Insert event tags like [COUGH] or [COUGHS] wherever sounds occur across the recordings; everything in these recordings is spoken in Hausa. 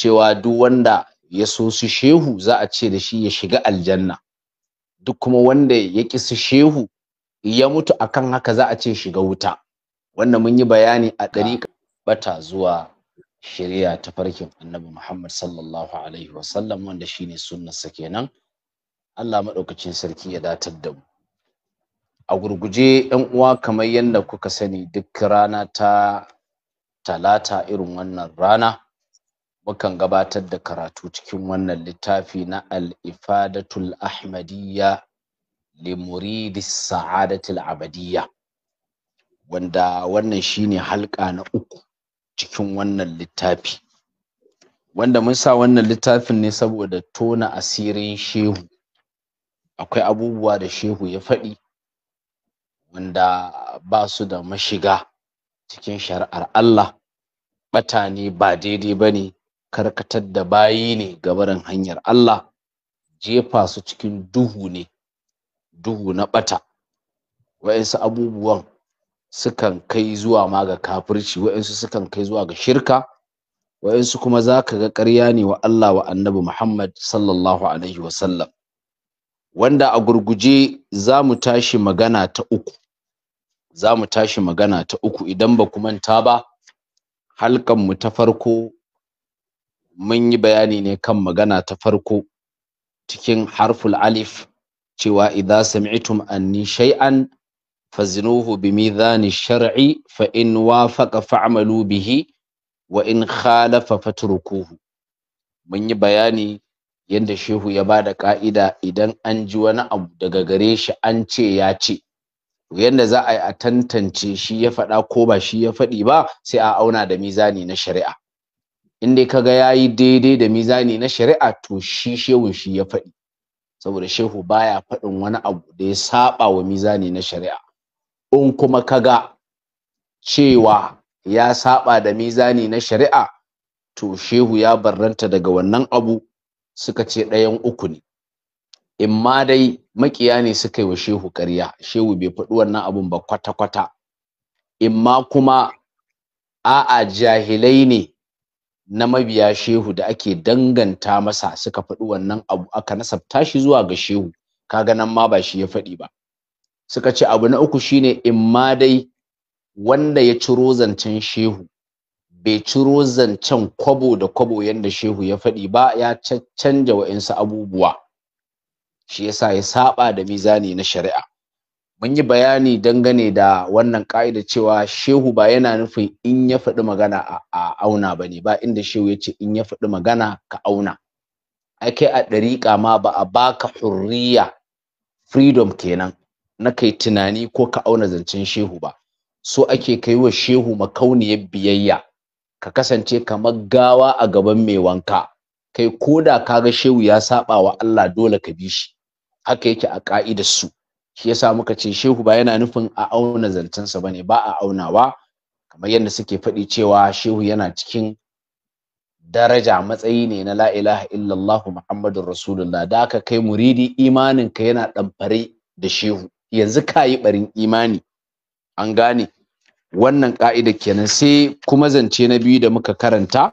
cewa duk wanda ya so su shehu za a ce da shi ya shiga aljanna duk kuma wanda ya ƙi su shehu ya mutu akan haka za a ce shiga wuta wanda mun yi bayani a ɗariƙa bata zuwa shari'a ta farkin annabi Muhammad sallallahu alaihi wasallam wanda shine sunnarsa kenan Allah maɗaukacin sarki ya datar da mu a gurguje yan uwa kamar yadda kuka sani duk rana ta talata irin wannan rana mukan gabatar da karatu cikin wannan littafi na alifadatul ifadatul ahmadiyya limuridis muridis sa'adatul abadiyya wanda wannan shine halka na uku cikin wannan littafi wanda mun sa wannan littafin ne saboda tona asirin shehu akwai abubuwa da shehu ya faɗi wanda ba su da mashiga cikin shari'ar Allah ɓata ne ba daidai ba ne karkatar da bayi ne gabarin hanyar Allah jefa su cikin duhu ne duhu na ɓata su abubuwan sukan kai zuwa ma ga kafirci wa'insu sukan kai zuwa ga shirka wa'insu kuma za ka ga ƙarya ne wa Allah wa annabi Muhammad sallallahu alaihi wasallam wanda a gurguje za mu tashi magana ta uku za mu tashi magana ta uku idan ba ku manta ba halkan mu ta farko mun yi bayani ne kan magana ta farko cikin harful alif cewa idza sami'tum anni shay'an fazinuhu bi mizani shar'i fa in wafaqa fa'malu bihi wa in khalafa fatrukuhu mun yi bayani yanda shehu ya bada ka'ida idan an ji wani abu daga gare shi an ce ya ce yanda za a yi a tantance shi ya faɗa ko ba shi ya faɗi ba sai a auna da mizani na shari'a in dai kaga yayi daidai da mizani na shari'a to shi shehun shi ya faɗi saboda shehu baya faɗin wani abu da ya saba wa mizani na shari'a in kuma kaga cewa ya saba da mizani na shari'a to shehu ya barranta daga wannan abu suka ce ɗayan uku ne in ma dai makiya ne suka yi wa shehu ƙarya shehu bai faɗi wannan abun ba kwata-kwata in ma kuma a'a jahilai ne na mabiya shehu da ake danganta masa suka faɗi wannan abu aka nasabta shi zuwa ga shehu kaga nan ma ba shi ya faɗi ba suka ce abu na uku shine in ma dai wanda ya ciro zancen shehu bai ciro zancen kwabo da kwabo yanda shehu ya faɗi ba ya caccanja wa'insu abubuwa shi yasa ya saba da mizani na shari'a mun yi bayani dangane da wannan ka'ida cewa shehu ba yana nufin in ya faɗi magana a auna ba ne ba inda shehu ya ce in ya faɗi magana ka auna ake a ɗariƙa ma ba a baka hurriya freedom kenan na kai tunani ko ka auna zancen shehu ba so ake kai wa shehu makauniyar biyayya ka kasance kamar gawa a gaban mai wanka kai ko koda kaga shehu ya saba wa Allah dole ka bi shi haka yake a ka'idar su shi yasa muka ce shehu ba yana nufin a auna zancensa ba ne ba a aunawa kamar yadda suke faɗi cewa shehu yana cikin daraja matsayi ne na la'ilaha ilaha illallah muhammadun rasulullah da ka kai muridi imanin ka yana ɗamfare da shehu yanzu ka yi ɓarin imani an gane wannan ƙa'idar kenan sai kuma zance na biyu da muka karanta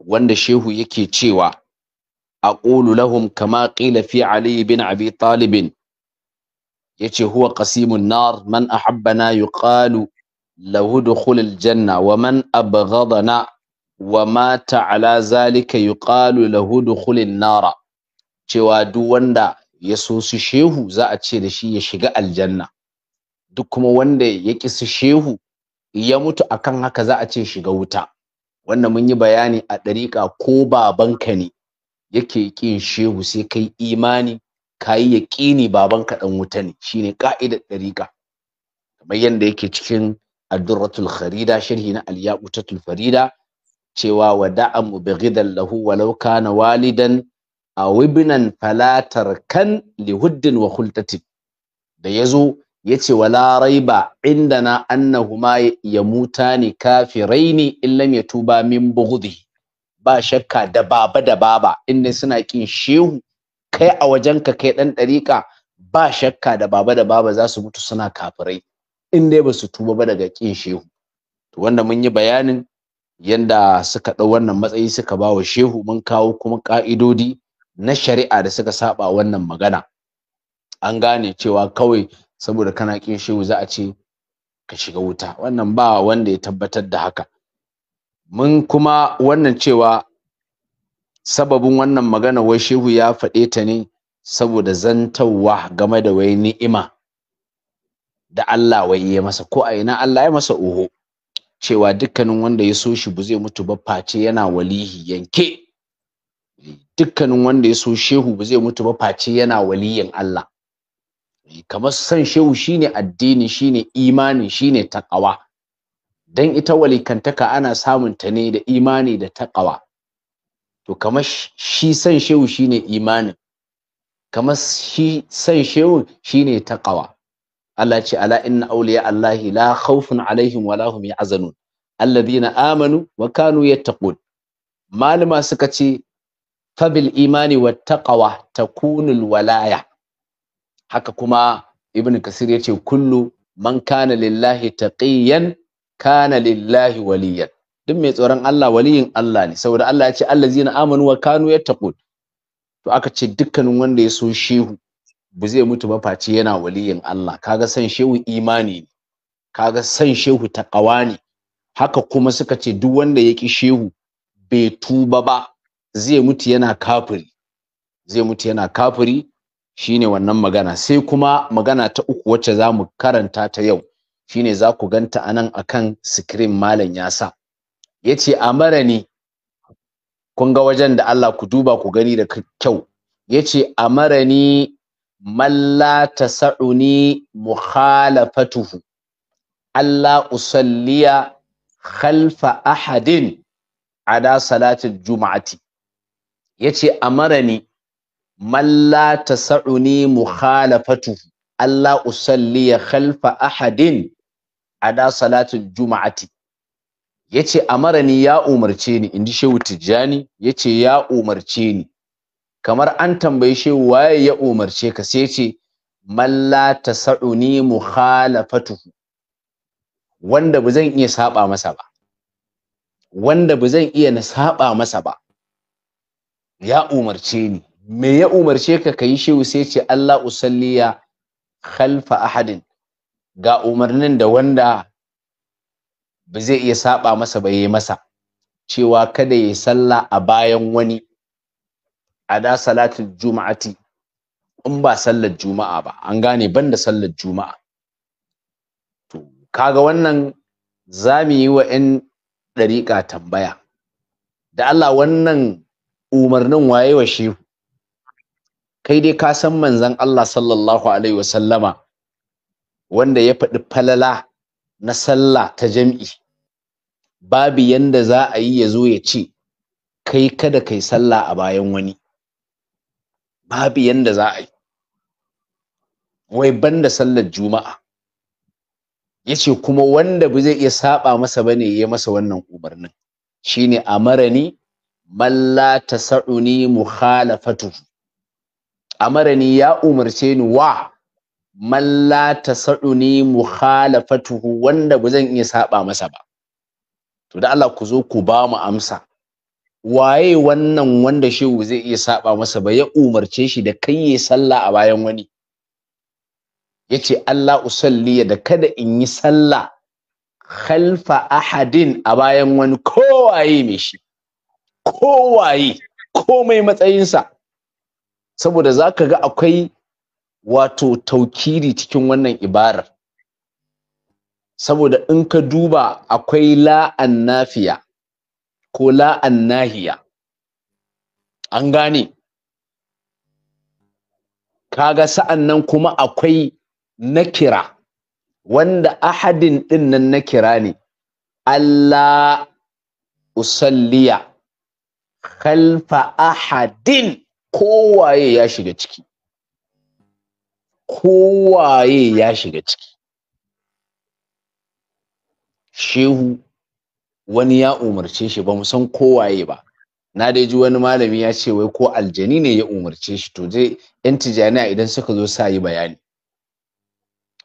wanda shehu yake cewa aqulu lahum kama qila fi ali bin abi talibin yace huwa qasimun nar man ahabbana yuqalu lahu dukhulul janna wa man abghadana wa mata ala zalika yuqalu lahu dukhulun nara cewa duk wanda ya so su shehu za a ce da shi ya shiga aljanna duk kuma wanda ya ki su shehu ya mutu akan haka za a ce shiga wuta wanda mun yi bayani a ɗariƙa ko babanka ne yake ƙin shehu sai kai imani kayi yaƙini babanka ɗan wuta ne shine ka'idar ɗariƙa kamar yadda yake cikin addurratul kharida sharhi na alyaqutatul farida cewa wada'a mubghidan lahu walau kana walidan aw ibnan fala tarkan lihuddin wa khultatin da yazo yace wala raiba indana annahuma yamutani kafiraini illam yatuba min bughdi ba shakka da baba da baba inda suna kin shehu kai a wajen ka kai ɗan ɗariƙa ba shakka da baba da baba za su mutu suna kafirai in dai ba su tuba ba daga ƙin shehu to wanda mun yi bayanin yanda suka ɗau wannan matsayi suka ba wa shehu mun kawo kuma ƙa'idodi na shari'a da suka saba wannan magana an gane cewa kawai saboda kana ƙin shehu za a ce ka shiga wuta wannan ba wanda ya tabbatar da haka mun kuma wannan cewa sababin wannan magana wai shehu ya faɗe ta ne saboda zantawa game da wai ni'ima da Allah wai ya masa ko a ina Allah ya masa oho cewa dukkanin wanda ya so shi ba zai mutu ba face yana walihi yanke dukkanin wanda ya so shehu ba zai mutu ba face yana waliyin Allah kamar san shehu shine addini shine imani shine takawa dan ita walikantaka ana samun ta ne da imani da takawa to kamar shi san shehu shine imanin kamar shi san shehu shine taqwa Allah ce ala inna awliya Allahi la khawfun alaihim wa lahum yahzanun alladhina amanu wa kanu yattaqun malama suka ce fabil imani wa taqwa takunul walaya haka kuma ibn kasir yace kullu man kana lillahi taqiyan kana lillahi waliyan duk mai tsoron Allah waliyin Allah ne saboda Allah ya ce allazina amanu wa kanu yattaqun to aka ce dukkanin wanda ya so shehu bu zai mutu ba face yana waliyin Allah kaga san shehu imani ne kaga san shehu taqwa ne haka kuma suka ce duk wanda ya ki shehu bai tuba ba zai mutu yana kafiri zai mutu yana kafiri shine wannan magana sai kuma magana ta uku wacce za mu karanta ta yau shine za ku ganta anan akan screen malam ya sa yace amarani kun ga wajen da Allah ku duba ku gani da kyau yace amarani man la tasa'uni mukhalafatuhu Allah usalliya khalfa ahadin ada salatil juma'ati yace amarani man la tasa'uni mukhalafatuhu Allah usalliya khalfa ahadin ada salatil juma'ati yace amarani ya umarce ni inji shehu tijjani yace ya umarce ni kamar an tambaye shehu waye ya umarce ka sai yace man la tasa'uni mukhalafatuhu wanda ba zan iya saba masa ba wanda ba zan iya na saba masa ba ya umarce ni me ya umarce ka kai shehu sai ce Allah usalliya khalfa ahadin ga umarnin da wanda ba zai iya saba masa ba yayi masa cewa kada yayi sallah a bayan wani a da salatul juma'ati in ba sallar juma'a ba an gane banda sallar juma'a to kaga wannan za mu yi wa 'yan ɗariƙa tambaya da Allah wannan umarnin waye wa shehu kai dai ka san manzon Allah sallallahu alaihi wasallama wanda ya faɗi falala na sallah ta jam'i babu yanda za a yi ya zo ya ce kai kada kai sallah a bayan wani babu yanda za a yi wai banda sallar juma'a yace kuma wanda ba zai iya saba masa ba ne ya masa wannan umarnin shine amarani man la tasa'uni mukhalafatu amarani ya umarce ni wa malla ta sa'uni mukhalafatuhu wanda ba zan iya saba masa ba to da Allah ku zo ku ba mu amsa waye wannan wanda shehu zai iya saba masa ba ya umarce shi da kai ya sallah a bayan wani yace Allah usalli da kada in yi sallah khalfa ahadin a bayan wani kowaye mai shi kowaye komai matsayinsa saboda zaka ga akwai wato taukiri cikin wannan ibarar saboda in ka duba akwai la'an nafiya ko la'an nahiya an gane kaga sa'an nan kuma akwai nakira wanda ahadin ɗin nan nakira ne Allah usalliya khalfa ahadin kowaye ya shiga ciki kowaye ya shiga ciki shehu wani ya umarce shi ba mu san kowaye ba na dai ji wani malami ya ce wai ko aljani ne ya umarce shi to je yan tijjaniya idan suka zo sa yi bayani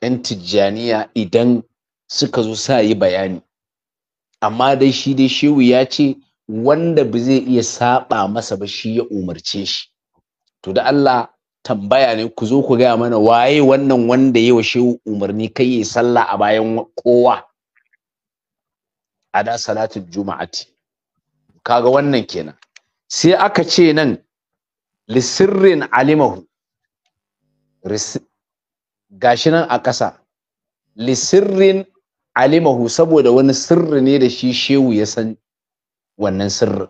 yan tijjaniya idan suka zo sa yi bayani amma dai shi dai shehu ya ce wanda ba zai iya saba masa ba shi ya umarce shi to da Allah tambaya ne ku zo ku gaya mana waye wannan wanda ya washe umarni kai yi sallah a bayan kowa a da salatul juma'ati kaga wannan kenan sai aka ce nan lisirrin alimahu gashi nan a ƙasa lisirrin alimahu saboda wani sirri ne da shi shehu ya san wannan sirrin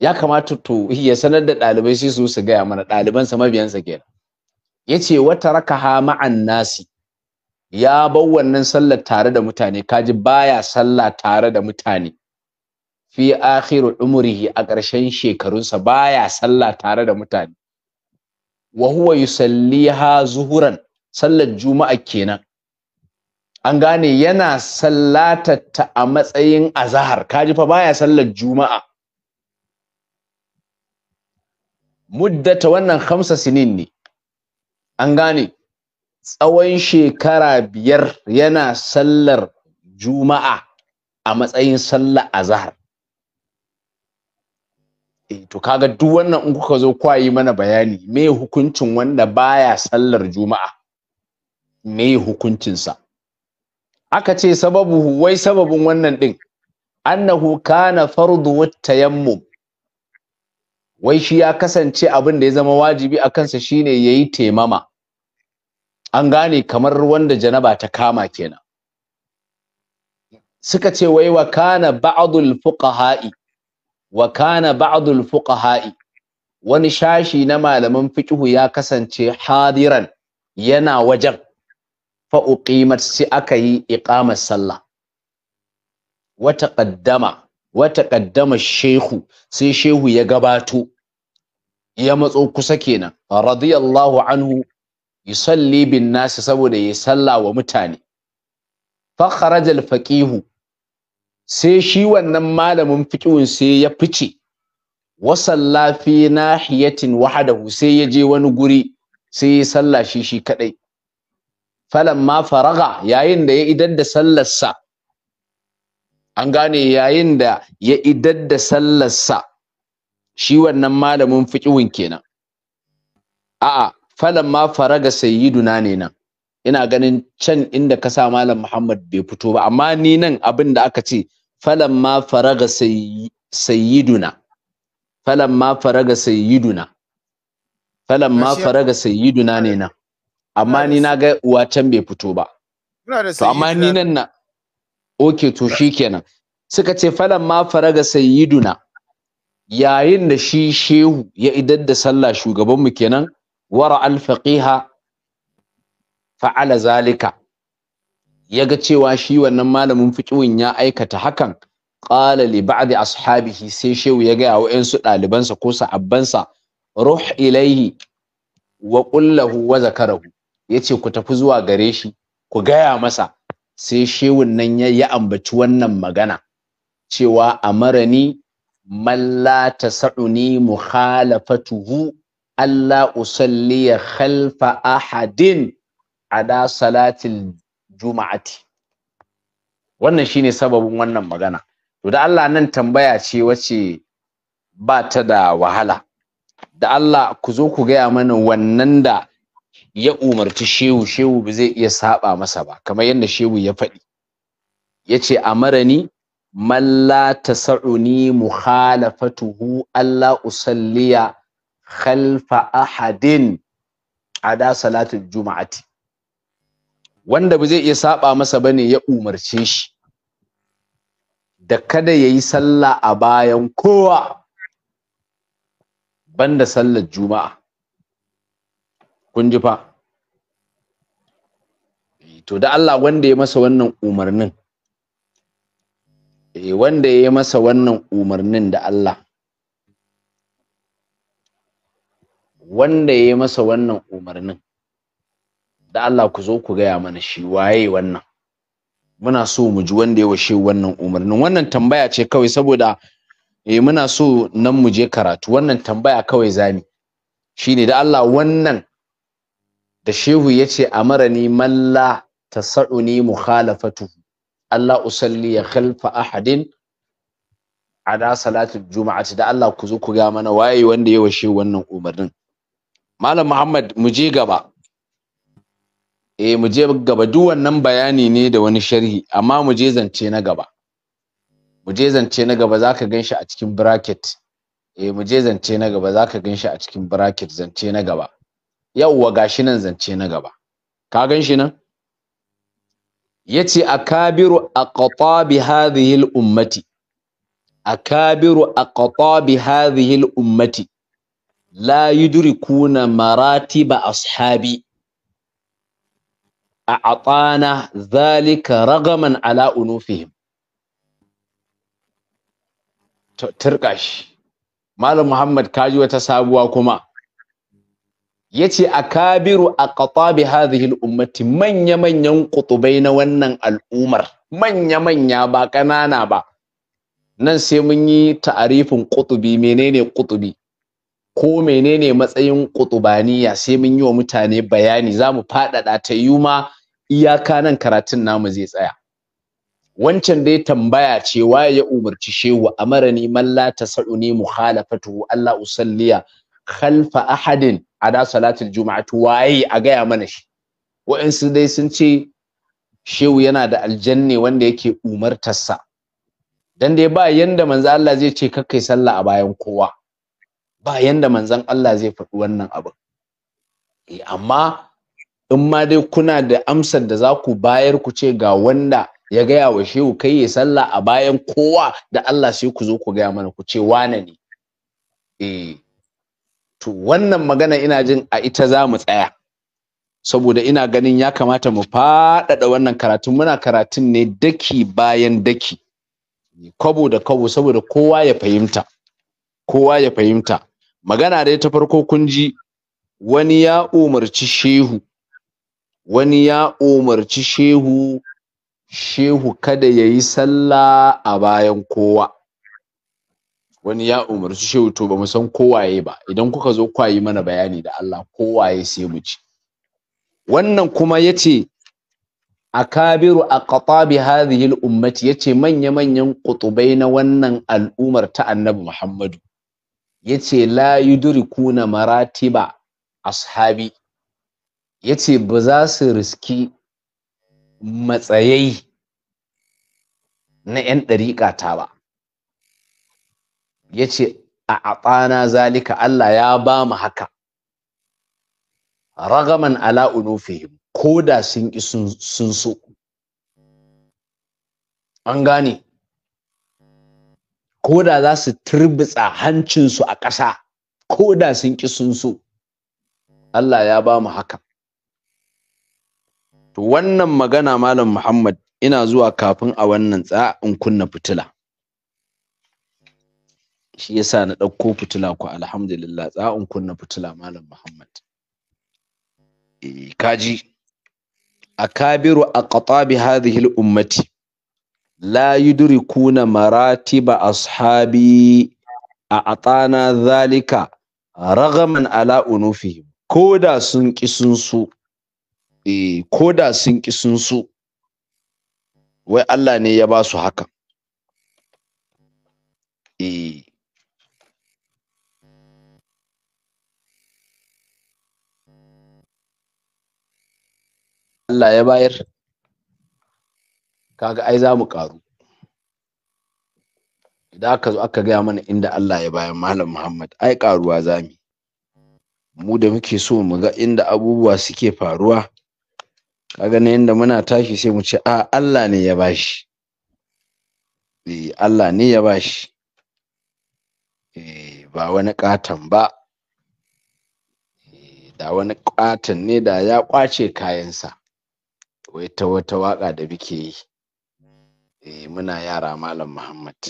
ya kamata to ya sanar da ɗalibai sai su su gaya mana ɗalibansa mabiyansa kenan ya ce wata rakaha ma'an nasi ya bar wannan sallar tare da mutane kaji baya sallah tare da mutane fi akhiru umrihi a ƙarshen shekarunsa baya sallah tare da mutane wa huwa yusalliha zuhuran sallar juma'a kenan an gane yana sallatatta a matsayin azahar kaji fa baya sallar juma'a muddata wannan hamsa sinin ne an gane tsawon shekara biyar yana sallar juma'a a matsayin sallar zahar. e eh, to kaga duk wannan in kuka zo yi mana bayani me hukuncin wanda baya sallar juma'a me hukuncinsa aka ce sababu wai sababin wannan din annahu kana fardu wat tayammum wai shi ya kasance abin da ya zama wajibi a kansa shine yayi taimama an gane kamar wanda janaba ta kama kenan suka ce wai wa kana ba'dul fuqaha'i wa kana ba'dul fuqaha'i wani shashi na malaman fiqhu ya kasance hadiran yana wajen fa uqimat aka yi iqamar sallah wa taqaddama wa taqaddama shehu sai shehu ya gabato ya matso kusa kenan radiyallahu anhu yusalli bin nasi saboda ya salla wa mutane fa kharaja al faqihu sai shi wannan malamin fiqhun sai ya fice wa salla fi nahiyatin wahdahu sai ya je wani guri sai ya salla shi shi kadai falamma faraga yayin da ya idan da sallarsa an gane yayin da ya idar da sallarsa shi wannan malamin fiqhun kenan a'a falan ma faraga sayyiduna ne nan ina ganin can inda ka sa malam Muhammad bai fito ba amma ni nan abin da aka ce falan ma faraga sayyiduna falan ma faraga sayyiduna falan ma faraga sayyiduna ne nan amma ni na ga uwa can bai fito ba to amma ni nan na okay to shikenan suka ce falan ma faraga sayyiduna yayin da shi shehu ya idar da sallah shugabanmu kenan wara alfaqiha fa'ala zalika yaga cewa shi wannan malamin fiqhin ya aikata hakan qala li ba'd ashabihi sai shehu ya ga 'yansu dalibansa ko sa ruh ilaihi wa qullahu wa zakarahu yace ku tafi zuwa gare shi ku gaya masa sai shehun nan ya ambaci wannan magana cewa amarani malla ta tasaduni mukhalafatuhu alla usalli khalfa ahadin ada salatil juma'ati wannan shine sababin wannan magana to da Allah nan tambaya ce wace ba ta da wahala da Allah ku zo ku gaya mana wannan da ya umarci shehu shehu ba zai iya saba masa ba kamar yadda shehu ya faɗi ya ce amarani man la tasa'uni mukhalafatuhu alla usalliya khalfa ahadin ada salatul juma'ati wanda ba zai iya saba masa bane ya umarce shi da kada yayi sallah a bayan kowa banda sallar juma'a kun ji fa to da Allah wanda ya masa wannan umarnin eh wanda ya masa wannan umarnin da Allah wanda ya masa wannan umarnin da Allah ku zo ku gaya mana shi waye wannan muna so mu ji wanda ya washe wannan umarnin wannan tambaya ce kawai saboda eh muna so nan mu je karatu wannan tambaya kawai zami shine da Allah wannan da shehu yace amarani malla tasa'uni mukhalafatuhu Allah usalli ya khalfa ahadin ada salatul juma'ati da Allah ku zo ku ga mana waye wanda ya washe wannan umarnin Malam Muhammad mu je gaba eh mu je gaba duk wannan bayani ne da wani sharhi amma mu je zance na gaba mu je zance na gaba zaka ganshi a cikin bracket eh mu je zance na gaba zaka ganshi a cikin bracket zance na gaba yauwa gashi nan zance na gaba ka ganshi nan yace akabiru aqtabi hadhihi al-ummati akabiru aqtabi hadhihi al-ummati la yudrikuna maratiba ashabi a'tana dhalika ragaman ala unufihim turkashi malam muhammad kaji wata sabuwa kuma yace akabiru aqtabi hadhihi al-ummati manya manyan qutubai na wannan al'umar manya manya ba ƙanana ba nan sai mun yi ta'arifin qutubi menene qutubi ko menene matsayin qutubaniya sai mun yi wa mutane bayani zamu faɗaɗa ta yuma iyaka nan karatun namu zai tsaya wancan dai tambaya cewa ya umarci shehu amarani man la tasaluni mukhalafatuhu Allah usalliya khalfa ahadin ada salatul juma'atu waye a gaya mana shi wa'ansu dai sun ce shehu yana da aljanne wanda yake umartarsa Dandai dai ba yanda manzo Allah zai ce kakkai sallah a bayan kowa ba yanda manzan Allah zai faɗi wannan abin eh amma in ma dai kuna da amsar da za ku bayar ku ce ga wanda ya gaya wa shehu kai ya sallah a bayan kowa da Allah sai ku zo ku gaya mana ku ce wane ne eh to wannan magana ina jin a ita za mu tsaya saboda ina ganin ya kamata mu faɗaɗa wannan karatun muna karatun ne daki bayan daki kwabo da kwabo saboda kowa ya fahimta kowa ya fahimta magana dai ta farko kun ji wani ya umarci shehu wani ya umarci shehu shehu kada ya yi sallah a bayan kowa wani ya umarci shehu to ba mu san kowaye ba idan kuka zo kwayi mana bayani da Allah kowaye sai mu ci wannan kuma yace akabiru aqtabi hadhihi al-ummati yace manya manyan qutubai na wannan al'umar ta Annabi Muhammadu yace la yudrikuna maratiba ashabi yace ba za su riski matsayai na 'yan dariƙata ba ya ce a atsana zalika Allah ya ba mu haka ragaman ala unufihim ko da sun ƙi sun so an gane ko da za su turbitsa hancinsu a ƙasa ko da sun ƙi sun so Allah ya ba mu haka to wannan magana malam Muhammad ina zuwa kafin a wannan tsa in kunna fitila shi yasa na ɗauko fitila ku alhamdulillah tsa'in kunna fitila malam muhammad eh, kaji a aqtabi hadhihi al-ummati la yudrikuna maratiba ashabi a atana zalika ragaman ala unufihim koda sun ki sun su eh, koda sun ki sun su wai Allah ne ya ba su haka eh. Allah ya bayar kaga ai za mu ƙaru idan aka zo aka gaya mana inda Allah ya bayar malam Muhammad ai ƙaruwa za mu mu da muke so mu ga inda abubuwa suke faruwa kaga ne inda muna tashi sai mu ce a Allah ne ya bashi eh Allah ne ya bashi eh ba wani ƙaton ba eh, da wani ƙaton ne da ya ƙwace kayansa akwai ta wata waƙa da muke yi eh muna yara malam muhammad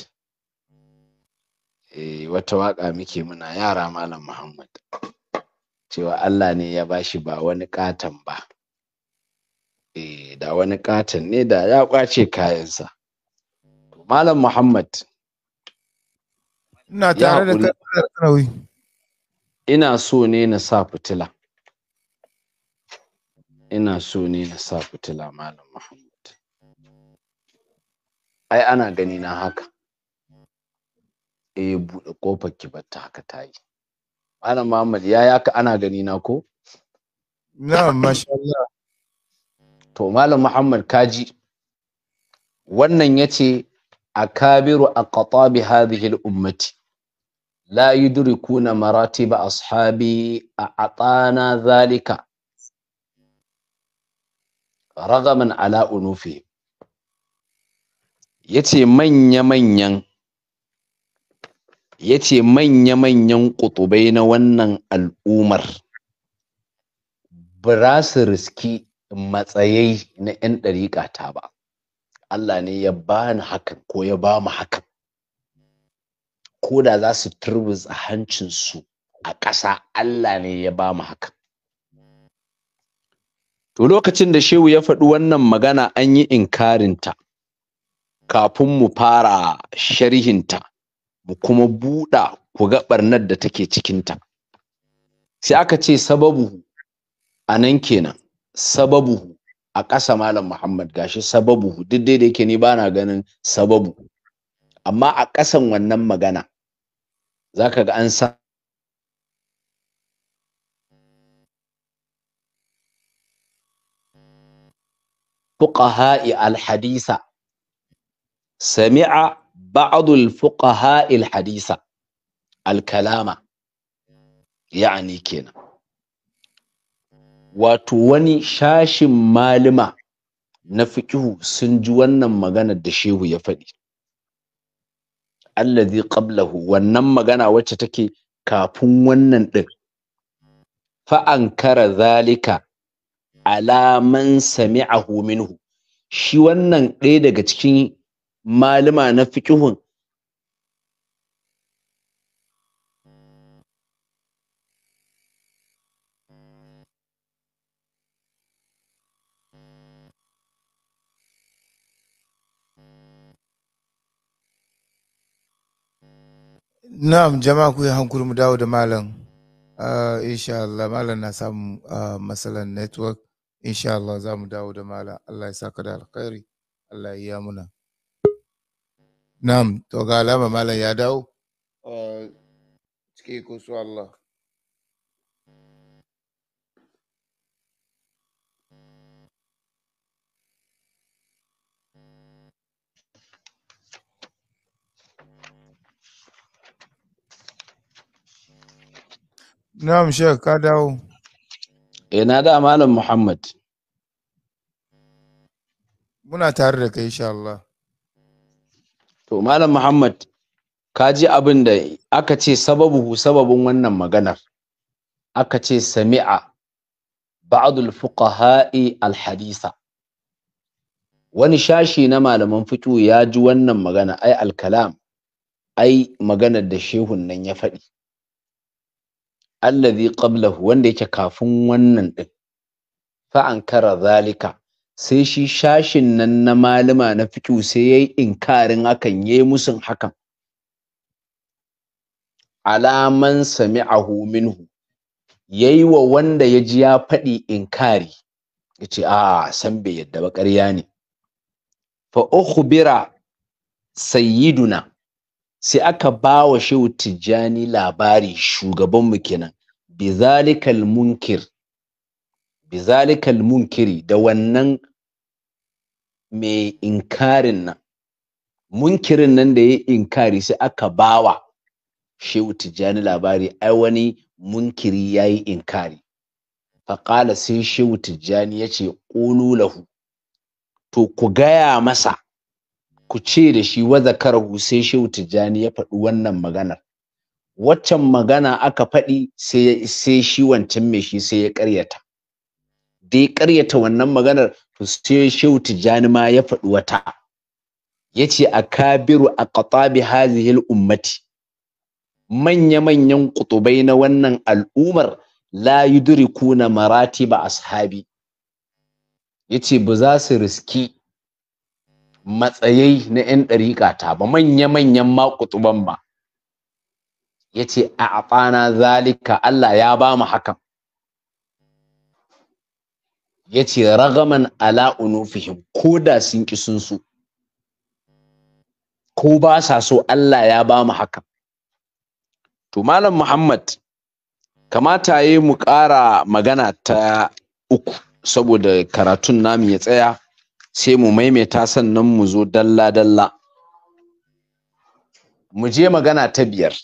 eh wata waƙa muke muna yara malam muhammad cewa allah ne ya bashi ba wani ƙaton ba eh da wani ƙaton ne da ya kwace kayansa malam muhammad ina tare da ina so ne na sa fitila ina so ne na sa fitila malam Muhammad ai ana gani na haka eh buɗe kofar ki batta haka yi. malam Muhammad ya yaka ana gani na ko na'am masha Allah to malam Muhammad kaji wannan yace akabiru bi hadhihi al-ummati لا يدركون مراتب أصحابي أعطانا zalika. ragaman ala unufi yace manya-manyan yace manya-manyan kutubai na wannan al'umar ba su riski matsayai na 'yan ɗariƙa ta ba Allah ne ya bani hakan ko ya ba mu hakan ko da za su turbuza hancinsu a ƙasa Allah ne ya ba mu hakan to lokacin da shehu ya faɗi wannan magana an yi inkarinta kafin mu fara sharhinta mu kuma buɗa ku ga ɓarnar da take cikinta sai aka ce sababu a nan kenan sababu a ƙasa malam muhammad gashi sababu duk dai da yake ni ba na ganin sababu amma a ƙasan wannan magana za ka ga an sa fuqaha'i al-hadisa sami'a ba'd al-fuqaha'i al-hadisa al-kalama yani kenan wato wani sashin malima na fikihu sun ji wannan maganar da shehu ya faɗi Allah allazi qablahu wannan magana wacce take kafin wannan din fa ankara zalika ala man sami'ahu minhu shi wannan ɗaya daga cikin malama na fiqhun Na'am jama'a ku yi hankuri mu dawo da malam. Uh, insha Allah malam na samu uh, matsalar network. insha Allah za mu dawo da mala Allah ya saka da alkhairi Allah ya muna na'am to ga alama malam ya dawo cike ko su Allah Na'am Sheikh ka dawo. ina eh, da malam muhammad muna tare da kai Allah to malam muhammad ka ji abin da aka ce sababu sababin wannan maganar aka ce sami'a ba'dul fuqaha'i al-hadisa wani shashi na malaman fito ya ji wannan magana ai al-kalam ai maganar da shehun nan ya faɗi allazi qablahu wanda yake kafin wannan din fa ankara zalika sai shi shashin nan na malama na fiqh sai yayi inkarin hakan yayi musun hakan alaman sami'ahu minhu yayi wa wanda ya ji ya faɗi inkari yace a san bai yadda ba ƙarya ne fa ukhbira sayyiduna sai aka ba wa shehu tijjani labari shugabanmu kenan bizalikal munkir bizalikal munkiri da wannan mai inkarin nan munkirin nan da ya inkari sai aka bawa shehu tijjani labari ai wani munkiri ya yi inkari faƙala sai shehu tijjani ya ce lahu to ku gaya masa ku ce da shi waza sai shehu tijjani ya faɗi wannan maganar waccan magana aka faɗi sai shi wancan mai shi sai ya ƙaryata da ya ƙaryata wannan maganar to sai shehu tijjani ma ya faɗi wata ya ce a kabiru a ƙatabi hazihil ummati manya-manyan ƙutubai na wannan al'umar la yudrikuna maratiba ashabi yace ba za su riski matsayai na 'yan dariƙata ba manya-manyan ma ƙutuban ba yace a'tana zalika Allah ya ba mu hakan yace ragaman ala unufihim ko da sun ki sun su ko ba sa so Allah ya bamu mu hakan to malam Muhammad kamata yi mu ƙara magana ta uku saboda karatun namu ya tsaya sai mu maimaita sannan mu zo dalla-dalla mu je magana ta biyar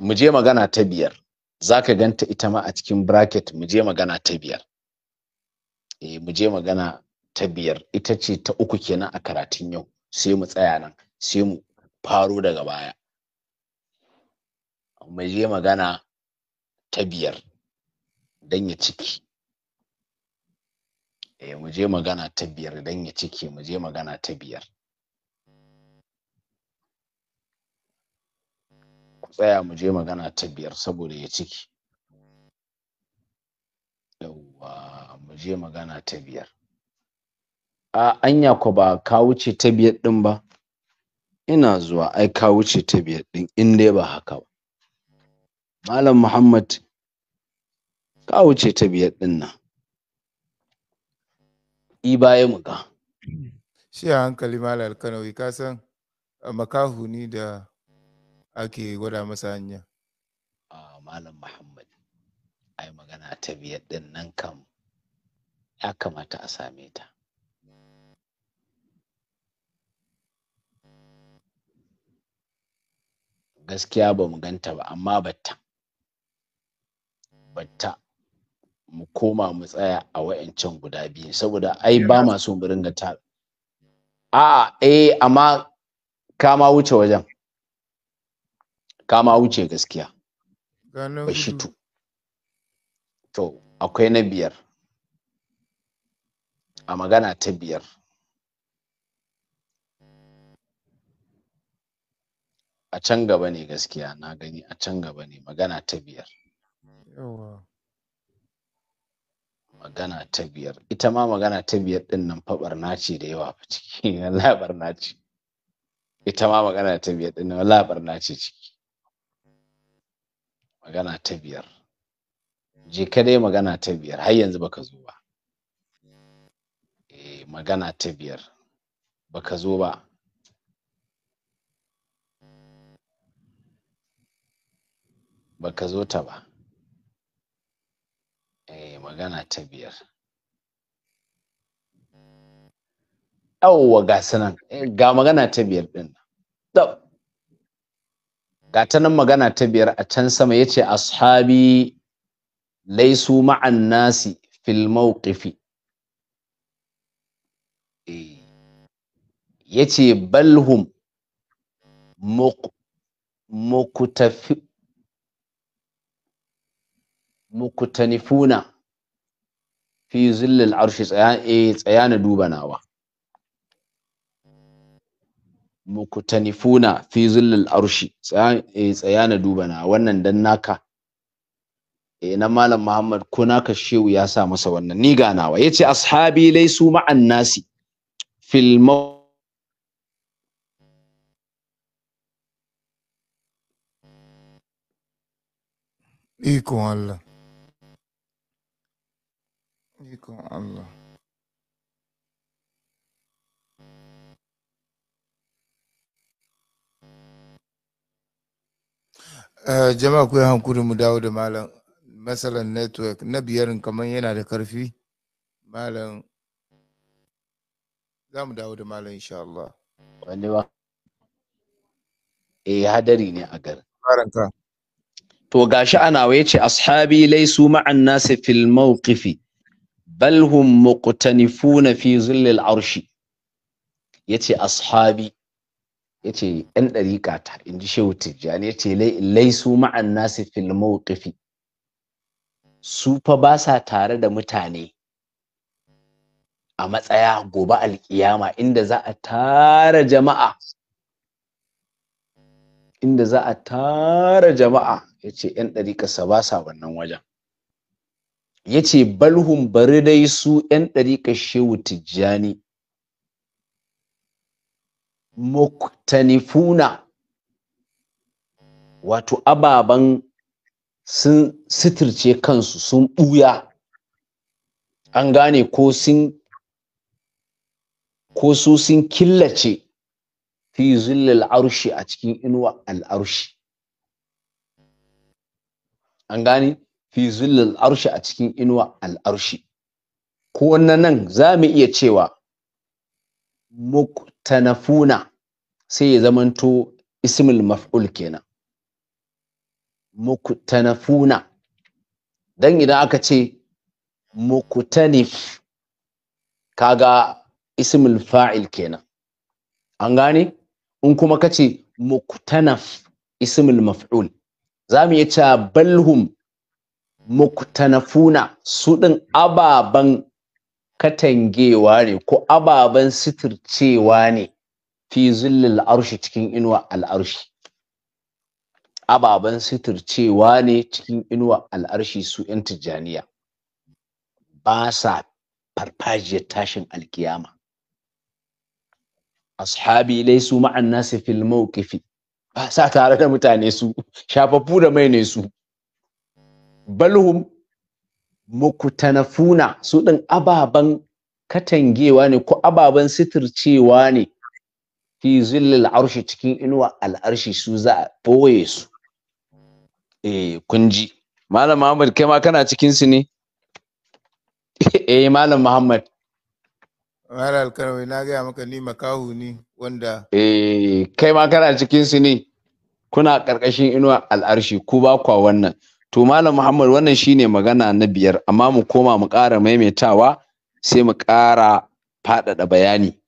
mu je magana ta biyar za ka ganta ita ma a cikin bracket mu je magana ta biyar e, eh, mu je magana ta biyar ita ce ta uku kenan a karatun yau sai mu tsaya nan sai mu faro daga baya mu je magana ta biyar don ya ciki e, eh, mu je magana ta biyar don ya ciki mu je magana ta biyar tsaya mu je magana ta biyar saboda ya ciki yawwa mu je magana ta biyar a anya ko ba ka wuce ta biyar din ba ina zuwa ai ka wuce ta biyar din in dai ba haka ba malam muhammad ka wuce ta biyar din nan i baya mu ga shi a hankali malam alkanawi ka san makahu ni da ake gwada masa hanya malam muhammad ai magana ta biyar din nan kam ya kamata a same ta gaskiya ba mu ganta ba amma batta batta mu koma mu tsaya a wa'ancan guda biyu saboda ai ba masu ringa ta a eh amma ka ma wuce wajen kama wuce gaskiya bashitu to akwai na biyar a magana ta biyar a can gaba ne gaskiya na gani a can gaba ne magana ta biyar magana ta biyar ita ma magana ta biyar din nan faɓar naci ce da yawa ciki [LAUGHS] wallahi barnaci ce ita ma magana ta biyar din nan wallahi barnaci ciki magana ta biyar je ka dai magana ta biyar har yanzu baka zo ba eh magana ta biyar baka zo ba baka zo ta ba eh magana ta biyar yawwa ga sanan eh, ga magana ta biyar din ga nan magana ta biyar a can sama yace ashabi laisu ma'an nasi fil mawqifi eh. yace balhum mukutanifuna fi zillil arshi tsaya eh, na Mukutanifuna, fi zillil arshi tsayana eh, na duba na wannan dan naka eh na malam Muhammad ko naka shehu ya sa masa wannan ni ganawa yace ashabi laysu ma'an nasi fil Iko Allah. Iko Allah. Eh, jama'a ku yi hankuri mu dawo da malam matsalar network na biyarin kamar yana da karfi malam za mu dawo da malam insha Allah wani ba eh hadari ne a garin to gashi ana waye ce ashabi laisu ma'an nasi fil mawqifi bal hum muqtanifuna fi zillil arshi yace ashabi ya ce ‘yan ɗariƙa ta in ji shehu tijjani ya ce laisu ma'an nasi fil mawqifi su fa ba sa tare da mutane a matsaya gobe alƙiyama inda za a tara jama'a inda za a tara jama'a ya ce ‘yan sa ba sa wannan wajen ya ce balhun bari dai su ‘yan ɗariƙar shehu tijjani muktanifuna wato ababen sun sitirce kansu sun ɓuya an gane ko sun ko su sun killace fi zillil arshi a cikin inuwa al'arshi an gane fi zillil arshi a cikin inuwa al'arshi ko wannan nan za mu iya cewa tanafuna sai ya zamanto ismul maf'ul kenan muktanafuna dan idan aka ce muktanif kaga ismul fa'il kenan an gane in kuma kace muktanaf ismul maf'ul zamu iya cewa balhum muktanafuna su din ababen. katangewa ne ko ababen sitircewa ne fi zullul arshi cikin inuwa al'arshi ababen sitircewa ne cikin inuwa al'arshi su 'yan tijjaniya ba sa farfajiyar tashin alkiyama ashabi laisu ma'an nasi fil mawqifi ba sa tare da mutane su shafafu da mai ne su balhum mukutanafuna su ɗin ababen katangewa ne ko ababen sitircewa ne fi zillil arshi cikin inuwa al'arshi su za a ɓoye su eh kun ji malam muhammad kai ma kana cikin su ne [LAUGHS] eh malam muhammad mara alkarwai na gaya maka ni makahu ni wanda eh kai ma kana cikin su ne kuna ƙarƙashin inuwa al'arshi ku ba kwa wannan to malam muhammad wannan shine magana na biyar amma mu koma mu ƙara maimaitawa sai mu ƙara faɗaɗa bayani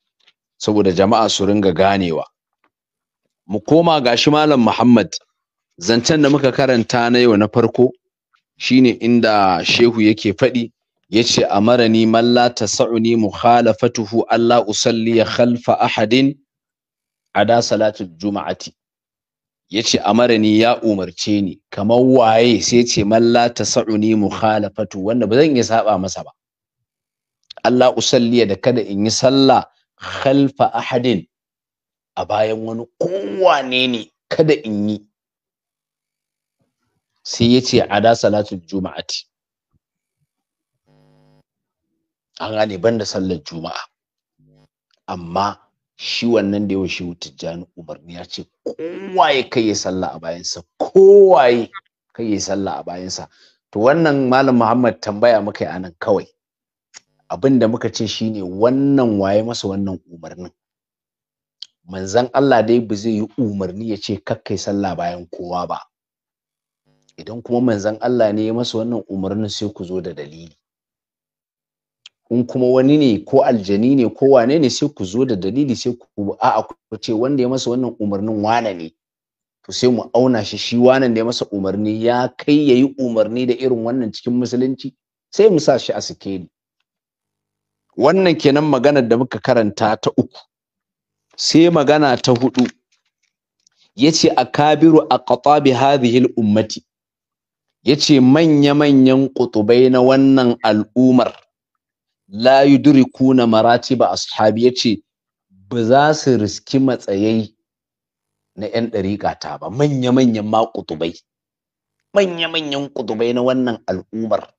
saboda jama'a su ringa ganewa mu koma gashi malam muhammad zancen da muka karanta na yau na farko shine inda shehu yake faɗi yace amarani man la tasa'uni mukhalafatuhu salli usalli khalfa ahadin ada salatul juma'ati ya ce amarani ya umarce ni kamar waye sai ce malla ta sa'uni mukhalafatu wanda ba zan iya saba masa ba Allah usalliya da kada in yi sallah khalfa ahadin a bayan wani kowane ne kada in yi sai ya ce ada salatul juma'ati an gane banda sallar juma'a amma shi wannan da yawa shi tijjani umarni ya ce kowaye kai ya sallah a bayansa kowaye kai ya sallah a bayansa to wannan malam muhammad tambaya muka yi anan kawai abin da muka ce shine wannan waye masa wannan umarnin manzan Allah dai ba zai yi umarni ya ce kakkai sallah bayan kowa ba idan kuma manzan Allah ne ya masa wannan umarnin sai ku zo da dalili in kuma wani ne ko aljani ne ko wane ne sai ku zo da dalili sai ku a'a a ce wanda ya masa wannan umarnin wane ne to sai mu auna shi shi wanan da ya masa umarni ya kai ya yi umarni da irin wannan cikin musulunci sai mu sa shi a sikeli wannan kenan maganar da muka karanta ta uku sai magana ta hudu Ya ce a yace akabiru aqtabi hadhihi al ummati ce manya manyan kutubai na wannan al'umar la yudrikuna maratiba ashabi yace ba za su riski matsayai na yan dariƙa ta ba manya manyan ma kutubai manya manyan kutubai na wannan al'ummar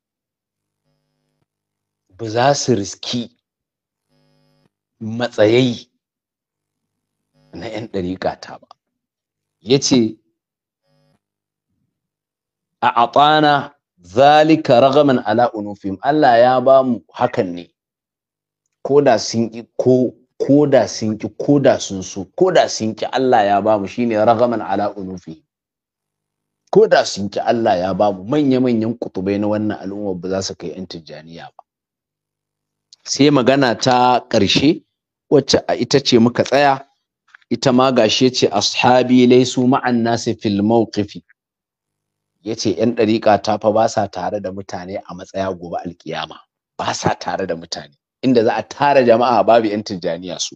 ba za su riski matsayai na yan dariƙa ta ba yace a atana zalika ragaman ala unufim Allah ya ba mu hakan ne koda sun ki ko koda sun ki koda sun so koda sun ki Allah ya ba mu shine ragaman ala unufi koda sun ki Allah ya ba mu manya manyan kutubai na wannan al'umma ba za su kai yan tijaniya ba sai magana ta ƙarshe wacce a ita ce muka tsaya ita ma gashe ce ashabi laisu ma'an nasi fil mawqifi Yace ce ‘yan ɗariƙa ta fa ba sa tare da mutane a matsaya gobe alkiyama ba sa tare da mutane inda za a tara jama'a babu ‘yan tijjaniya su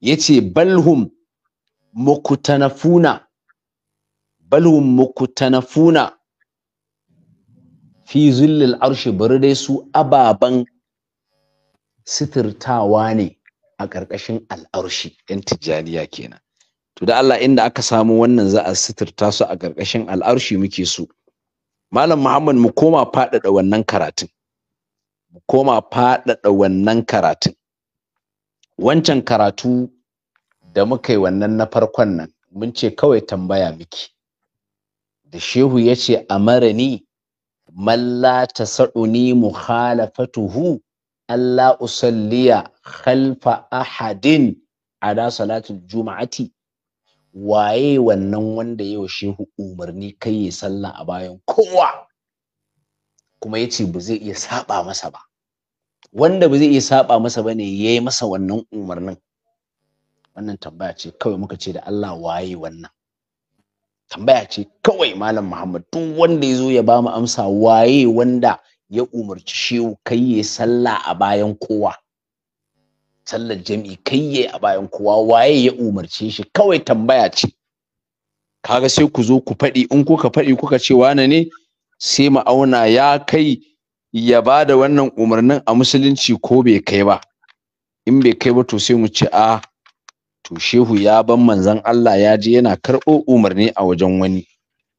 yace ce balhum mukutanafuna balhum mukutanafuna fi zullil arshi bari dai su ababen sitirtawa ne a ƙarƙashin al'arshi ‘yan tijjaniya kenan to da Allah inda aka samu wannan za a suturta su a ƙarƙashin al'arshi muke so malam muhammad mu koma faɗaɗa wannan karatun mu koma faɗaɗa wannan karatun wancan karatu da muka yi wannan na farkon nan mun ce kawai tambaya miki da shehu ya ce amarani malla ta sa'uni mukhalafatuhu Allah usalliya khalfa ahadin ala salatul juma'ati waye wannan wanda yau shehu umarni kai yi sallah a bayan kowa kuma yace ce ba zai iya saba masa ba wanda ba zai iya saba masa ba ne ya yi masa wannan umarnin wannan tambaya ce kawai muka ce da Allah waye wannan tambaya ce kawai malam Muhammad duk wanda ya zo ya ba mu amsa waye wanda ya umarci shehu kai yi sallah a bayan kowa sallar jami'i kai yayi a bayan kowa waye ya umarce shi kawai tambaya ce kaga sai ku zo ku faɗi in kuka faɗi kuka ce wane ne sai mu auna ya kai ya ba da wannan umarnin a musulunci ko bai kai ba in bai kai ba to sai mu ce a ah, to shehu ya ban manzon Allah ya je yana karɓo umarni a wajen wani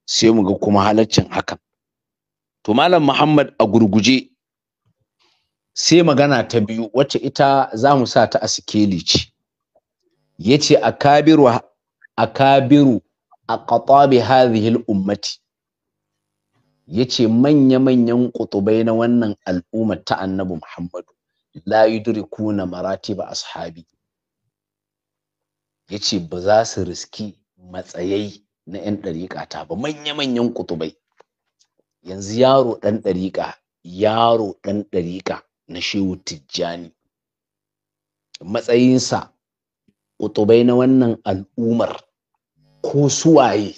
sai mu ga kuma halaccin hakan to malam Muhammad a gurguje sai magana ta biyu wacce ita za mu sa ta a sikeli ce ya ce a kabiru a kabiru hazihil ummati ya ce manya-manyan ƙutubai na wannan al'ummar ta annabi muhammadu la marati maratiba ashabi ya ce ba za su riski matsayai na 'yan ɗariƙata ba manya-manyan ƙutubai yanzu yaro ɗan ɗariƙa yaro ɗan ɗariƙa na shehu tijjani matsayinsa ƙutubai na wannan al'umar ko suwaye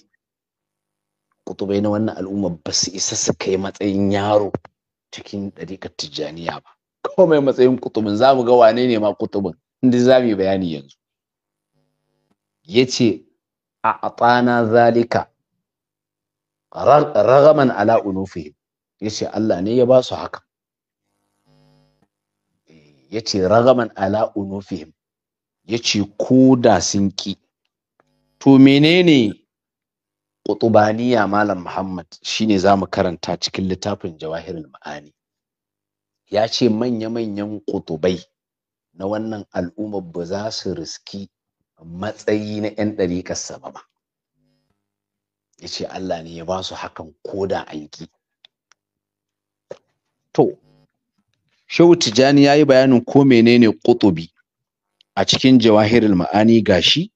ƙutubai na wannan al'umar ba su isa su kai matsayin yaro cikin ɗariƙar tijjaniya ba kawai mai matsayin ƙutubin za mu ga wane ne ma ƙutubin inda za mu yi bayani yanzu ya ce a atana zalika ragaman ala unufihim ya ce Allah ne ya ba su haka yace ragaman ala unufihim yace ko da sun ki to menene Ƙutubaniya Malam Muhammad shine za mu karanta cikin littafin Jawahirul Ma'ani. Ya ce manya-manyan ƙutubai na wannan al'umma ba za su riski matsayi na 'yan ɗariƙarsa ba. Ya ce Allah ne ya ba su hakan koda an ki. To, Shehu Tijjani ya yi bayanin ko menene ƙutubi a cikin jawahirul ma'ani gashi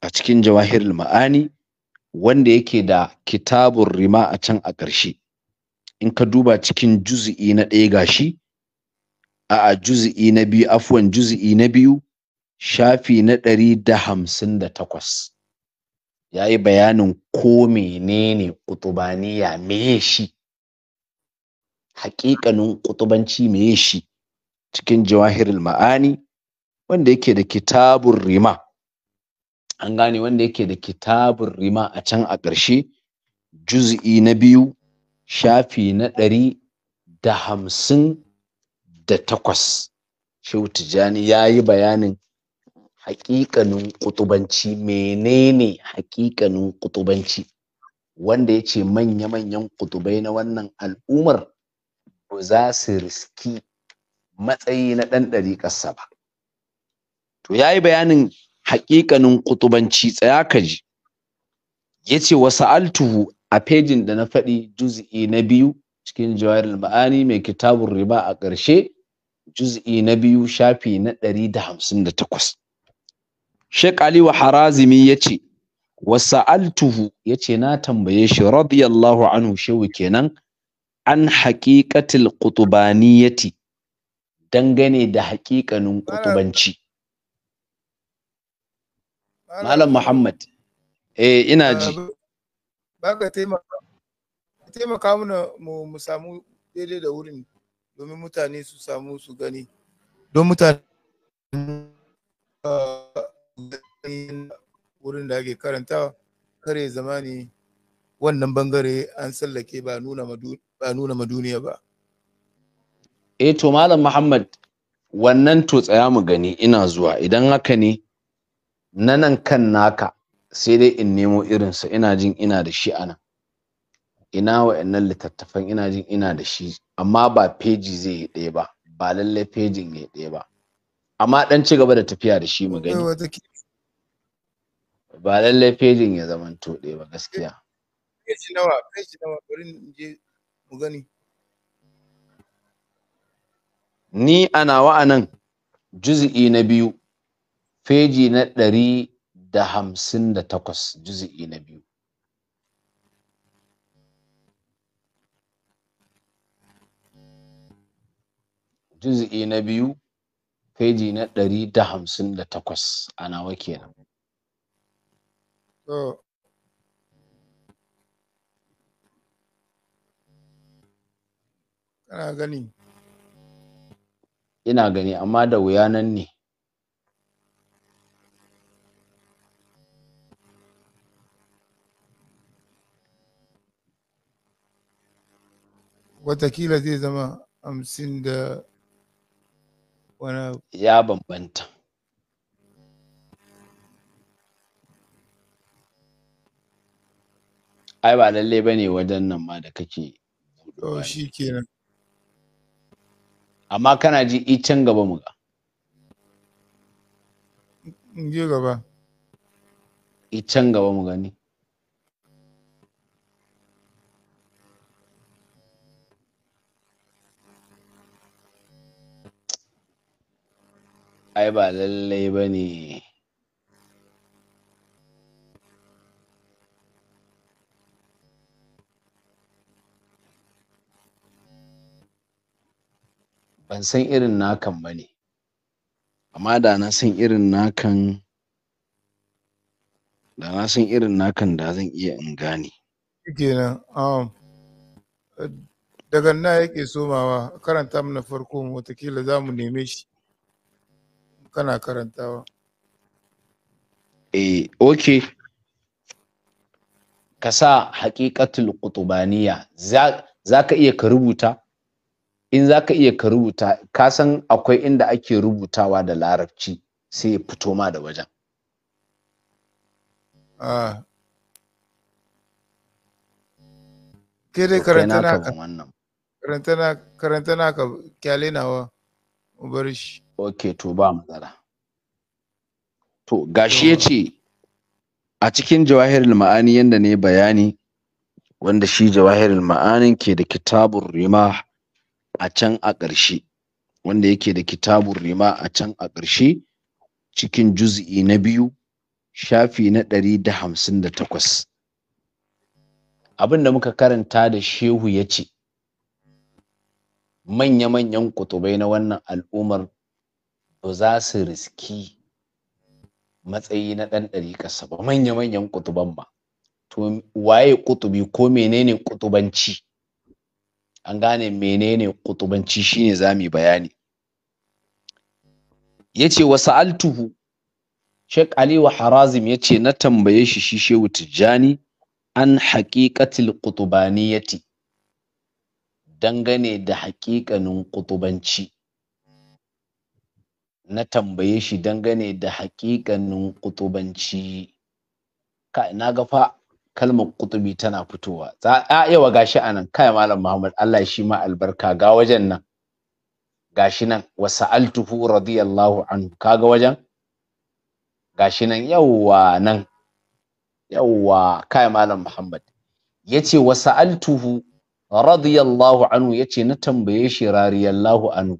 a cikin jawahirul ma'ani wanda yake da kitabun rima a can a ƙarshe in ka duba cikin juzi'i na ɗaya gashi a juzi'i na biyu afuwan juzi'i na biyu shafi na ɗari da hamsin da takwas ya yi bayanin ko menene ƙutubaniya me shi haƙiƙanin ƙutubanci yi shi cikin jawahirul ma'ani wanda yake da kitabun rima an gane wanda yake da kitabun rima a can a ƙarshe juz'i na biyu shafi na ɗari da hamsin da takwas shehu tijjani ya yi bayanin haƙiƙanin kutubanci menene haƙiƙanin kutubanci? wanda ya ce manya-manyan kutubai na wannan al'umar ba za su riski matsayi na ɗan ɗariƙarsa ba to ya yi bayanin haƙiƙanin ƙutubanci tsaya ka ji ya ce wasu altuhu a fejin da na faɗi juz'i na biyu cikin jawahir ma'ani mai kitabun riba a ƙarshe juz'i na biyu shafi na ɗari da hamsin da takwas Sheikh Ali wa Harazimi ya ce, yace ya ce na tambaye shi radiyallahu anhu shehu kenan an haƙiƙatil ƙutubaniyati dangane da haƙiƙanin ƙutubanci malam muhammad eh ina ah, ji baka taimaka taimaka mana mu samu daidai da wurin domin mutane su samu su gani don mutane ah, wurin da ake karantawa kare zamani wannan bangare an sallake ba nuna ma ba nuna ma duniya ba eh to malam muhammad wannan to tsaya mu gani ina zuwa idan haka ne na nan kan naka sai dai in nemo irinsa ina jin ina da shi anan ina wa'annan littattafan ina jin ina da shi amma ba peji zai yi ɗaya ba ba lallai pejin ya ɗaya ba amma ɗan ci gaba da tafiya da shi mu gani ba lallai pejin ya zamanto ɗaya ba gaskiya peji nawa peji nawa je mu gani ni ana wa'anan juz'i na biyu feji na ɗari da hamsin da takwas juz'i na biyu juz'i na biyu feji na ɗari da hamsin da takwas a nawa kenan. kana gani ina gani amma da wuya nan ne watakila zai zama hamsin da wani ya bambanta ai ba lalle ba ne wajen nan ma da kake shi kenan amma kana ji i can gaba mu ga je gaba i can gaba mu gani ai ba lallai ba ne ban san irin nakan ba ne amma da na san irin nakan da na san irin nakan da zan iya in gane kenan um, daga nan yake somawa karanta mana farko watakila za mu neme shi kana karantawa eh okay ka sa haƙiƙatul ƙutubaniya za ka iya ka rubuta in za ka iya ka rubuta ka san akwai inda ake rubutawa da larabci sai ya fito ma da wajen ah. ke dai karanta na ka kyale nawa bar shi ok to ba matsala to gashi ya ce a cikin jawahirul ma'ani yadda ne bayani wanda shi jawahirul ma'anin ke da kitabun rimah a can a ƙarshe wanda yake da kitabun rima a can a ƙarshe cikin juz'i na biyu shafi na ɗari da hamsin da takwas abin da muka karanta da shehu ya ce manya-manyan kutubai na wannan al'ummar to za su riski matsayi na ɗan ɗari ƙasa ba manya-manyan kutuban ba to waye kutubi ko menene kutubanci an gane menene kutubanci shine zamu bayani yace wa sa'altuhu Sheikh Ali wa Harazim yace na tambaye shi shi Shehu Tijjani an haqiqatil kutubaniyati dangane da haƙiƙanin kutubanci na tambaye shi dangane da haƙiƙanin kutubanci ka na ga fa kalmar kutubi tana fitowa za a yawa gashi nan kai malam Muhammad Allah shi ma albarka ga wajen nan gashi nan wa sa'altuhu radiyallahu anhu kaga wajen gashi nan yawa nan yawa kai malam Muhammad yace wa sa'altuhu radiyallahu anhu yace na tambaye shi radiyallahu anhu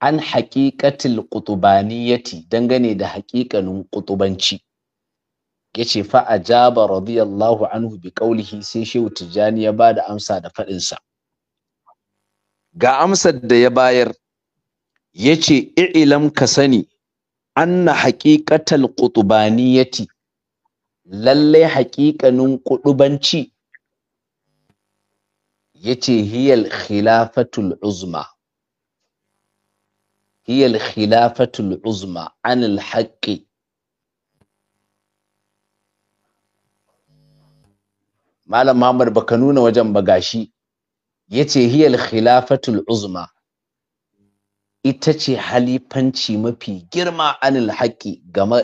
an haqiqatil qutubaniyati dangane da haqiqanin qutubanci yace fa ajaba radiyallahu anhu bi qawlihi sai shehu tijjani ya bada amsa da fadin sa ga amsar da ya bayar yace i'lam ka sani anna haqiqatal qutbaniyati lalle haqiqanin ƙuɗubanci. yace hiyal khilafatul uzma hiyal khilafatul uzma anil haqqi malam Muhammad baka nuna wajen ba yace hiyal khilafatul uzma ita ce halifanci mafi girma anil haƙi game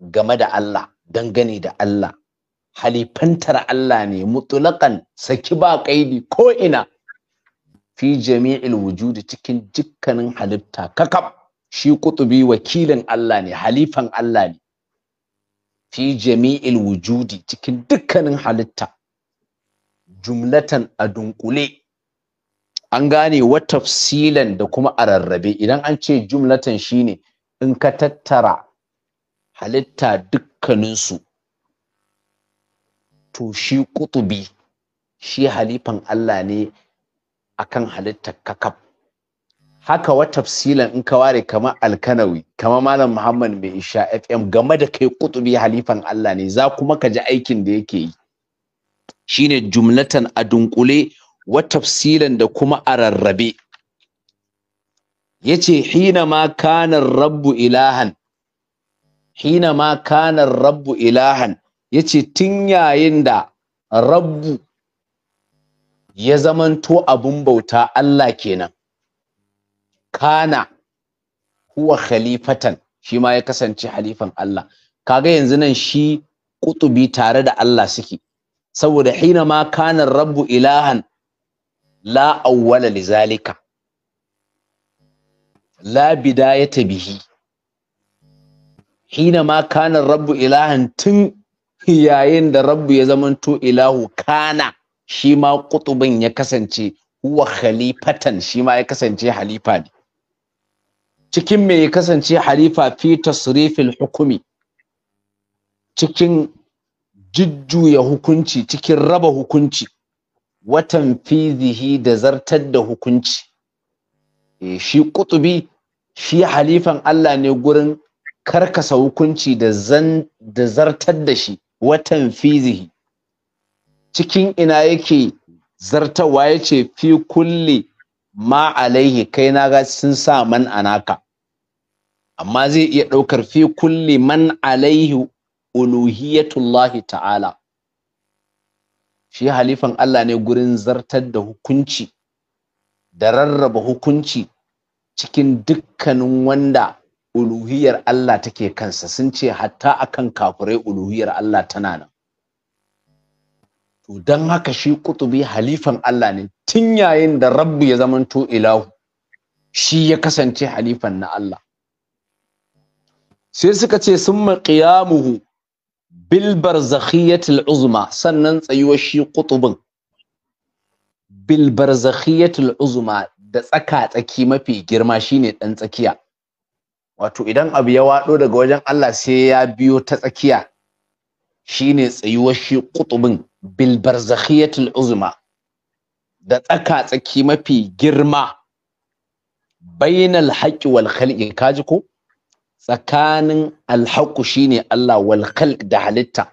game da Allah dangane da Allah halifantar Allah ne mutulakan saki ba kaidi ko ina fi jami'il wujudi cikin dukkanin halitta kakab shi kutubi wakilin Allah ne halifan Allah ne fi jami'il wujudi cikin dukkanin halitta jumlatan a dunkule an gane wa tafsilan da kuma a rarrabe idan an ce jumlatan shine in ka tattara halitta dukkaninsu to shi kutubi shi halifan Allah ne akan halittar kakab haka wa tafsilan in ka ware kama alkanawi kama malam muhammad mai isha fm game da kai kutubi halifan Allah ne za kuma ka ji aikin da yake yi shine jumlatan a dunkule wa tafsilan da kuma a rarrabe yace hina ma kana rabbu ilahan hina ma kana rabbu ilahan yace tun yayin da rabbu ya zamanto abun bauta Allah kenan kana huwa khalifatan shi ma ya kasance halifan Allah kaga yanzu nan shi kutubi tare da Allah suke saboda hina ma kanar rabbu ilahan la awwala lizalika la bidayata bihi hina ma kanar rabbu ilahan tun yayin da rabbu ya zamanto ilahu kana shi ma kutubin ya kasance huwa khalifatan shi ma ya kasance halifa ne cikin me ya kasance halifa fi tasrifil hukumi cikin jujjuya hukunci cikin raba hukunci watan fizihi da zartar da hukunci e, shi kutubi shi halifan Allah ne gurin karkasa hukunci da zartar da shi watan fizihi cikin ina yake zartawa ya ce fi kulli ma alaihi kai na ga sun sa man anaka amma zai iya ɗaukar fi kulli man alaihi uluhiyatullahi ta'ala shi halifan Allah ne gurin zartar da hukunci da rarraba hukunci cikin dukkanin wanda uluhiyar Allah take kansa sun ce hatta akan kafirai uluhiyar Allah tana nan to dan haka shi kutubi halifan Allah ne tun yayin da rabbu ya zamanto ilahu shi ya kasance halifan na Allah sai suka ce sun maƙiyamuhu Bilbar zakhiyatul uzma sannan tsayuwar shi qutubin Bilbar zakhiyatul uzma da tsaka tsaki mafi girma shine dan tsakiya wato idan abu ya wado daga wajen Allah sai ya biyo ta tsakiya shine tsayuwar shi qutubin Bilbar zakhiyatul uzma da tsaka tsaki mafi girma bainal haqqi wal khalqi kaji ko tsakanin alhaku shine Allah wal khalq da halitta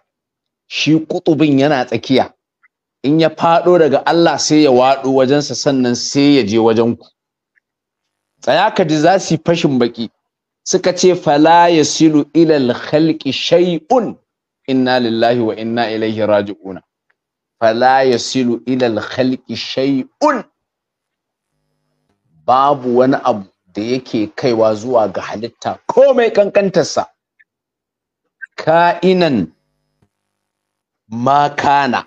shi kutubin yana tsakiya in ya fado daga Allah sai ya wado wajensa sannan sai ya je wajen ku tsaya ka ji za su fashin baki suka ce fala yasilu ila al shay'un inna lillahi wa inna ilaihi raji'una fala yasilu ila al shay'un babu wani abu da yake kaiwa zuwa ga halitta komai kankantarsa ka'inan makana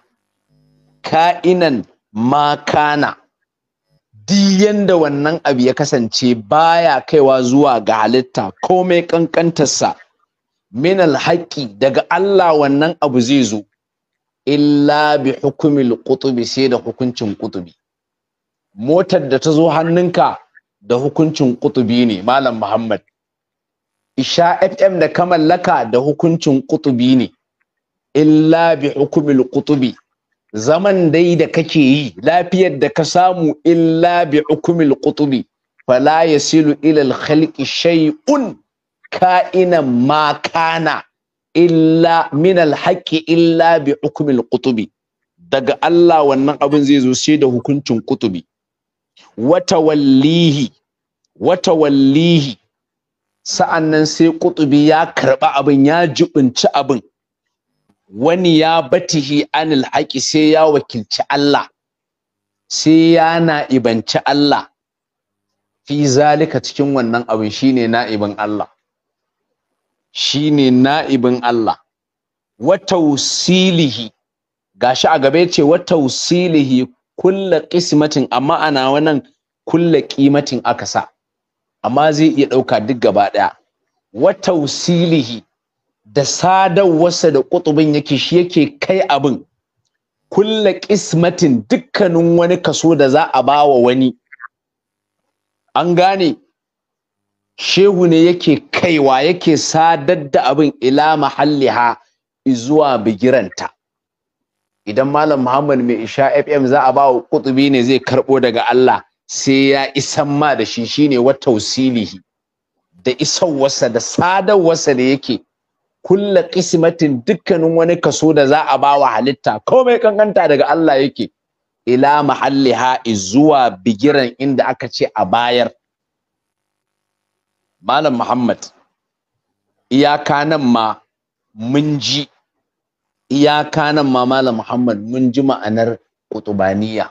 ka'inan makana diyan da wannan abu ya kasance baya kaiwa zuwa ga halitta komai kankantarsa min alhaƙi daga Allah wannan abu zai zo illa bi hukumil qutubi sai da hukuncin qutubi motar da ta zo hannunka da hukuncin kutubi ne malam muhammad isha fm da ka mallaka da hukuncin kutubi ne illa bi hukumil kutubi zaman dai da kake yi lafiyar da ka samu illa bi hukumil kutubi fala yasilu ila al-khalqi shay'un ka'inan ma kana illa min al illa bi hukumil kutubi daga Allah wannan abin zai zo sai da hukuncin kutubi watawallihi watawallihi sa'an nan sai kutubi ya karɓi abin ya jubunci abin wani ya batihi anil haqi sai ya wakilci Allah sai ya na'ibanci Allah fi zalika cikin wannan abin shine na'ibin Allah shine na'ibin Allah wa gashi a gaba yace wa tausilihi kulla ƙismatin, amma ana wannan kulla ƙimatin aka sa amma zai iya ɗauka duk gaba ɗaya wa tausilihi da sadarwarsa da kutubin yake shi yake kai abin kulla ƙismatin dukkanin wani kaso da za a ba wa wani an gane shehu ne yake kaiwa yake sadar da abin ila mahalliha izuwa bigiranta idan malam muhammad mai isha fm za a ba wa kutubi ne zai karbo daga Allah sai ya isan ma da shi shine wa tausilihi da wasa da wasa da yake kulla kismatin dukkanin wani kaso da za a ba wa halitta komai kankanta daga Allah yake ila ha zuwa bigiran inda aka ce a bayar malam muhammad iyaka nan ma mun ji iyaka nan ma malam muhammad mun ji ma'anar kutubaniya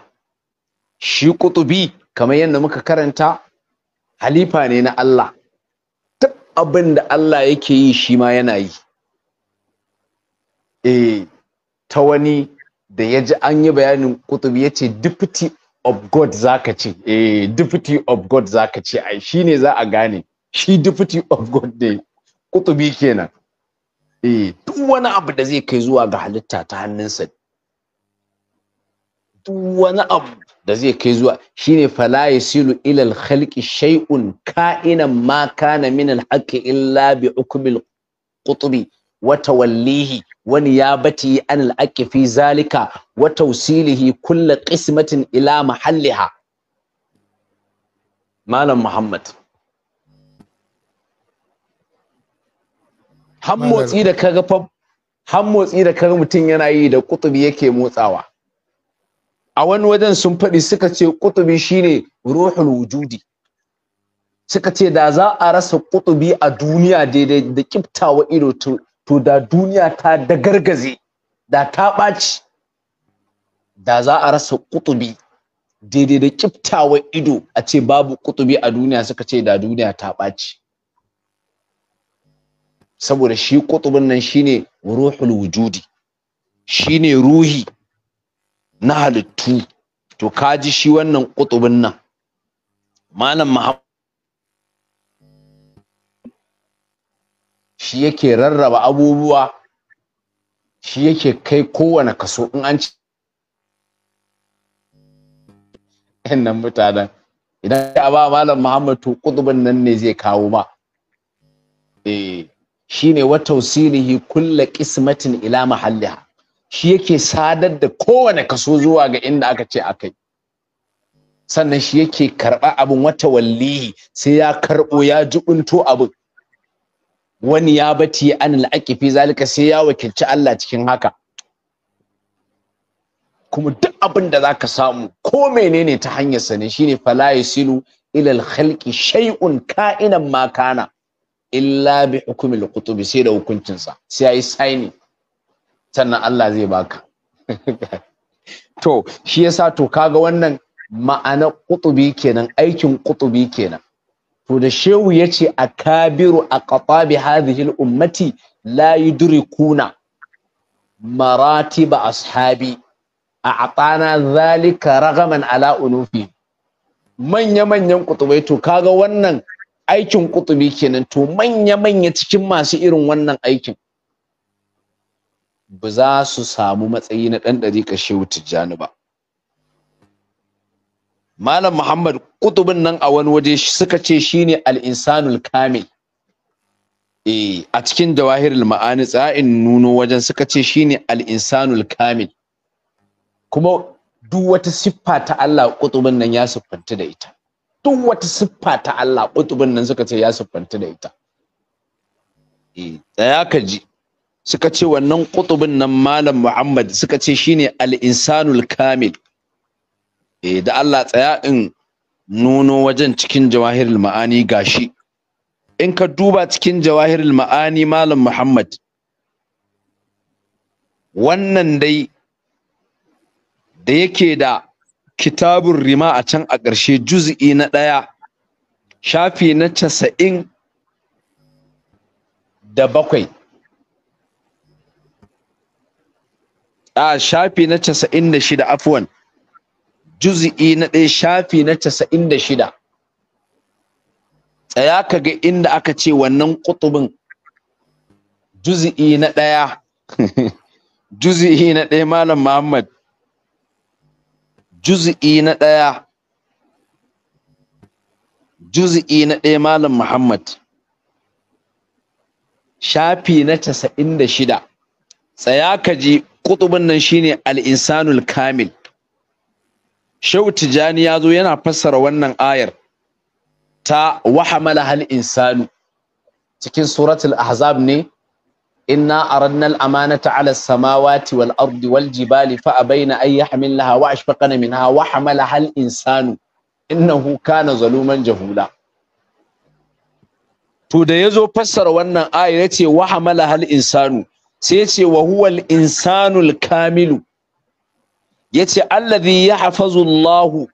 shi kutubi kamar yadda muka karanta halifa ne na Allah duk abin da Allah yake yi shi ma yana yi E, ta wani da ya ji an yi bayanin kutubi yace, ce deputy of God zaka ce eh deputy of God zaka ce ai shine za a gane shi deputy of God ne kutubi kenan eh duk wani abu da zai kai zuwa ga halitta ta hannunsa duk wani abu da zai kai zuwa shine fala yasilu ila al shay'un ka'inan ma kana min al illa bi ukbil qutbi wa tawallihi ya bati an al fi zalika wa tawsilihi kull qismatin ila mahalliha malam muhammad Han motsi da kaga fa han motsi da kaga mutum yana yi da kutubi yake motsawa a wani wajen sun faɗi suka ce kutubi shine ruhul wujudi suka ce da za a rasa kutubi a duniya daidai da kiftawa ido to da duniya ta dagargaze da ta ɓaci da za a rasa kutubi daidai da kiftawa ido a ce babu kutubi a duniya suka ce da duniya ta ɓaci saboda shi kutubun nan shine ruhul wujudi shine ruhi na halittu to kaji shi wannan kutubun nan malam shi yake rarraba abubuwa shi yake kai kowane kaso in an ci nan mutanen idan ya ba malam muhammad to kutubin nan ne zai kawo ba eh shine wa tausilihi kulla qismatin ila mahalliha shi yake sadar da kowane kaso zuwa ga inda aka ce akai sannan shi yake karɓa abin wata wallihi sai ya karbo ya jubunto abin wani ya bati an al'aqifi zalika sai ya wakilci Allah cikin haka kuma duk abin da zaka samu ko menene ta hanyar sa ne shine fala yasilu ila al-khalqi shay'un ka'inan ma kana illa bi hukumi kutubi sai da hukuncinsa sai ya yi saini sannan Allah zai baka [LAUGHS] to shi yasa to kaga wannan ma'ana kutubi kenan aikin kutubi kenan to da shehu ya ce a yace a aqtabi hadhihi al-ummati la yudrikuna maratiba ashabi a'tana zalika ragaman ala unufi manya manyan kutubai to kaga wannan aikin kutubi kenan to manya-manya cikin masu irin wannan aikin ba za su samu matsayi na ɗan ka shehu tijjani ba malam muhammad kutubin nan a wani waje suka ce shine al-insanul kamil eh a cikin jawahirul ma'ani tsa'in nuno wajen suka ce shine al-insanul kamil kuma duk wata siffa ta Allah kutubin nan ya siffanta da ita duk wata siffa ta Allah ƙutubin nan suka ce ya siffanta da ita e, tsaya ka ji suka ce wannan ƙutubin nan malam muhammad suka ce shine al-insanul kamil eh da Allah tsaya in nuno wajen cikin jawahirul ma'ani gashi in ka duba cikin jawahirul ma'ani malam muhammad wannan dai da yake da kitabun rima a can a ƙarshe juz'i na ɗaya shafi na casa'in da bakwai a shafi na casa'in da shida afuwan juz'i na ɗaya shafi na casa'in da shida tsaya ka ga inda aka ce wannan ƙutubin juz'i na ɗaya [LAUGHS] juz'i na ɗaya malam muhammad juz'i na ɗaya juz'i na ɗaya malam muhammad shafi na casa'in da shida tsaya ka ji nan shine al-insanul kamil shau tijani ya zo yana fassara wannan ayar ta wahamala hal insanu cikin suratul ahzab ne inna aradna amanata 'ala samawati wal ardi wal jibali fa abaina ay yahmilnaha wa ashfaqna minha wa hamalaha al-insanu innahu kana zaluman jahula to da yazo fassara wannan aya yace wa hamalaha al-insanu sai yace wa huwa al-insanu al-kamilu yace alladhi yahfazu Allah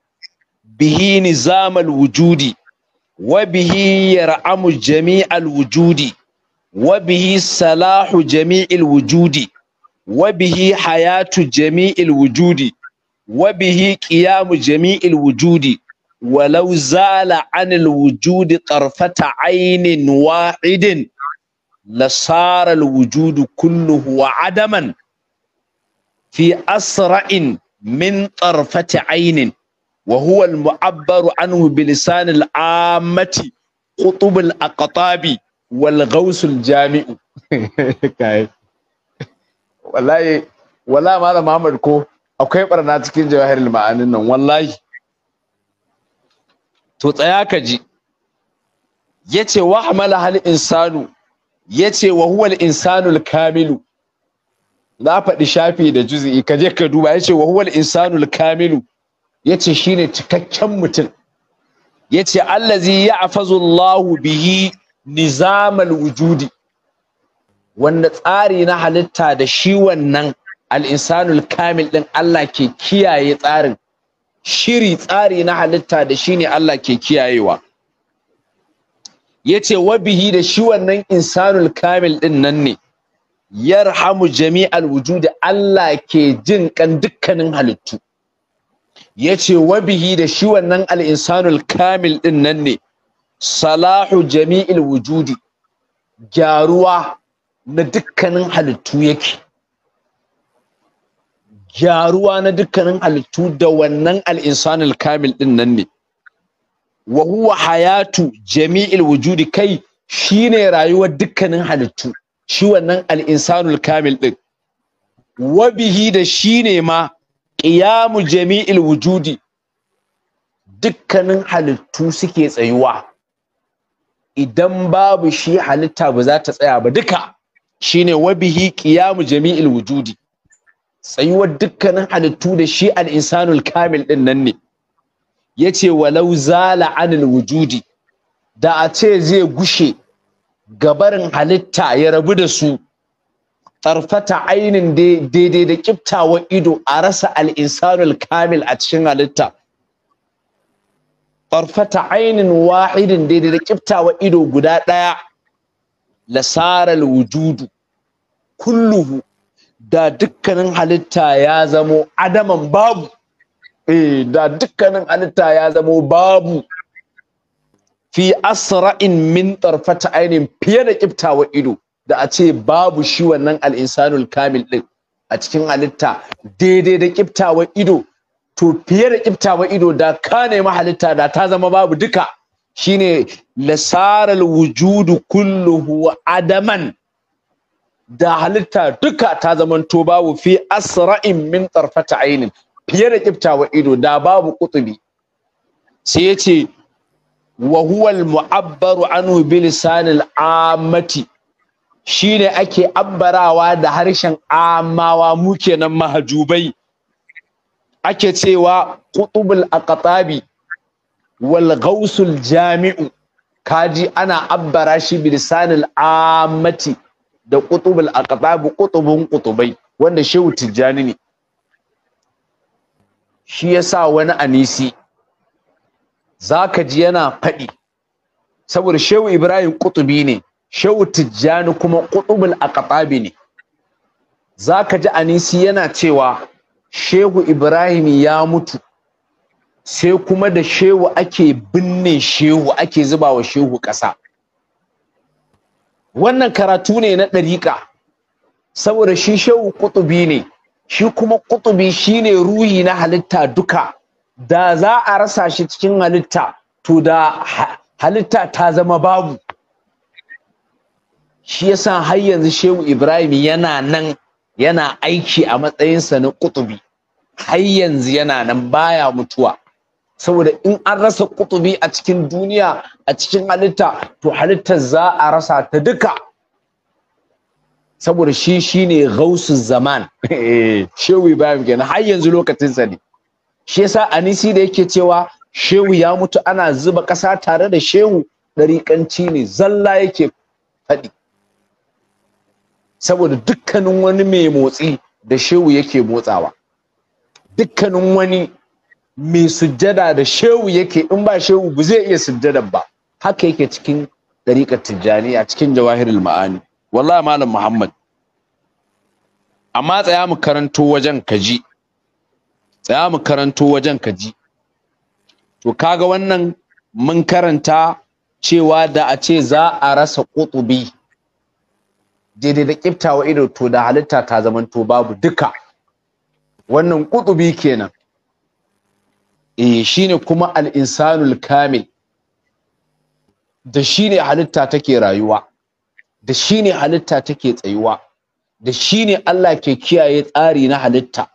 bihi nizamal wujudi wa bihi yar'amu jami'al wujudi وبه صلاح جميع الوجود وبه حياة جميع الوجود وبه قيام جميع الوجود ولو زال عن الوجود طرفة عين واحد لصار الوجود كله عدما في أسرع من طرفة عين وهو المعبر عنه بلسان العامة قطب الأقطابي wal jami'u [LAUGHS] kai wallahi wallahi malam Muhammad ko akwai barna cikin jawahirul ma'anin nan wallahi to tsaya ka ji yace wa hamala hal insanu yace wa huwa al insanu al kamilu na faɗi shafi da juzi'i ka je ka duba yace wa huwa al insanu al kamilu yace shine cikakken mutum yace allazi ya'fazu Allahu bihi nizamal wujudi wanda tsari na halitta da shi wannan al'insanul kamil ɗin Allah ke kiyaye tsarin shiri tsari na halitta da shi ne Allah ke kiyayewa ya ce wabihi da shi wannan insanul kamil ɗin nan ne yarhamu jami'al wujudi Allah ke jin kan dukkanin halittu ya ce wabihi da shi wannan al'insanul kamil ɗin nan ne salahu jami'il wujudi gyaruwa na dukkanin halittu yake gyaruwa na dukkanin halittu da wannan al'insanul kamil din nan ne wa huwa hayatu jami'il wujudi kai shine rayuwar dukkanin halittu shi wannan al'insanul kamil din wa bihi da shine ma qiyamu jami'il wujudi dukkanin halittu suke tsayuwa idan babu shi halitta ba za ta tsaya ba duka shine wabihi qiyamu jami'il wujudi tsayuwar dukkanin halittu da shi al-insanul kamil din nan ne yace walau zala anil wujudi da a ce zai gushe gabarin halitta ya rabu da su tarfata ainin daidai da kiftawar ido a rasa al-insanul kamil a cikin halitta ƙarfata ainin wahidin daidai da ƙiftawa ido guda ɗaya lasarar wujudu kulluhu da dukkanin halitta ya zamo adaman babu eh da dukkanin halitta ya zamo babu fi asra'in min tarfata ainin fiye da ƙiftawa ido da a ce babu shi wannan al'insanul kamil ɗin a cikin halitta daidai da ƙiftawa ido to fiye da wa ido da ka nemi halitta da ta zama babu duka shine lasarar wujudu kulluhu adaman da halitta duka ta zamanto babu fi asra'in min tsarfata ainin fiye da wa ido da babu kutubi sai ya ce wa huwa mu'abbaru anhu bi lisanil amati shine ake abbarawa da harshen amawa mu kenan mahajubai ake cewa qutubul aqtabi wal ghausul jami'u kaji ana abbara shi bilisanil ammati da qutubul aqtabi qutubun qutubai wanda shehu tijjani ne shi yasa wani anisi zaka ji yana faɗi saboda shehu ibrahim qutubi ne shehu tijjani kuma qutubul aqtabi ne zaka ji anisi yana cewa shehu ibrahim ya mutu sai kuma da shehu ake binne shehu ake zuba wa shehu ƙasa wannan karatu ne na ɗariƙa saboda shi shehu ƙutubi ne shi kuma ƙutubi shine ruhi na halitta duka da za a rasa shi cikin halitta to da halitta ta zama babu shi yasa har yanzu shehu ibrahim yana nan yana aiki a matsayinsa na ƙutubi har yanzu yana nan baya mutuwa saboda in an rasa kutubi a cikin duniya a cikin halitta to halitta za a rasa ta duka saboda shi shine gausun zaman eh, shehu bayan kenan har yanzu lokacinsa ne shi yasa anisi da yake cewa shehu ya mutu ana zuba ƙasa tare da shehu ɗariƙanci ne zalla yake faɗi saboda dukkanin wani mai motsi da shehu yake motsawa dukkanin wani mai sujjada da shehu yake in ba shehu ba zai iya sujjada ba haka yake cikin dariƙar tijjani a cikin jawahirul ma'ani wallahi malam muhammad amma tsaya mu karanto wajen kaji tsaya mu karanto wajen kaji to kaga wannan mun karanta cewa da a ce za a rasa ƙutubi daidai da ƙiftawa ido to da halitta ta zamanto babu duka wannan kutubi kenan eh shine kuma al-insanul kamil da shine halitta take rayuwa da shine halitta take tsayuwa da shine Allah ke kiyaye tsari na halitta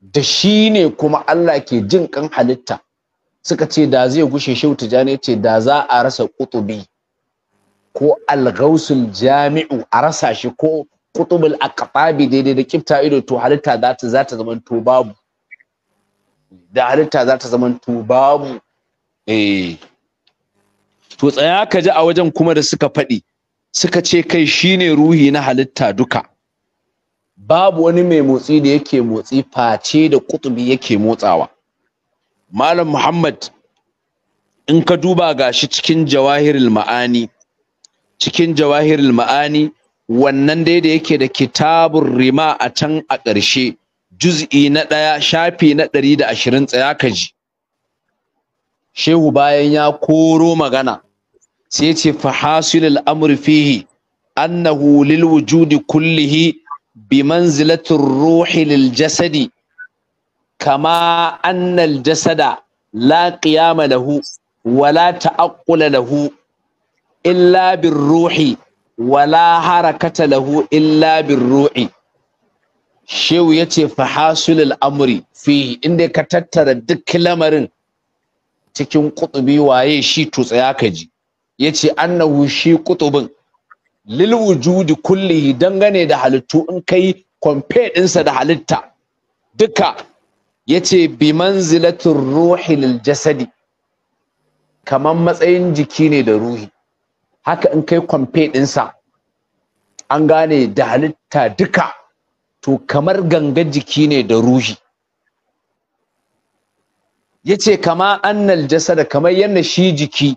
da shine kuma Allah ke jin kan halitta suka ce da zai gushe shehu tijani ce da za a rasa kutubi ko al-ghausul jami'u a rasa shi ko qutubul aqtabi daidai da kifta ido to halitta za ta za ta babu da halitta za ta zama babu eh to tsaya ka ji a wajen kuma da suka faɗi suka ce kai shine ruhi na halitta duka babu wani mai motsi da yake motsi face da kutubi yake motsawa malam muhammad in ka duba gashi cikin jawahirul ma'ani cikin jawahirul ma'ani wannan dai da yake da kitabun rima a can a ƙarshe juz'i na ɗaya shafi na ɗari da ashirin tsaya ka ji shehu bayan ya koro magana sai ce fa hasilul amr fihi annahu lil wujudi kullihi bi manzilatir ruhi lil jasadi kama anna al jasada la qiyama lahu wa la ta'aqqula lahu illa bir ruhi wala harakata lahu illa birru'i shehu yace fa hasulul amri fi inda ka tattara duk lamarin cikin kutubi waye shi to ya kaji? Ya yace annahu shi kutubin lil wujudi kullihi dangane da halittu in kai compare ɗinsa da halitta duka yace bi manzilatur ruhi lil jasadi Kamar matsayin jiki ne da ruhi haka in kai kwamfe ɗinsa an gane da halitta duka to kamar ganga jiki ne da ruhi ya ce kama annal jasada kamar yadda shi jiki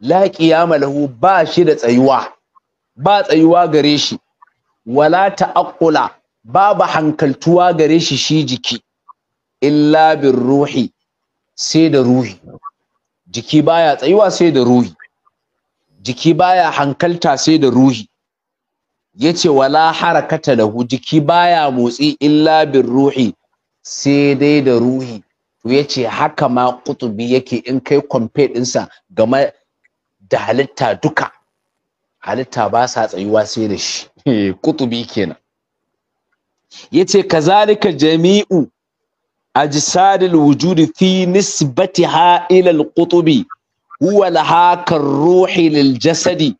la qiyama ba shi da tsayuwa ba tsayuwa gare shi wala ta'aqqula babu hankaltuwa gare shi shi jiki illa bir ruhi sai da ruhi jiki baya tsayuwa sai da ruhi jiki baya hankalta sai da ruhi yace wala harakata lahu jiki baya motsi illa bir ruhi sai dai da ruhi to yace haka ma kutubi yake in kai compare ɗinsa game da halitta duka halitta ba sa tsayuwa sai da shi kutubi eh, kenan yace kazalika jami'u ajsadil wujudi fi nisbatiha ila al-qutubi huwa lahakar ruhi lil jasadi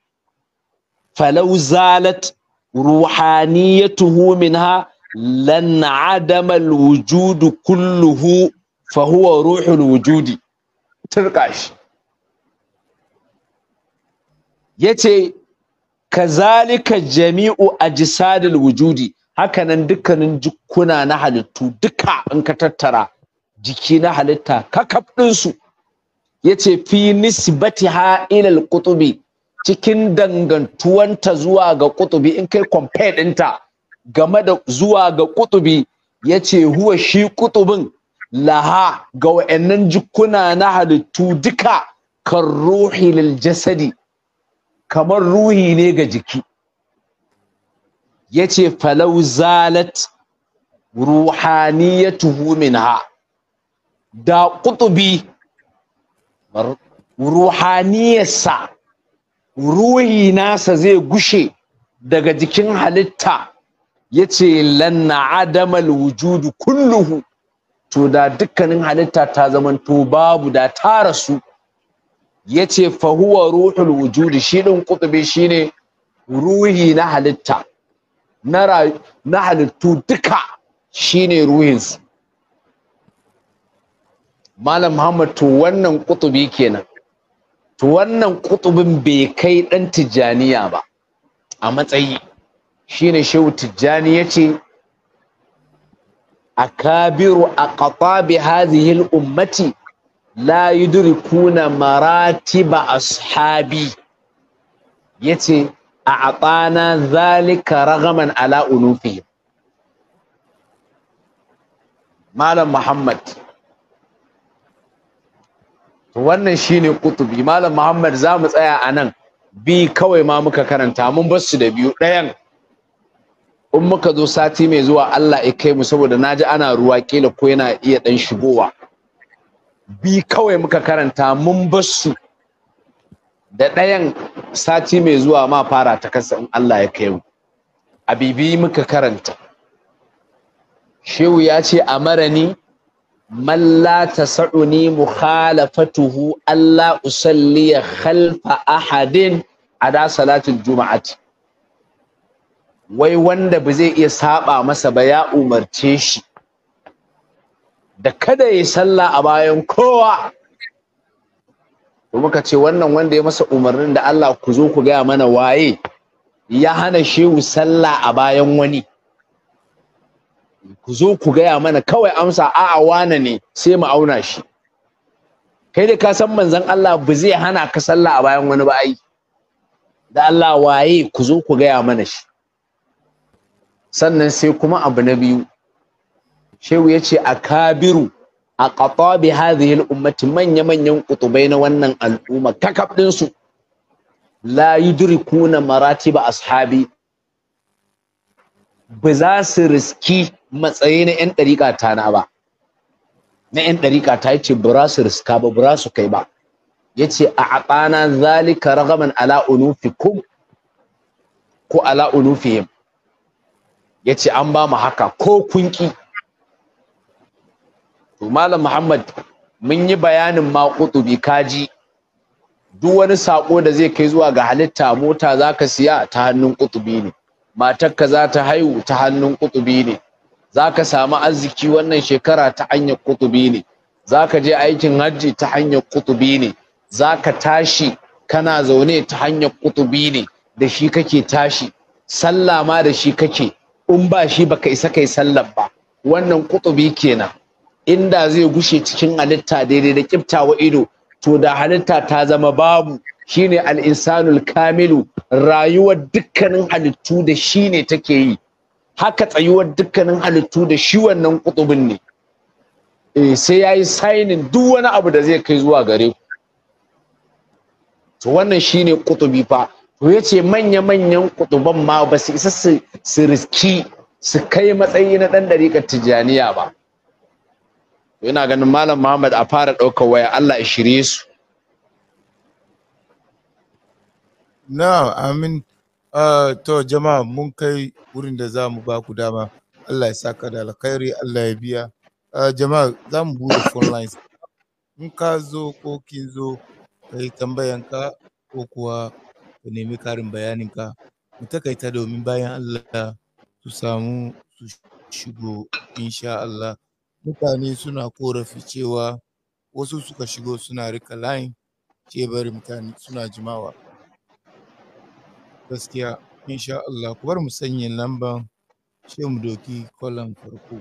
falau tuhuminha? ruhaniyatuhu minha lan kulluhu fa huwa ruhul wujudi turka shi yace kazalika jami'u ajsadil wujudi hakanan dukkanin jikuna na halittu duka in ka tattara jiki na halitta kakaf ɗinsu yace fi nisbatiha ila al-qutubi cikin dangantuwanta zuwa ga kutubi in kai compare ɗinta game da zuwa ga kutubi yace huwa shi kutubin laha ga wa'annan jikuna na halittu duka kan ruhi lil jasadi kamar ruhi ne ga jiki yace falau zalat ruhaniyatuhu ha. da kutubi ruhaniyarsa ruhi nasa zai gushe daga jikin halitta ya ce lanna adamal wujudu kulluhu to da dukkanin halitta ta zamanto babu da ta rasu ya ce fahuwa ruhul wujudu shi ɗin kutube shi ne ruhi na halitta na halittu duka shi ne ruhinsu malam muhammad to wannan kutubi kenan to wannan kutubin bai kai dan tijjaniya ba a matsayi shine shehu tijjani yace akabiru aqtabi hadhihi al-ummati la yudrikuna maratiba ashabi yace a atana zalika ragaman ala unufi malam muhammad wannan shine kutubi malam muhammad za mu tsaya a nan bi kawai ma muka karanta mun bar su da biyu ɗayan in muka zo sati mai zuwa Allah ya kai mu saboda naji ana ruwa kila ko yana iya ɗan shigowa bi kawai muka karanta mun bar su da ɗayan sati mai zuwa ma fara ta kasa in Allah ya kai mu a bibi muka karanta shehu ya ce a amarani man la tasa'uni mukhalafatuhu alla usalli khalfa ahadin da salatin juma'ati wai wanda ba zai iya saba masa ba ya umarce shi da kada ya sallah a bayan kowa muka ce wannan wanda ya masa umarnin da Allah ku zo ku gaya mana waye ya hana shehu sallah a bayan wani ku zo ku gaya mana kawai amsa a'a wane ne sai mu auna shi kai da ka san manzon Allah ba zai hana ka sallah a bayan wani ba ai da Allah waye ku zo ku gaya mana shi sannan sai kuma abu na biyu shehu ya ce a kabiru a ƙatabi hadhihi ummati manya-manyan kutubai na wannan al'umma kakab su. la yudrikuna maratiba ashabi ba za su riski matsayi na 'yan ɗariƙa ta na ba na 'yan ɗariƙa ta yace bura su riska ba bura su kai ba Ya ce a aqana zalika ragaman ala unufikum ko ala Ya ce an ba mu haka ko kunki to malam muhammad mun yi bayanin ma bi kaji duk wani saƙo da zai kai zuwa ga halitta mota za ka siya ta hannun ƙutubi ne matarka za ta haihu ta hannun ƙuɗubi ne zaka samu arziki wannan shekara ta hanyar kutubi ne zaka je aikin hajji ta hanyar kutubi ne zaka tashi kana zaune ta hanyar kutubi ne da shi kake tashi sallah ma da shi kake in ba shi baka isa kai sallar ba wannan kutubi kenan inda zai gushe cikin halitta daidai da wa ido to da halitta ta zama babu shine al-insanul kamilu rayuwar dukkanin halittu da shine take yi haka tsayuwar dukkanin halittu da shi wannan kutubin ne e sai yayi signing duk wani abu da zai kai zuwa gare ku to wannan shine kutubi fa to yace manya manyan kutuban ma ba su isa su su riski su kai matsayi na ɗan dariƙa tijaniya ba to ina ganin malam Muhammad a fara ɗaukar waya Allah ya shirye su na amin Uh, to jama'a mun kai wurin da za mu ba ku dama Allah ya saka da alkhairi Allah ya biya uh, jama'a za mu buɗe phone lines in ka zo ko kin zo ka tambayanka ko kuwa ka nemi karin bayaninka mu takaita domin bayan Allah su samu su shigo insha Allah mutane suna korafi cewa wasu suka shigo suna rika line ce bari mutane suna jimawa gaskiya insha Allah ku bar mu sanya lamban shi mu doki kolon farko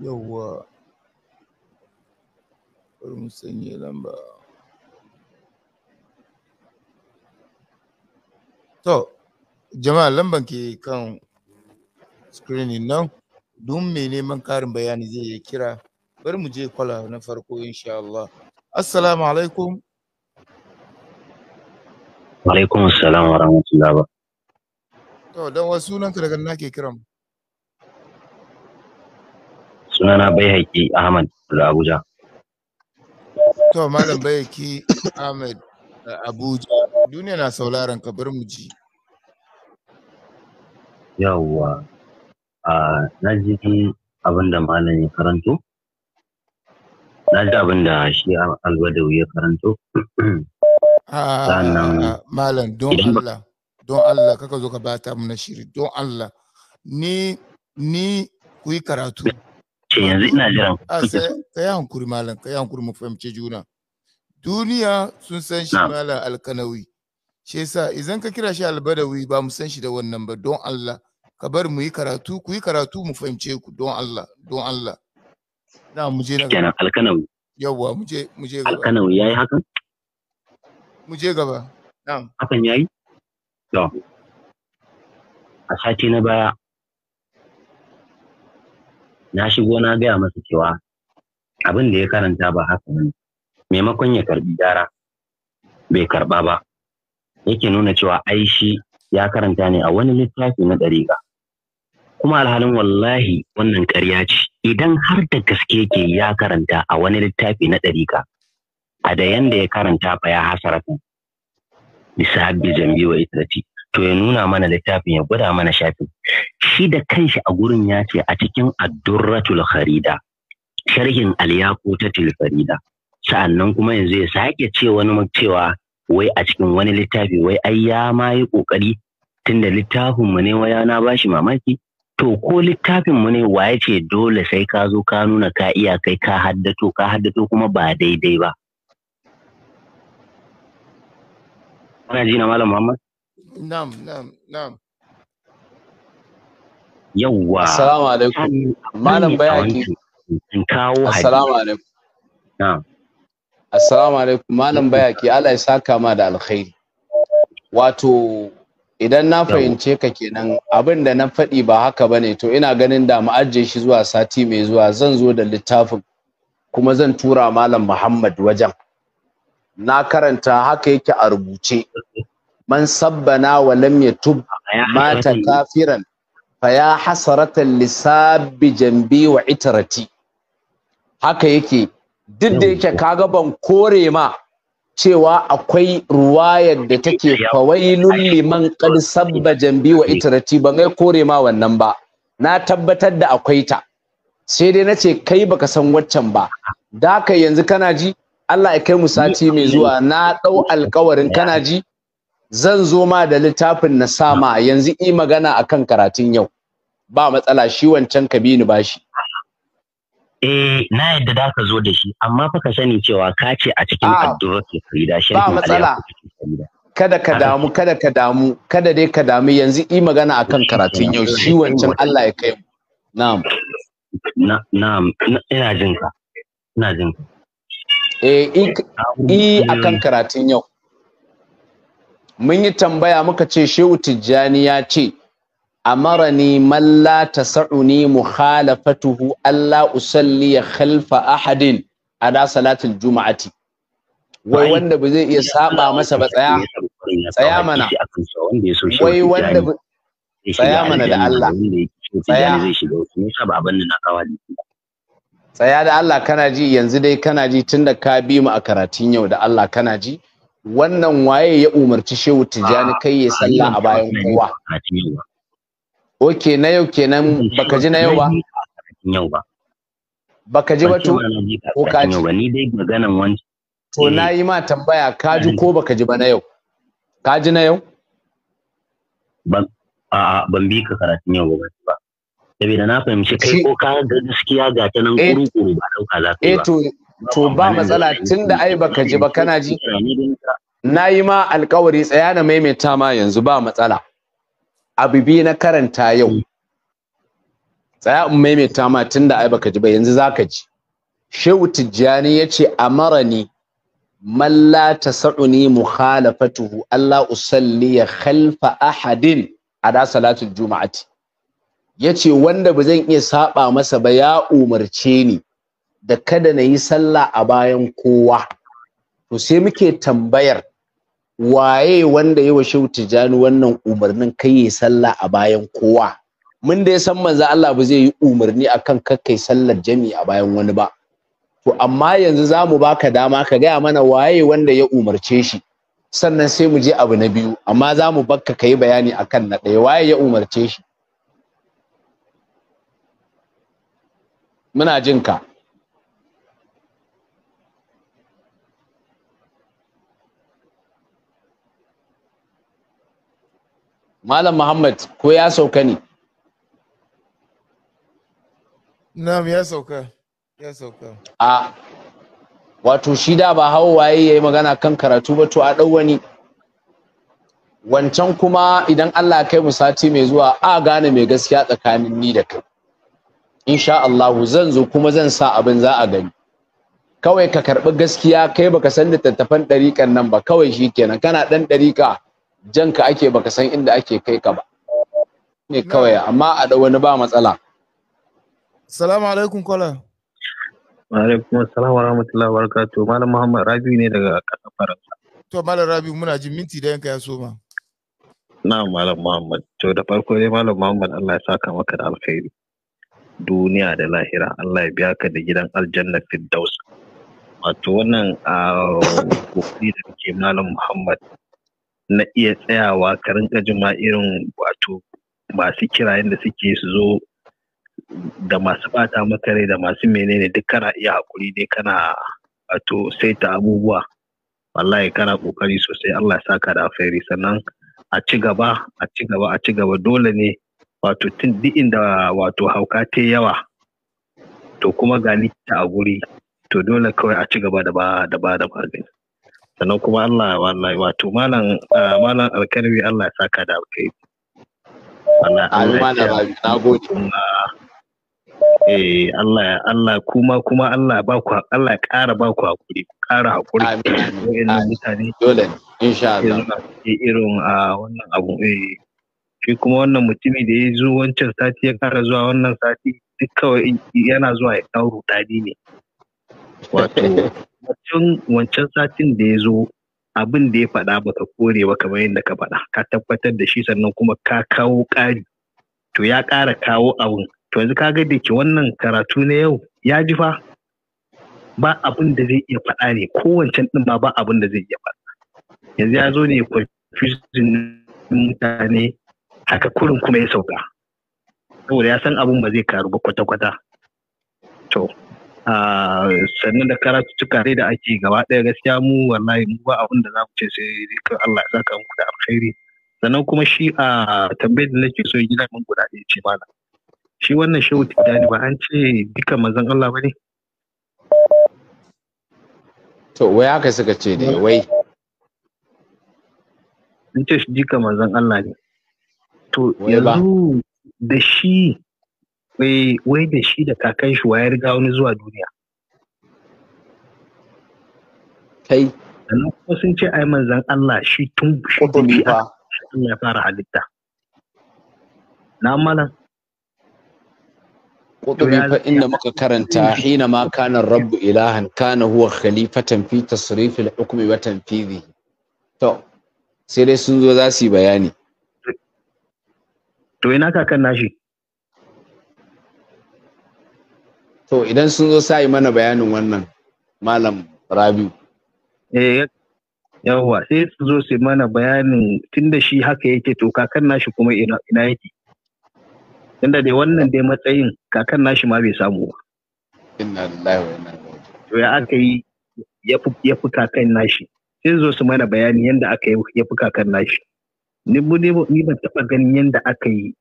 yawwa bar mu sanya lamba to jama'a lamban ke kan screening nan don mai neman karin bayani zai yi kira bari mu je kwala na farko insha Allah assalamu alaikum Alaikun salam wa rahmatullahi ba. To, don wasu sunanka daga na ke kiran. Sunana bai haƙi Ahmad da Abuja. To, Malam bai haƙi Ahmad da Abuja. Duniya na sauraron ka bar mu ji. Yawwa, a ji abin da Malam ya karanto. Na ji abin da shi Albadau ya karanto. sannan ah, malam don Allah don Allah kaka zo ka bata mu na shiri don Allah ni ni ku yi karatu yanzu ina jiran ah, ka yi hankuri malam ka yi hankuri mu fahimci juna duniya sun san shi malam alkanawi shi yasa idan ka kira shi albadawi ba mu san shi da wannan ba don Allah ka bar mu yi karatu ku yi karatu mu fahimce ku don Allah don Allah na mu je na kenan alkanawi yawwa mu je mu je alkanawi yayi hakan mu je gaba hakan yayi to a sati na baya na shigo na gaya masa cewa abin da ya karanta ba haka ne maimakon ya karbi dara, bai karba ba yake nuna cewa ai shi ya karanta ne a wani littafi na ɗariƙa kuma alhalin wallahi wannan ƙarya ce idan har da gaske ke ya karanta a wani littafi na ɗariƙa a da yanda ya karanta fa ya hasaratan bisahabbi jambi wa itrati to ya nuna mana littafin ya gwada mana shafin shi da kanshi a gurin ya ce a cikin addurratul kharida sharhin alyaqutatul farida sa'annan kuma yanzu ya sake ce wani cewa wai a cikin wani littafi wai ai ya ma yi kokari tunda littafin mu ne waya na bashi mamaki to ko littafin mu ne waye ce dole sai ka zo ka nuna ka iya kai ka haddato ka haddato kuma ba daidai ba kana ji na Malam Muhammad? Na'am, na'am, na'am. Yawwa. Assalamu alaikum. Malam Bayaki. In kawo hadisi. Assalamu alaikum. Na'am. Assalamu alaikum. Malam Bayaki, Allah ya saka ma da alkhairi. Wato idan na fahimce ka kenan abin da na faɗi ba haka bane to ina ganin da ma'aje shi zuwa sati mai zuwa zan zo da littafin kuma zan tura malam Muhammad wajen. na karanta haka yake a rubuce man sabbana wa lam yatub mata kafiran fa ya hasaratan lisabbi jambi wa itrati haka yake duk da yake kaga ban kore ma cewa akwai ruwayar da take fawailun liman qad sabba jambi wa itrati ban ga kore ma wannan ba na tabbatar da akwai ta sai dai nace kai baka san waccan ba Da daka yanzu kana ji Allah ya kai mu sati mai zuwa na dau alƙawarin kana ji zan zo ma da littafin na sama yanzu yi magana akan karatun yau ba matsala shi wancan ka bini shi. eh na yadda da ka zo da shi amma fa ka sani cewa ka ce a cikin ah. addu'a ke farida shi ba matsala kada ka damu kada ka damu kada dai ka damu yanzu yi magana akan karatun yau shi wancan Allah ya kai mu na'am na'am ina jin ka ina jin ka e a kan karatun yau mun yi tambaya muka ce shehu tijjani ya ce a amarani man mu tasa'uni fatuhu Allah usalli ya khalfa ahadin ada salatul juma'ati wai wanda ba zai iya saba masa ba tsaya tsaya mana wai wanda tsaya mana da Allah tsaya tsaya da Allah kana ji yanzu dai kana ji tunda ka bi mu a karatun yau da Allah kana ji wannan waye ya umarci shehu tijjani kai ya sallah a bayan kowa ok na yau kenan baka ji na yau ba ba baka ji ba ko ka ji ni dai maganan wani to na yi ma tambaya ka ji ko baka ji ba na yau ka ji na yau ban a ban bi ka karatun yau ba saboda na fahimci kai ko ka ga gaskiya ga ta nan eh. kuru-kuru ba dauka za ka yi eh, ba to ba matsala tunda ai baka ji ba kana ji na yi ma alkawari tsaya na maimaita ma yanzu ba matsala abu bi na karanta yau tsaya in maimaita ma tunda ai baka ji ba yanzu za ka ji shehu tijjani ya ce amarani man la tasa'uni mukhalafatuhu Allah usalli khalfa ahadin a da salatul juma'ati yace wanda ba zan iya saba masa ba ya umarce ni da kada na yi sallah a bayan kowa to sai muke tambayar waye wanda ya washe jani wannan umarnin kai yi sallah a bayan kowa mun da ya san manzo Allah ba zai yi umarni akan kakkai sallar jami a bayan wani ba to amma yanzu zamu baka dama ka gaya mana waye wanda ya umarce shi sannan sai mu je abu na biyu amma zamu mu bakka ka bayani akan na ɗaya waye ya umarce shi muna jin ka Malam Muhammad ko ya sauka ne? Na'am ya sauka. Ya sauka. A wato shi da ba hawo waye yayi magana kan karatu ba to a dau wani wancan kuma idan Allah kai mu sati mai zuwa a gane mai gaskiya tsakanin ni da kai. insha Allah zan zo kuma zan sa abin za a gani kawai ka karɓi gaskiya kai baka san littattafan dariƙan nan ba kawai shi kenan kana ɗan ɗariƙa janka ake baka san inda ake kai ka ba ne kawai amma a da wani ba matsala salamu alaikum kola wa alaikum assalam wa rahmatullahi wa barakatuh malam muhammad Rabi ne daga ƙasar faransa to malam Rabi muna jin minti da yanka ya soma na malam muhammad to da farko dai malam muhammad allah ya saka maka da alkhairi duniya da lahira Allah ya biya ka da gidan aljanna firdaus wato wannan a kokari da muke malam Muhammad na iya tsayawa ka rinka jima irin wato masu kirayen da suke su zo da masu bata maka rai da masu menene duk kana iya hakuri dai kana wato ta abubuwa wallahi kana kokari sosai Allah ya saka da alheri sannan a ci gaba a ci gaba a ci gaba dole ne wato tun duk inda wato hauka ta yawa to kuma ga likita a guri to dole kawai a ci gaba da ba da ba da magani sannan kuma Allah wallahi wato malam malam alkarbi Allah ya saka da kai Allah na gode eh Allah Allah kuma kuma Allah ba ku Allah ƙara ba ku hakuri ƙara hakuri amin mutane dole insha Allah irin wannan abu eh shi kuma wannan mutumi da ya zo wancan sati ya kara zuwa wannan sati duk kawai yana zuwa ya kawo rudani ne wato wancan satin da ya zo abin da ya faɗa baka kore ba kamar yadda ka faɗa ka tabbatar da shi sannan kuma ka kawo ƙari to ya ƙara kawo abin to yanzu ka ga da ke wannan karatu na yau ya ji fa ba abin da zai iya faɗa ne kowancan ɗin ma ba abin da zai iya faɗa yanzu ya zo ne ya mutane haka kurin kuma ya sauka saboda ya san abun ba zai karu ba kwata-kwata to sannan da karatuttuka dai da ake gaba ɗaya gaskiya mu wallahi mu ba abin da za mu ce sai kan Allah ya saka muku da alkhairi sannan kuma shi a tambayar da nake so gida mun guda ɗaya ce mana shi wannan shehu tijjani ba an ce duka mazan Allah ba ne to wai haka suka ce ne wai an ce shi duka mazan Allah ne to yanzu da shi wai da shi da kakan shi wayar riga wani zuwa duniya kai sannan kuma sun ce ai manzan Allah shi tun shi Allah ya fara halitta na malam Kutubi fa inda muka karanta hina ma kana rabbu ilahan kana huwa khalifatan fi tasrifil hukmi wa tanfidhi to sai dai sun zo za su yi bayani to ina kakan nashi to idan sun zo sa yi mana bayanin wannan malam rabiu eh yawwa sai su zo su mana bayanin tunda shi haka yake to kakan nashi kuma ina yake tunda dai wannan dai matsayin kakan nashi ma bai samu ba inna lillahi wa inna ilaihi to ya aka yi ya fi kakan nashi sai zo su mana bayani yadda aka yi ya fi kakan nashi ni ni ban taba ganin yadda aka yi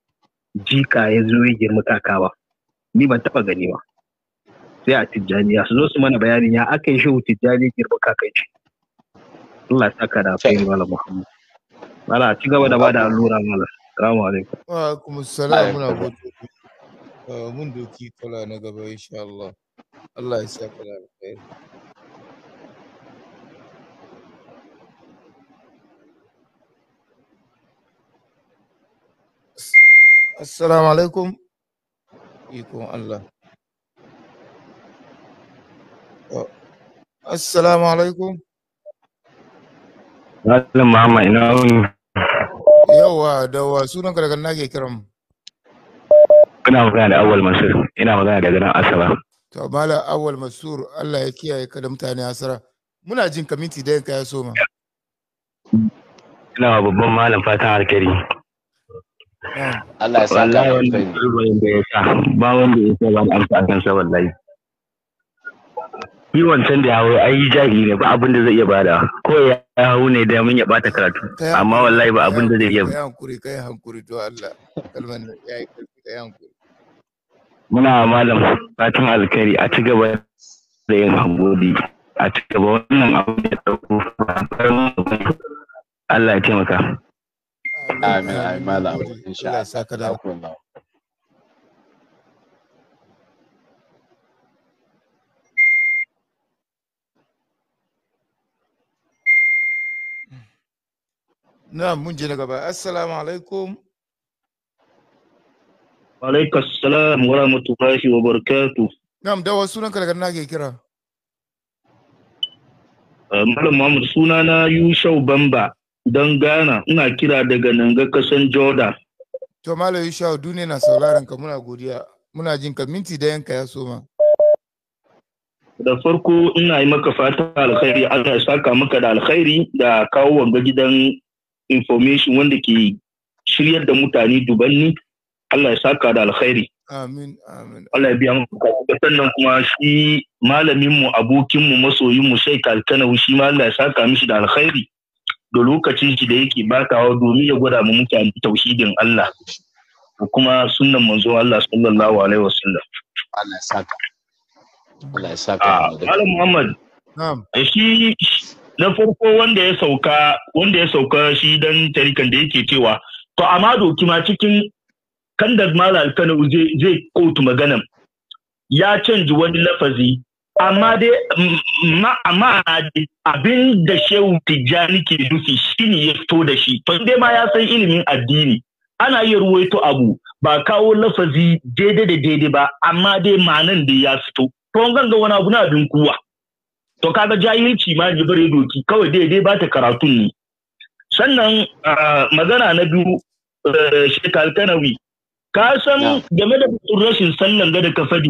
jika ya zo ya girma kaka ba ni ban taba gani ba sai a tijjani su zo su mana bayani ya aka yi shehu tijjani girma kakan shi Allah ya saka da fayin wala Muhammad wala ci gaba da bada allura mala assalamu alaikum wa alaikum assalam muna gode uh, mun doki kula na gaba insha Allah Allah ya saka da alkhairi assalamu alaikum ikon Allah oh. assalamu alaikum Malam Mama ina wuni. Yawa da wa sunan ka daga na ke kiran. Ina magana da Awal Masur, ina magana daga nan Asaba. To Mala Awal Masur, Allah ya kiyaye ka da mutane asara. Muna jin kamiti da yanka ya soma. Ina babban malam fatan alkari. Allah ya sa ka ba wanda ya sa ba da amsa akan sa wallahi yi wancan da ya hawo ai jahili ne ba abin da zai iya bada ko ya hawo ne da mun ya bata karatu amma wallahi ba abin da zai iya ba. hankuri kai hankuri to Allah kalman ya yi kai hankuri muna malam fatan alkhairi a ci gaba da yin hankuri a ci gaba wannan abu da dauko Allah ya taimaka Amin amin malam insha Allah. Allah saka da Na mun je na gaba. Assalamu alaikum. Wa alaikum assalam wa rahmatullahi wa barakatuh. Na da wasu nan kalgar na ke kira. Eh, malam Muhammad suna na Yushau Bamba don Ghana ina kira daga nan ga kasan Jordan. To Malam Yushau duniya na sauraron ka muna godiya muna jin ka minti da yanka ya soma. Da farko ina yi maka fata alkhairi Allah ya saka maka da alkhairi da kawo wanga gidan information wanda ke shiryar da mutane dubanni Allah ya saka da alkhairi. Amin, amin. Allah ya biya mu sannan kuma shi malamin mu abokin mu masoyin mu Sheikh Alkanawi shi ma Allah ya saka mishi da alkhairi. da lokacin shi da yake bakawa domin ya gwada mu mutane tauhidin Allah ko kuma sunnan manzo Allah sallallahu alaihi wasallam Allah ya saka Allah ya saka ah, Malam Muhammad na'am eh, shi na farko wanda ya sauka wanda ya sauka shi dan tarikan da yake cewa to amma doki ma cikin kandar Malam Kano zai kotu maganan ya canji wani lafazi amma dai amma abin da shehu tijjani ke nufi ne ya fito da shi to dai ma ya san ilimin addini ana iya ruwaito abu ba kawo lafazi daidai da daidai ba amma dai ma'anan da ya fito to an ga wani abu na abin kuwa to kaga jahilci ma ji bare doki kawai daidai ba ta karatun ne sannan magana na biyu eh, shekalkanawi ka san game da rashin sallan da kafa fadi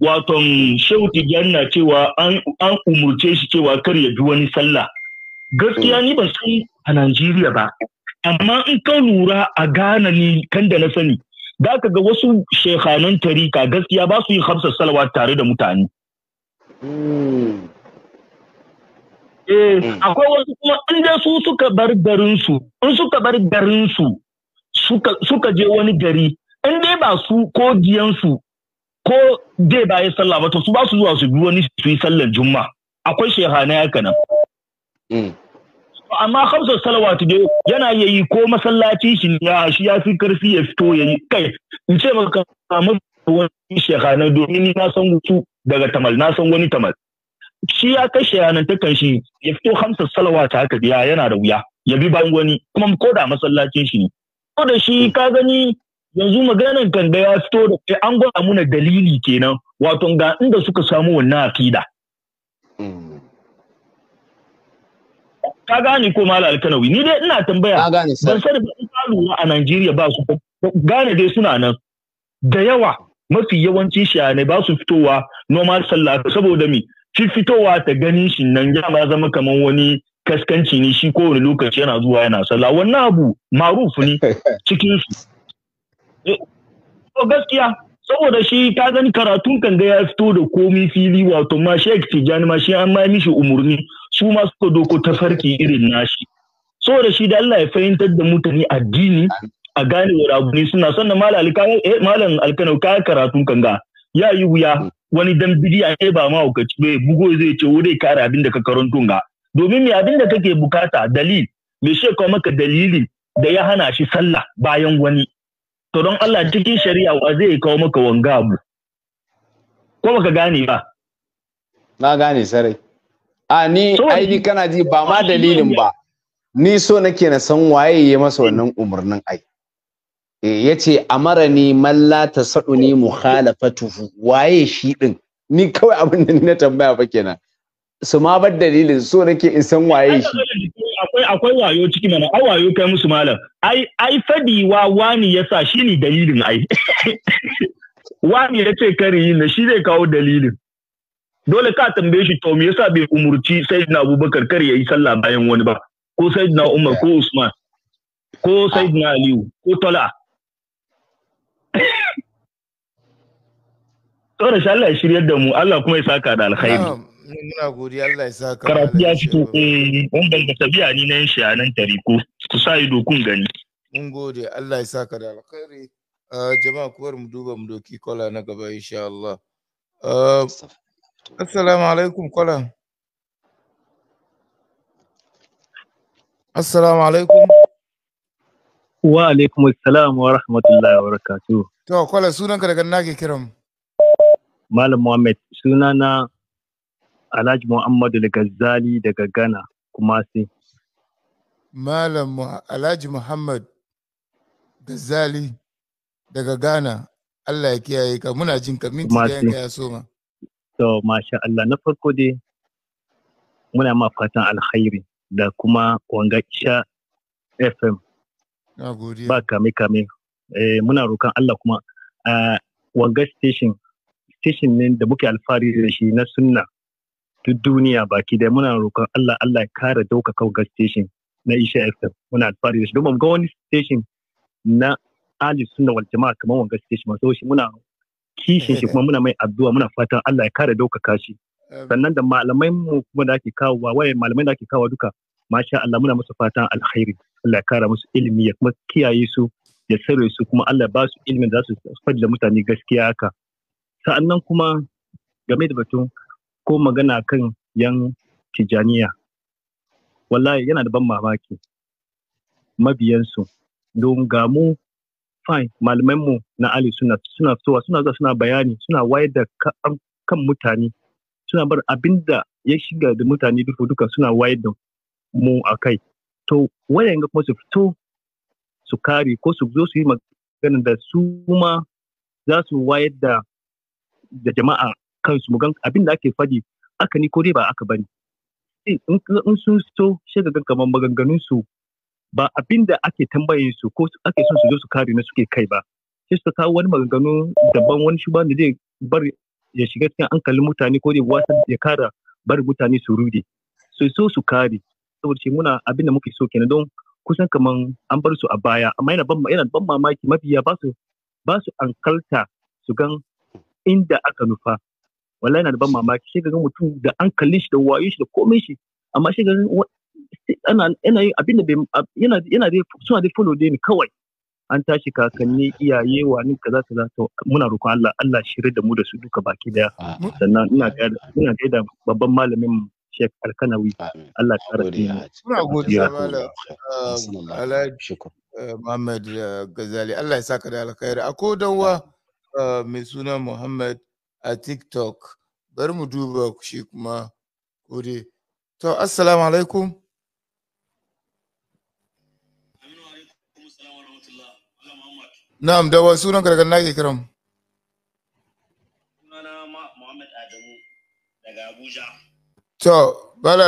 waton shehu janna na cewa an umurce shi cewa kar ya ji wani sallah gaskiya ni ban san a najeriya ba amma in ka lura a ghana ni kan da na sani da ka ga wasu shekhanan tarika gaskiya ba su yi hamsa salawa tare da mutane hmm. eh hmm. akwai wasu kuma in dai su suka bar su, in suka bar garinsu suka je wani gari in dai ba su ko su ko dai ba ya sallah ba to su ba su zuwa su bi wani su yi sallar juma akwai shehana haka nan mm. amma hamsa salawatu dai yana iya yi ko masallaci shi ya shi ya fi karfi ya fito ya yi kai in ce maka mafi wani shehana domin na san gutu daga tamal na san wani tamal shi ya kai shehanan takan shi ya fito hamsa salawatu haka ya yana da wuya ya bi bayan wani kuma ko da masallacin shi ne ko da shi ka gani yanzu maganan kan da ya fito da kai an gwada muna dalili kenan wato ga inda suka samu wannan akida ka gane ko mala alkanawi ni dai ina tambaya ban sani ba in lura a Najeriya ba su gane dai suna nan da yawa mafi yawancin shayanai ba su fitowa normal sallah saboda mi shi fitowa ta ganin shi nan ya zama kamar wani kaskanci ne shi kowane lokaci yana zuwa yana sallah wannan abu maruf ne [LAUGHS] cikin su to gaskiya saboda shi ka gani karatun kan ga ya fito da komi fili wato ma Sheikh Tijani ma shi an ma mishi umurni su ma suka doko tafarki irin nashi saboda shi da Allah ya fahimtar da mutane addini a gane wa rabuni suna sannan malam eh, alkanau kaya karatun kanga ya yi wuya wani dan bidiya ne ba ma hukaci bugo zai ce wurai kare abin da ka karantun ga domin me abin da kake bukata dalil me shi maka dalili da ya hana shi sallah bayan wani to don Allah cikin shari'a wa zai kawo maka wanga abu ko baka gane ba na gane sarai a ni ai kana ji ba ma dalilin ba ni so nake na san waye ya masa wannan umarnin ai eh, ya yace amarani malla ta saɗuni mukhalafatuhu waye shi din. ni kawai abin da ni na tambaya fa kenan su ma bar dalilin so nake in san waye shi akwai akwai wayo ciki mana ai wayo kai musu malam ai ai fadiwa wani yasa shine dalilin ai [LAUGHS] wani ya ce kare yin shi zai kawo dalilin dole ka tambaye shi to me yasa bai umurci sayyidina abubakar kar yayi sallah bayan wani ba ko sayyidina umar ko usman ko sayyidina aliyu ko tola to da Allah ya shiryar da mu Allah kuma ya saka da alkhairi muna godiya Allah ya saka karatu ya fito eh ban da tabiya ni nan shi a nan tariko ku sa ido kun gani mun gode Allah ya saka da alkhairi ah, jama'a kuwar mu duba mu doki kola na gaba insha Allah ah, assalamu alaikum kola assalamu alaikum wa alaikum assalam wa rahmatullahi wa barakatuh to kola sunanka daga nake kiran malam Muhammad sunana Alhaji Muhammadu al daga Ghana kuma sai. Malam Alhaji Muhammad Ghazali daga Ghana Allah ya kiyaye ka muna jin ka minti da yanka ya soma. So, masha Allah na farko dai muna ma fatan alkhairi da kuma wanga isha FM. Na Ba kame kame. Eh, muna roƙon Allah kuma uh, wanga station station ne da muke alfari da shi na sunna duk duniya baki da muna roƙon Allah Allah ya kare daukaka ga station na Isha FM muna alfahari da shi domin ga wani station na Ali Sunna wal Jama'a kamar wanga station ma so shi muna kishin shi [LAUGHS] kuma muna mai addu'a muna fatan Allah ya kare dauka shi sannan da malamai mu kuma da ake wa waye malamai da ake kawo duka masha Allah muna musu fatan alkhairi Allah ya kara musu ilimi ya kuma kiyaye su ya sare su kuma Allah ya ba su ilimin da za su fadi da mutane gaskiya haka sa'annan kuma game da batun ko magana kan yan tijaniya wallahi yana da ban mamaki mabiyansu don ga mu fine malamanmu na ali suna suna fitowa suna zuwa suna bayani suna wayar da kan mutane suna bar abinda ya shiga da mutane duka duka suna wayar da mu a kai to wayan ga kuma su fito su kare ko su zo su yi magana da su ma za su wayar da jama'a kansu mu gan abin da ake fadi aka ni ko dai ba aka bane in sun so shiga ga maganganun su ba abin da ake tambaye su ko ake son su zo su kare na suke kai ba sai su kawo wani maganganu daban wani shugaban da zai bar ya shiga cikin hankalin mutane ko dai wasan ya kara bar mutane su rude su so su kare saboda shi muna abin da muke so kenan don kusan kaman an bar su a baya amma yana ban yana ban mamaki mafiya ba su ba su ankalta su gan inda aka nufa wallahi yana da ban mamaki sai ga mutum da an kalli shi da wayo shi da komai shi amma sai ga ana yana yin abin da yana yana da suna da follow dai ni kawai an tashi kakanni iyaye wani kaza kaza to muna roƙon Allah Allah shi da mu da su duka baki daya sannan ina ga ina ga da babban malamin Sheikh Alkanawi. Allah ya ƙara Muna godiya um, Alhaji uh, Muhammad uh, Gazali. Allah ya saka da alkhairi. Ako danwa uh, mai suna Muhammad a TikTok. Bari mu duba shi kuma kudi. To, Assalamu alaikum. Na'am, da wasu nan daga ke kiran. To Muhammad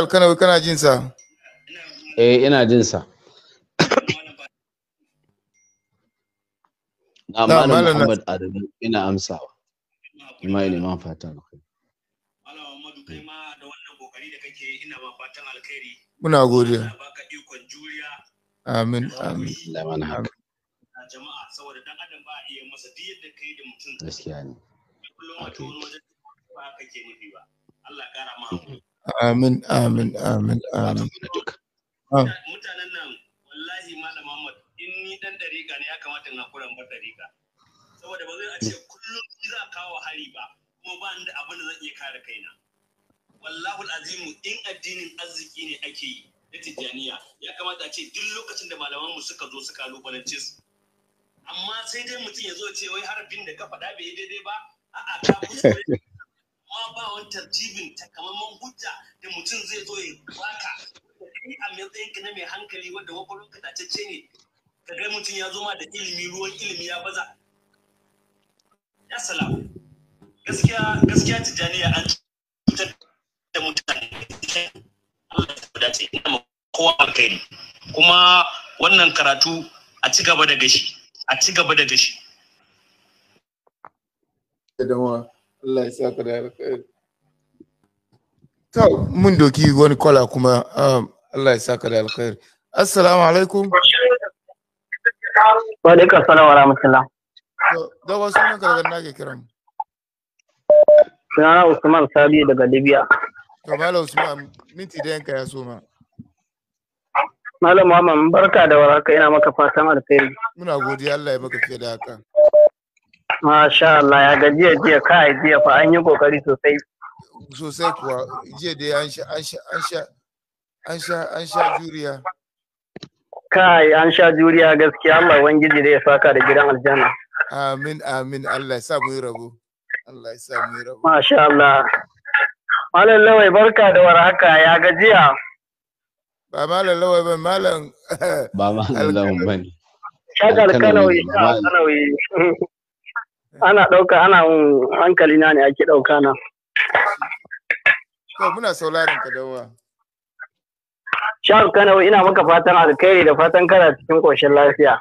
Adamu daga na kana Eh, ina jinsa. Na Na'am, Malam Muhammad Adamu ina amsawa. ima iliman alkhairi kai ma da wannan kokari da kake ina fatan alkhairi muna godiya baka ikon juriya amin amin laman haka jama'a saboda dan adam ba iya masa duk yadda kai da mutum gaskiya ne kullum ba kake nufi ba Allah kara ma amin amin amin amin mutanen nan wallahi malam Muhammad in ni dan dariƙa ne ya kamata na kuran bar dariƙa saboda ba zai a ce kullum ni za kawo hari ba kuma ba ni da abin da zan iya kare kaina wallahul azimu in addinin arziki ne ake yi na tijjaniya ya kamata a ce duk lokacin da malaman mu suka zo suka lubalance su amma sai dai mutum ya zo ce wai harafin da ka faɗa bai daidai ba a'a ka kuskure ba wani tartibin takamaiman hujja da mutum zai zo ya baka kai a matsayinka na mai hankali wanda wakwarin ka ne ka ga mutum ya zo ma da ilimi ruwan ilimi ya baza asala gaskiya gaskiya tijaniya an cutar da mutane Allah ya dace ina kowa alkhairi kuma wannan karatu a ci da gashi a ci doki wani kwala kuma um, Allah ya saka da alkhairi assalamu alaikum wa alaikum assalam wa dogon sunan ka daga nake kiran sunana usman sabi daga libya to malam usman minti da yanka ya so ma malam muhammad barka da warhaka ina maka fatan alheri muna godiya Allah ya baka fiye da haka Masha Allah ya ga jiya jiya kai jiya fa an yi kokari sosai sosai kuwa jiya dai an sha an sha an sha an sha an sha juriya kai an sha juriya gaskiya Allah wangiji da ya saka da gidan aljanna Amin, amin. Allah ya sa mu yi rabo. Allah ya sa mu yi rabo. Masha Allah. Malam Lawai barka da warhaka ya gajiya. Ba Malam Lawai ba Malam. [LAUGHS] Ba Malam Lawai ba ne. Shagal Kanawi, Kanawi. [LAUGHS] Ana ɗauka, ana hankali na ne ake ɗauka na. To muna sauraron ka dawa. Shagar Kanawi ina maka fatan alkhairi da fatan kana cikin ƙoshin lafiya.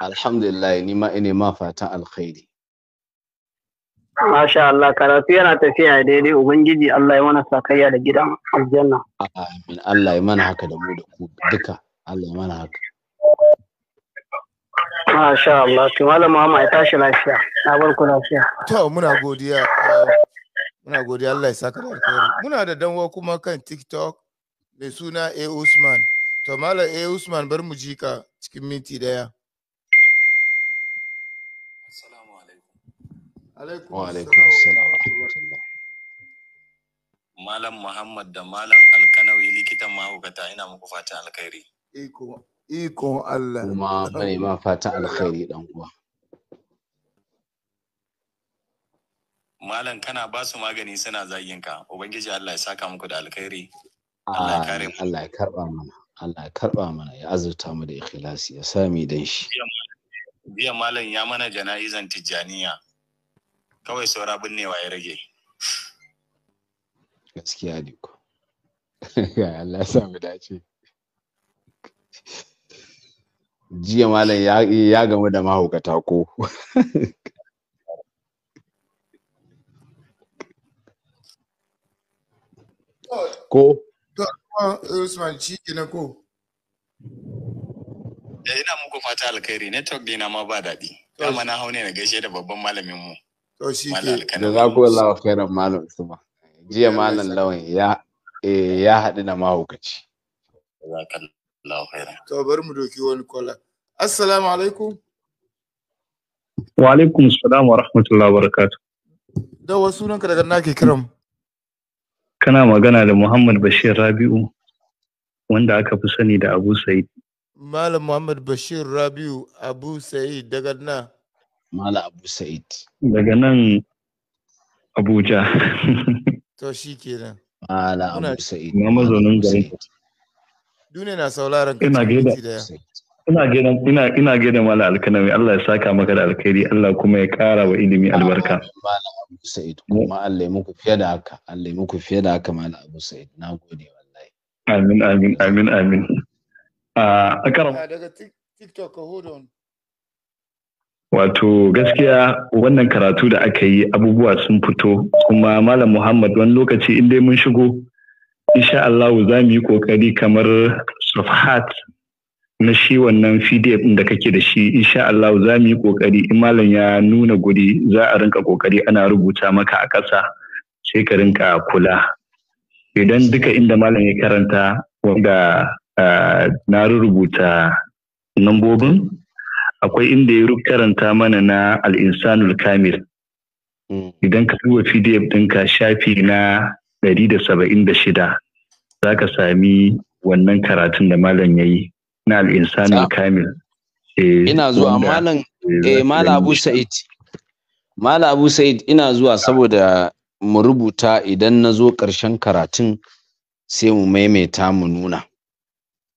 Alhamdulillah ni ma ina ma fatan alkhairi. Masha Allah karatu yana tafiya daidai Ubangiji Allah ya mana sakayya da gidan aljanna. Amin Allah ya mana haka da mu da ku duka Allah ya mana haka. Masha Allah to malam Muhammad ya tashi lafiya na bar ku lafiya. To muna godiya muna godiya Allah ya saka da alkhairi. Muna da danwa kuma kan TikTok mai suna A Usman. To malam A Usman bar mu jika cikin minti daya. Wa'alaikun salam Malam Muhammad da Malam Alkanawi likitan mahaukata ina muku fatan alkhairi. Iko, Allah. Kuma bai ma fatan alkhairi dan uwa. Malam kana ba su magani suna zaginka, Ubangiji Allah ya saka muku da alkhairi. Allah ya Allah ya karba mana. Allah ya karba mana ya azurta mu da ikhlasi ya sami dan shi. Biya malam ya mana jana'izan tijjaniya. kawai saura binnewa ya rage gaskiya ne ko [LAUGHS] Allah ya mu dace jiya malam ya gamu da mahaukata ko [LAUGHS] ko Usman ci gina ko eh, ina muku fata alkhairi network dina ma ba daɗi dama na hau ne na gaishe da babban malamin mu to shi ke da za ku Allah malam Usman jiya malam lawan ya eh, ya haɗu da mahaukaci to bari mu doki wani assalamu alaikum wa alaikum salam wa wa da wasu nan na ke kiran kana magana da Muhammad Bashir Rabi'u wanda aka fi sani da Abu Sa'id Malam Muhammad Bashir Rabi'u Abu Sa'id daga na Mala Abu Sa'id. Daga nan Abuja. To shi nan. Mala Abu Sa'id. Na mazaunin garin. Duniya na sauraron ka. Ina gaida. Ina gaida ina Mala Alkanami. Allah ya saka maka da alkhairi. Allah kuma ya kara wa ilimi albarka. Mala Abu Sa'id kuma Allah ya muku fiye da haka. Allah ya muku fiye da haka Mala Abu Sa'id. Na gode wallahi. Amin amin amin amin. Ah, a karam. Daga TikTok hold on. Wato gaskiya wannan karatu da aka yi abubuwa sun fito kuma Malam Muhammad wani lokaci inda mun shigo insha Allah za mu yi kokari kamar safhat na shi wannan PDF da kake da shi insha Allah za mu yi kokari in malam ya nuna guri za a rinka kokari ana rubuta maka a ƙasa sai ka rinka kula idan duka inda malam ya karanta wanda eh, na rubuta nambobin akwai inda ya karanta mana na al'insanul kamil hmm. idan ka duba pdf ɗinka shafi na 176 za ka sami wannan karatun da malam ya yi na al'insanul kamil eh, ina zuwa malam eh, eh malam abu sa'id malam abu sa'id ina zuwa saboda mu rubuta idan na zo ƙarshen karatun sai mu maimaita mu nuna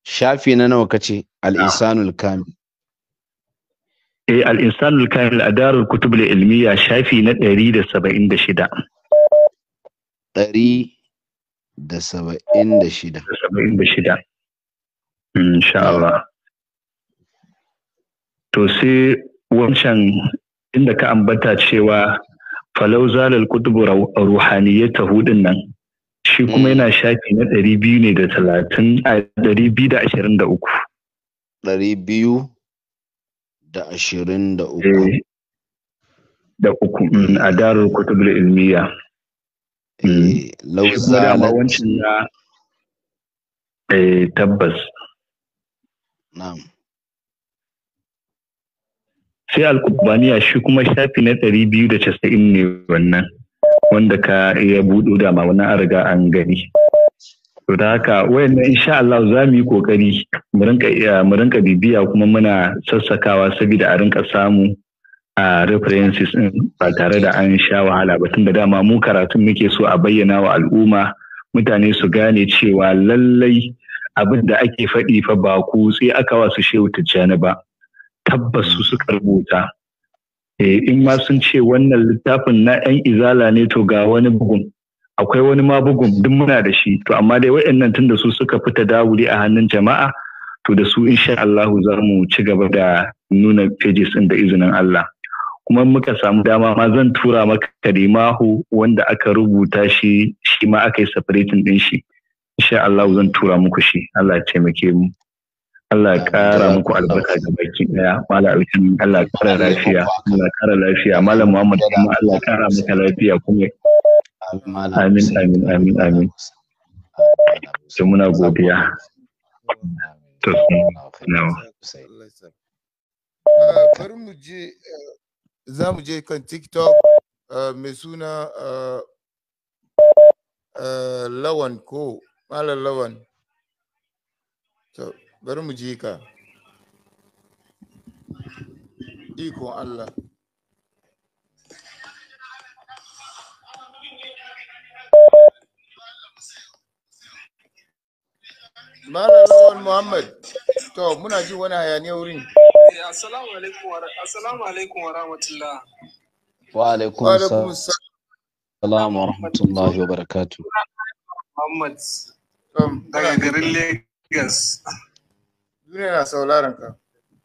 shafi na nawa kace al-insanul kamil eh al-insanul kamil a darul kutubul ilmiya shafi na ɗari da saba'in da shida ɗari da saba'in da shida da saba'in da shida insha Allah to sai wancan inda ka ambata cewa falau zalal kutubu ruhaniyata hudun nan shi kuma mm. yana shafi na ɗari biyu ne da talatin a ɗari biyu da ashirin da uku ɗari biyu da ashirin da uku. Eh, da uku mm, a darar kutubul ilmiya. Mm. Eh, Lausa da na eh, tabbas. Na'am. sai alkubaniya shi kuma shafi na ɗari biyu da casa'in ne wannan wanda ka iya buɗo da ma wannan an riga an gani To da haka wayannan insha Allah za mu yi kokari mu rinka mu rinka bibiya kuma muna sassakawa saboda a rinka samu a references din ba tare da an sha wahala ba tunda dama mu karatun muke so a bayyana wa al'umma mutane su gane cewa lallai abin da ake faɗi fa ba ku sai aka wasu shehu tijjani ba tabbas su suka rubuta eh, in ma sun ce wannan littafin na 'yan izala ne to ga wani bugun akwai wani ma bugun duk muna da shi to amma dai waɗannan tun da su suka fita dawuri a hannun jama'a to da su insha Allahu za mu ci gaba da nuna pages ɗin da izinin Allah kuma muka samu dama ma zan tura maka kalimahu wanda aka rubuta shi shi ma aka yi separating ɗin shi insha Allah zan tura muku shi Allah ya taimake mu Allah ya kara muku albarka ga baki daya mala alkin Allah ya kara lafiya Allah ya kara lafiya malam Muhammad kuma Allah ya kara maka lafiya kuma Amin, amin, amin, amin. Ah, to muna godiya. To mm, nawa. Ah, bari mu je eh, za mu je kan TikTok ah, mai suna Lawan ko Malam Lawan. To bari mu je ka. Ikon Allah. Malam Muhammad. To muna ji wani hayaniya wurin. Assalamu alaikum wa rahmatullah. Wa alaikum assalam wa rahmatullahi wa barakatu. Muhammad. Daga garin Lagos. Duniya na sauraron ka.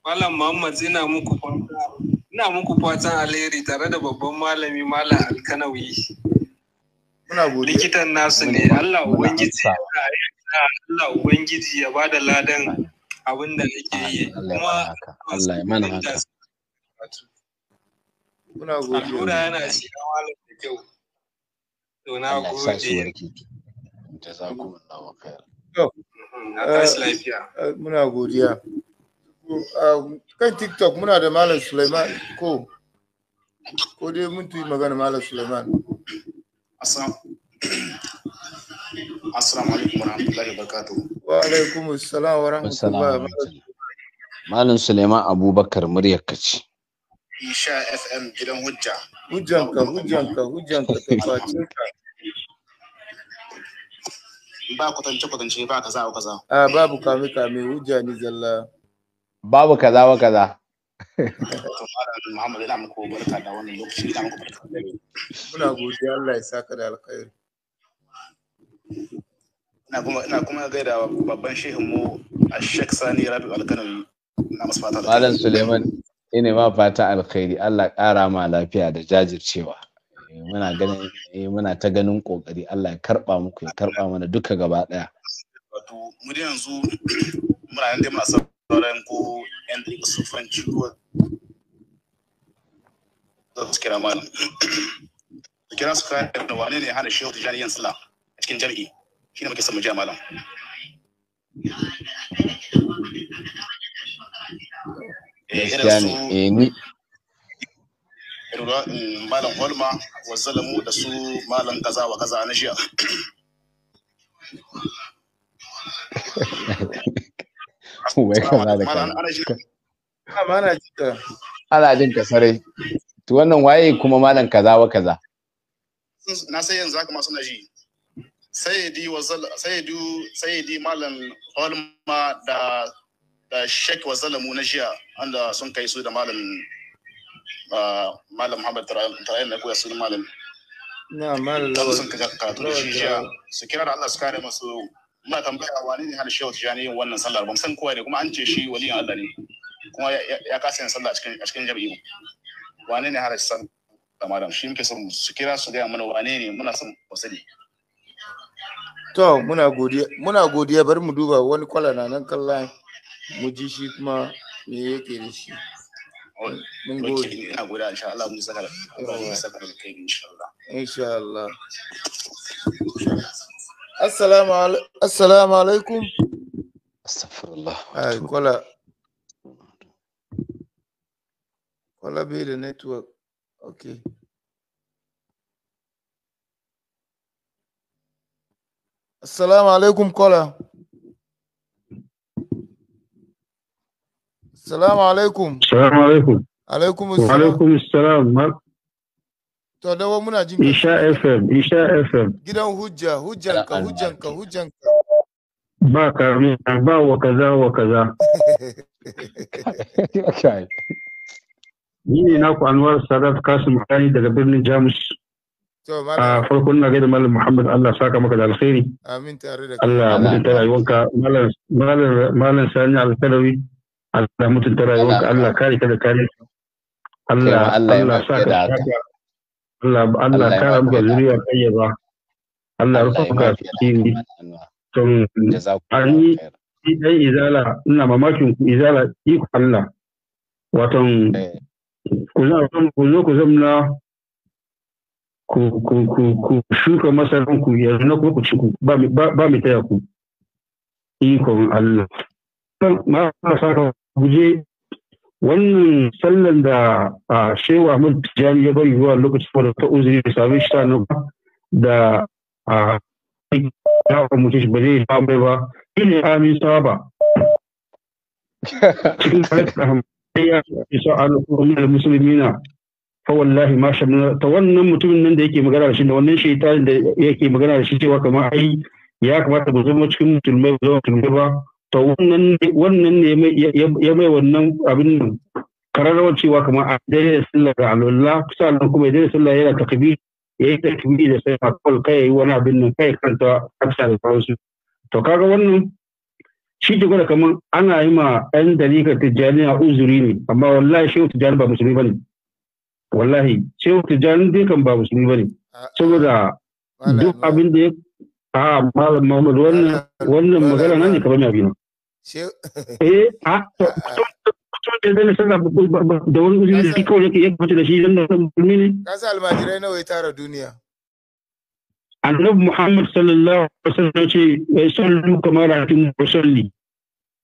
Malam Muhammad ina muku ina muku fatan alheri tare da babban malami Malam Alkanawi. Muna godiya. Likitan nasu ne Allah ubangiji ya Allah Ubangiji ya ba da ladan abin da ake yi. Allah ya mana haka. Muna gode. Muna godiya. Um, kan TikTok muna da Malam Sulaiman ko ko dai mun tuyi magana Malam Sulaiman. Asa. Assalamu alaikum warahmatullahi wabarakatuh. Wa alaikum assalam wa rahmatullahi Malam Suleiman Abubakar muryar ka ce. Isha FM gidan hujja. Hujjanka hujjanka hujjanka ta face ka. Ba kwatance kwatance ba kaza wa kaza. A babu kame kame hujja ni zalla. Babu kaza wa kaza. Muhammad ina muku barka da wannan lokaci ina muku barka da Muna godiya Allah ya saka da alkhairi. ina kuma ina kuma gaida babban shehin mu a Sheikh Sani Rabi'u Alkanawi na masu fata da Malam Suleiman ina ma fata alkhairi Allah ƙara ma lafiya da jajircewa eh, muna ganin eh, muna ta ganin kokari Allah ya karba muku ya karba mana duka gaba daya wato mu da yanzu [CLEARS THROAT] muna nan dai muna sauraron ko yan da su fanci ko da su kira malam kira su kai da wane ne hana shehu tijani yan sallah cikin jami'i shi ne muke son mu ji malam eh, eh, mm, malam holma wa zalamu da su malam kaza wa kaza na jiya [LAUGHS] ana jin ka ah, sarai to wannan waye kuma malam kaza wa kaza na sai yanzu haka masu suna ji sayyidi sayyidi sayyidi malam holma da da shek wa zalamu na jiya anda sun kai su da malam ah, malam muhammad tarayyar na koya su malam na malam lawal sun kaga karatu da shi jiya su kira da allah su kare masu muna tambaya wani ne hana shehu tijani yin wannan sallar ba san kowa ne kuma an ce shi yin allah ne kuma ya kasa yin sallah a cikin jam'i wani ne hana shi sallar da malam shi muke son su kira su gaya mana wane ne muna son wasu ne to muna godiya muna godiya bari mu duba wani kwala na nan kalla mu ji shi kuma me yake da shi mun gode ina gode insha Allah mun saka Allah mun saka kai insha Allah insha Allah assalamu assalamu alaikum astaghfirullah ai kwala kwala bai da network okay Assalamu alaikum kola. Assalamu alaikum. Assalamu alaikum. Alaikum assalam. Alaikum assalam. To muna jin Isha FM, Isha FM. Gidan hujja, hujjanka, hujjanka, hujjanka. Ba karmi, ba wa kaza wa kaza. [LAUGHS] Ni ne naku Anwar Sadaf Kasim Kani daga birnin Jamus. a farkon na gaida malam muhammad allah saka maka da alkhairi amin tare da allah mutunta rayuwanka malam sani alkalawi allah mutunta rayuwanka allah kare ka da kare allah allah saka allah allah kara maka zuriya tayyiba allah rufa ka cikin tun an yi ɗan izala ina mamakin ku izala iko allah waton eh. ku zo ku na ku shuka masaran ku yanzu na kuma ku ci ku ba mai taya ku ikon Allah kan ma saka guje wannan sallan da shehu Ahmad Tijani ya bari zuwa lokacin da ta uzuri da sami shi na da a ya mutu shi ba zai ba mai ba shi ne amin saba cikin da ya isa al'ummar musulmina fa wallahi ma shamna ta wannan mutumin nan da yake magana da shi da wannan shaitan da yake magana da shi cewa kamar ai ya kamata mu zama cikin musulmai mu zama musulmai ba to wannan wannan ne ya mai wannan abin nan kararrawar cewa kamar a daidai da sallah ga alwala kusa nan kuma daidai da sallah yana takbir yi takbir da sai a kawai kai yi wani abin nan kai kanta kanta da sauransu to kaga wannan shi ke gwada kamar ana yi ma 'yan dalilin tijjani a uzuri ne amma wallahi shehu tijjani ba musulmi ba ne wallahi shehu tijjani dai kan ba musulmi ba ne saboda duk abin da ya a malam Muhammad wannan wannan magana nan ne kamar abina eh a mutum da zai sarra da wani uzuri da kawai yake ya kwace da shi dan da musulmi ne kasa almajirai nawa ya tara duniya annabi Muhammad sallallahu alaihi wasallam ce wai sallu kamar ra'atin musalli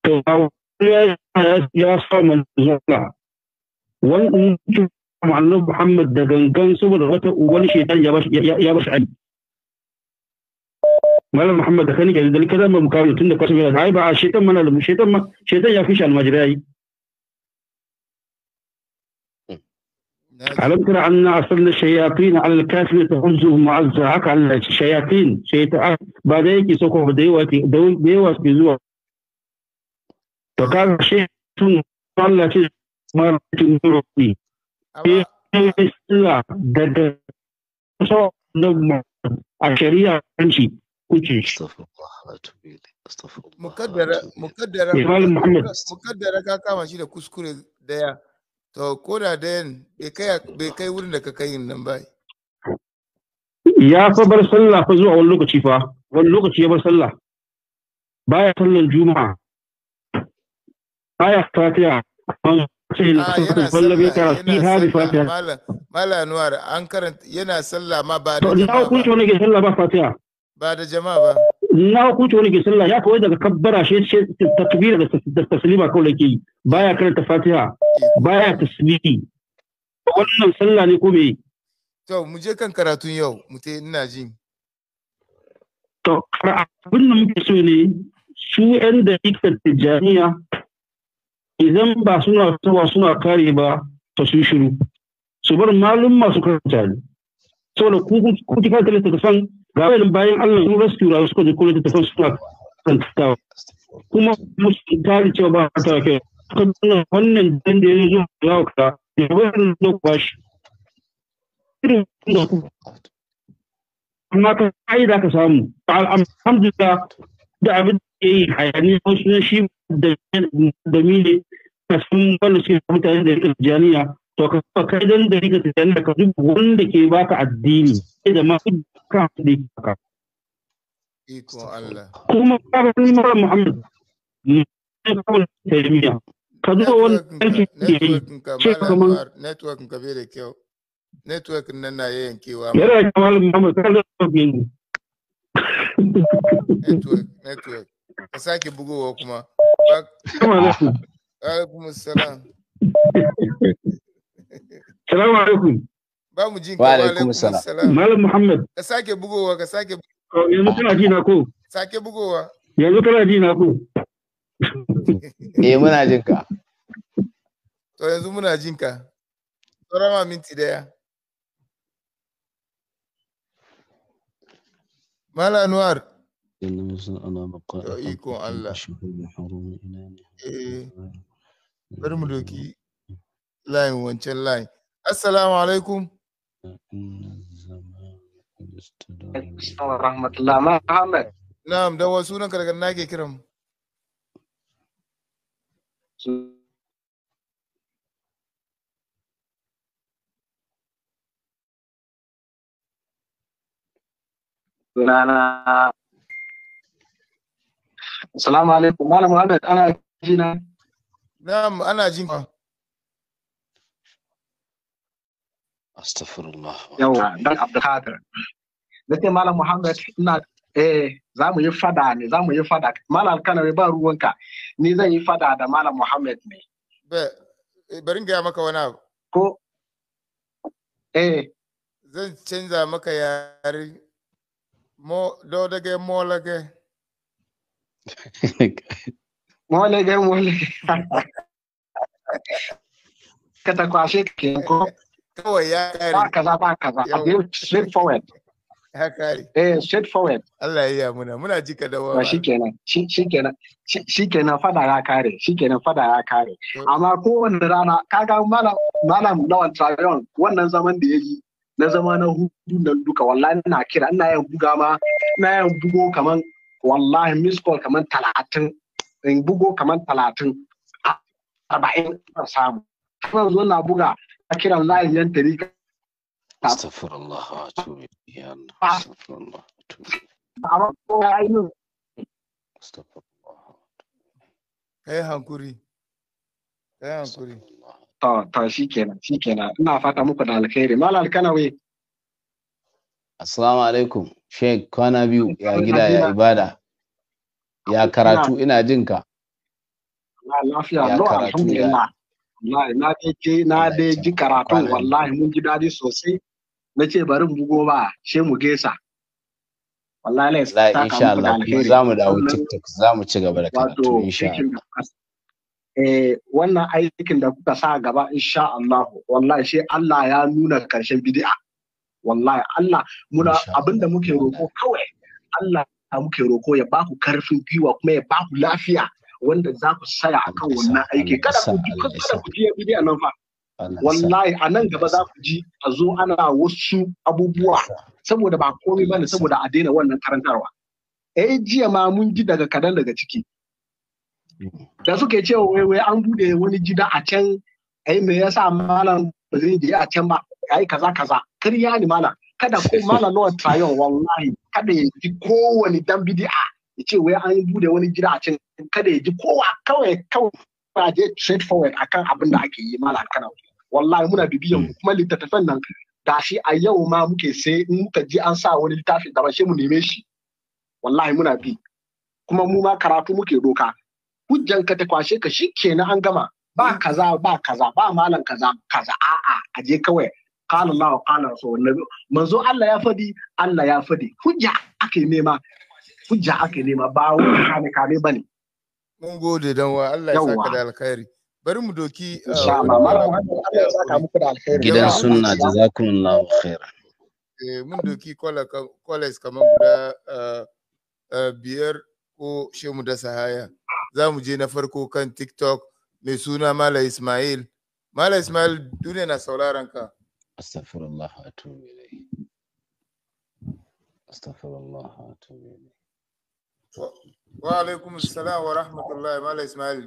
to ya ya sa manzo Allah wannan معلم محمد دغنغان سوبر غوتا وغني شيطان يا باش يا باش عبد معلم محمد دخلني قال لي كذا ما مكاوي تند قسم بالله آه، هاي بقى شيطان ما نلم شيطان ما شيطان يا فيش المجري علم نعم. ترى ان ارسلنا الشياطين على الكافر تهزه معزه هكا على الشياطين شيطان آه، بعد هيك يسوقوا ديواتي ديواتي ديو ديو زوا فقال الشيطان قال لك ما رأيت نور فيه Allah daga so nan a shari'a mukaddara ka kama shi da kuskure daya to da dayan bai kai wurin da ka kai nan ba ya fa bar sallah fa zuwa wani lokaci fa wani lokaci ya bar sallah baya sallan juma'a baya fatiha Ah, Mala Anwar an karanta yana sallah ma ba da jama'a. wani ke sallah ba Fatiha. Ba da jama'a ba. Na hukunci wani ke sallah ya kawai daga kabbara shi ce takbira da taslima kawai ke yi. Baya karanta Fatiha. Eh. Baya tasbihi. Wannan sallah ne ko me? To mu je kan yau mu te ina ji. To abin da muke so ne su 'yan da tijjaniya idan ba suna tawa suna kare ba ta su shiru su bar malum masu karanta ne saboda ku ki karanta san ga wayan bayan Allah sun rescue rayuwa suka je kuma littattafan suna karantawa kuma musu tare cewa ba ta kai suka nuna wannan dan da ya zo ya ka ya bayar da kuwa shi irin da ku amma ka kai da ka samu alhamdulillah da abin ke yi hayaniya wasu na shi da mile ka sun bala ce mutane da rika tijaniya to ka kafa kai dan da rika tijaniya ka duk wanda ke baka addini sai da ma duk ka da ke baka. Iko Allah. Kuma ka ga ni mara Muhammad. Ne ka kawo tarmiya. Ka duba wani yanki ke yi. Ce kuma Network ka bai da kyau. Network nan na yayyankewa. Yana kamar Muhammad ka da network yanzu. Network, network. ka sake bugowa kuma alaikum salam salamu wa alaikum salam malam muhammad yanzu kana ji ko yanzu kana ji ko [LAUGHS] eh muna jin yanzu muna jin ka daya إنما على bari mu doki layin wancan layin assalamu alaikum na'am da wasu nan na ke kiran sunana Assalamu alaikum. Malam Muhammad ana ji na? Na'am, ana jin ka. Astaghfirullah. Yau, dan Abdulkadir. Nace Malam Muhammad ina eh za mu yi fada ne, za mu yi fada. Malam Alkanawi ba ruwanka. Ni zan yi fada da Malam Muhammad ne. Be, eh, bari gaya maka wani abu. Ko eh zan canza maka yare mo do daga mo lage. Mole ga mole. Ka ta kwashe ke ko Ba kaza ba kaza. straight forward. Ya straight forward. wa. Shi kenan. Shi kenan. Shi kenan fada ya kare. Shi kenan fada ya kare. Amma kowanne rana kaga malam malam wannan zaman da ya yi na zama na hudu na duka wallahi na kira ina yin buga ma ina yin bugo kaman wallahi miss miskol kamar talatin in bugo kamar talatin arba'in a samu kan zo na buga a kiran layin yan tari Astagfirullah wa tubi ya Allah ah. astagfirullah wa tubi amma kai hankuri kai hankuri to to shikenan shikenan ina fata muku da alkhairi mal alkanawi Assalamu alaikum, Sheikh kwana biyu ya gida ya ibada, ya karatu ina jinka. ka. Lafiya, lo alhamdulillah. Na ke na dai ji karatu wallahi mun ji daɗi sosai. Na ce barin bugo ba, she mu gesa. Wallahi lai sa ta kamu da alheri. Za mu dawo TikTok, za mu ci gaba da karatu insha Allah. Eh, wannan aikin da kuka sa gaba insha Allah, wallahi shi Allah ya nuna karshen bid'a. wallahi Allah muna abinda muke roko kawai Allah muke roko ya ba ku karfin gwiwa kuma ya ba ku lafiya wanda za ku saya akan wannan aiki kada ku ji kada ku ji bidiya nan fa wallahi a nan gaba za ku ji a zo ana wasu abubuwa saboda ba komai bane saboda a daina wannan karantarwa eh jiya ma mun ji daga kadan daga ciki da suke cewa wai wai an bude wani gida a can ai eh, me yasa malam ba zai je a can ba yi kaza kaza kariya ne mana. kada ko mana Lord Trayon wallahi kada ya ji kowane dan bid'a ya ce wai an bude wani gida a can kada ya ji kowa kawai kawai je straight forward akan abin da ake yi mana kana wallahi muna bibiyan mu hmm. kuma littattafan nan da shi a yau ma muke sai in muka ji an sa wani littafi da bashe mu neme shi wallahi muna bi kuma mu ma karatu muke doka hujjan ka ta kwashe ka shi kenan an gama ba hmm. kaza ba kaza ba malam kaza kaza a'a a je kawai qala Allah wa qala rasul manzo Allah ya fadi Allah ya fadi hujja ake nema hujja ake nema ba wani kame kame bane mun gode dan wa Allah ya saka da alkhairi bari mu doki gidan sunna jazakumullahu khairan eh, mun doki college kaman guda biyar ko shemu da sahaya za mu je na farko kan tiktok mai suna mala ismail mala ismail duniya na sauraron ka astaghfirullah wa atubu astaghfirullah wa atubu wa alaikum wa rahmatullahi wa ismail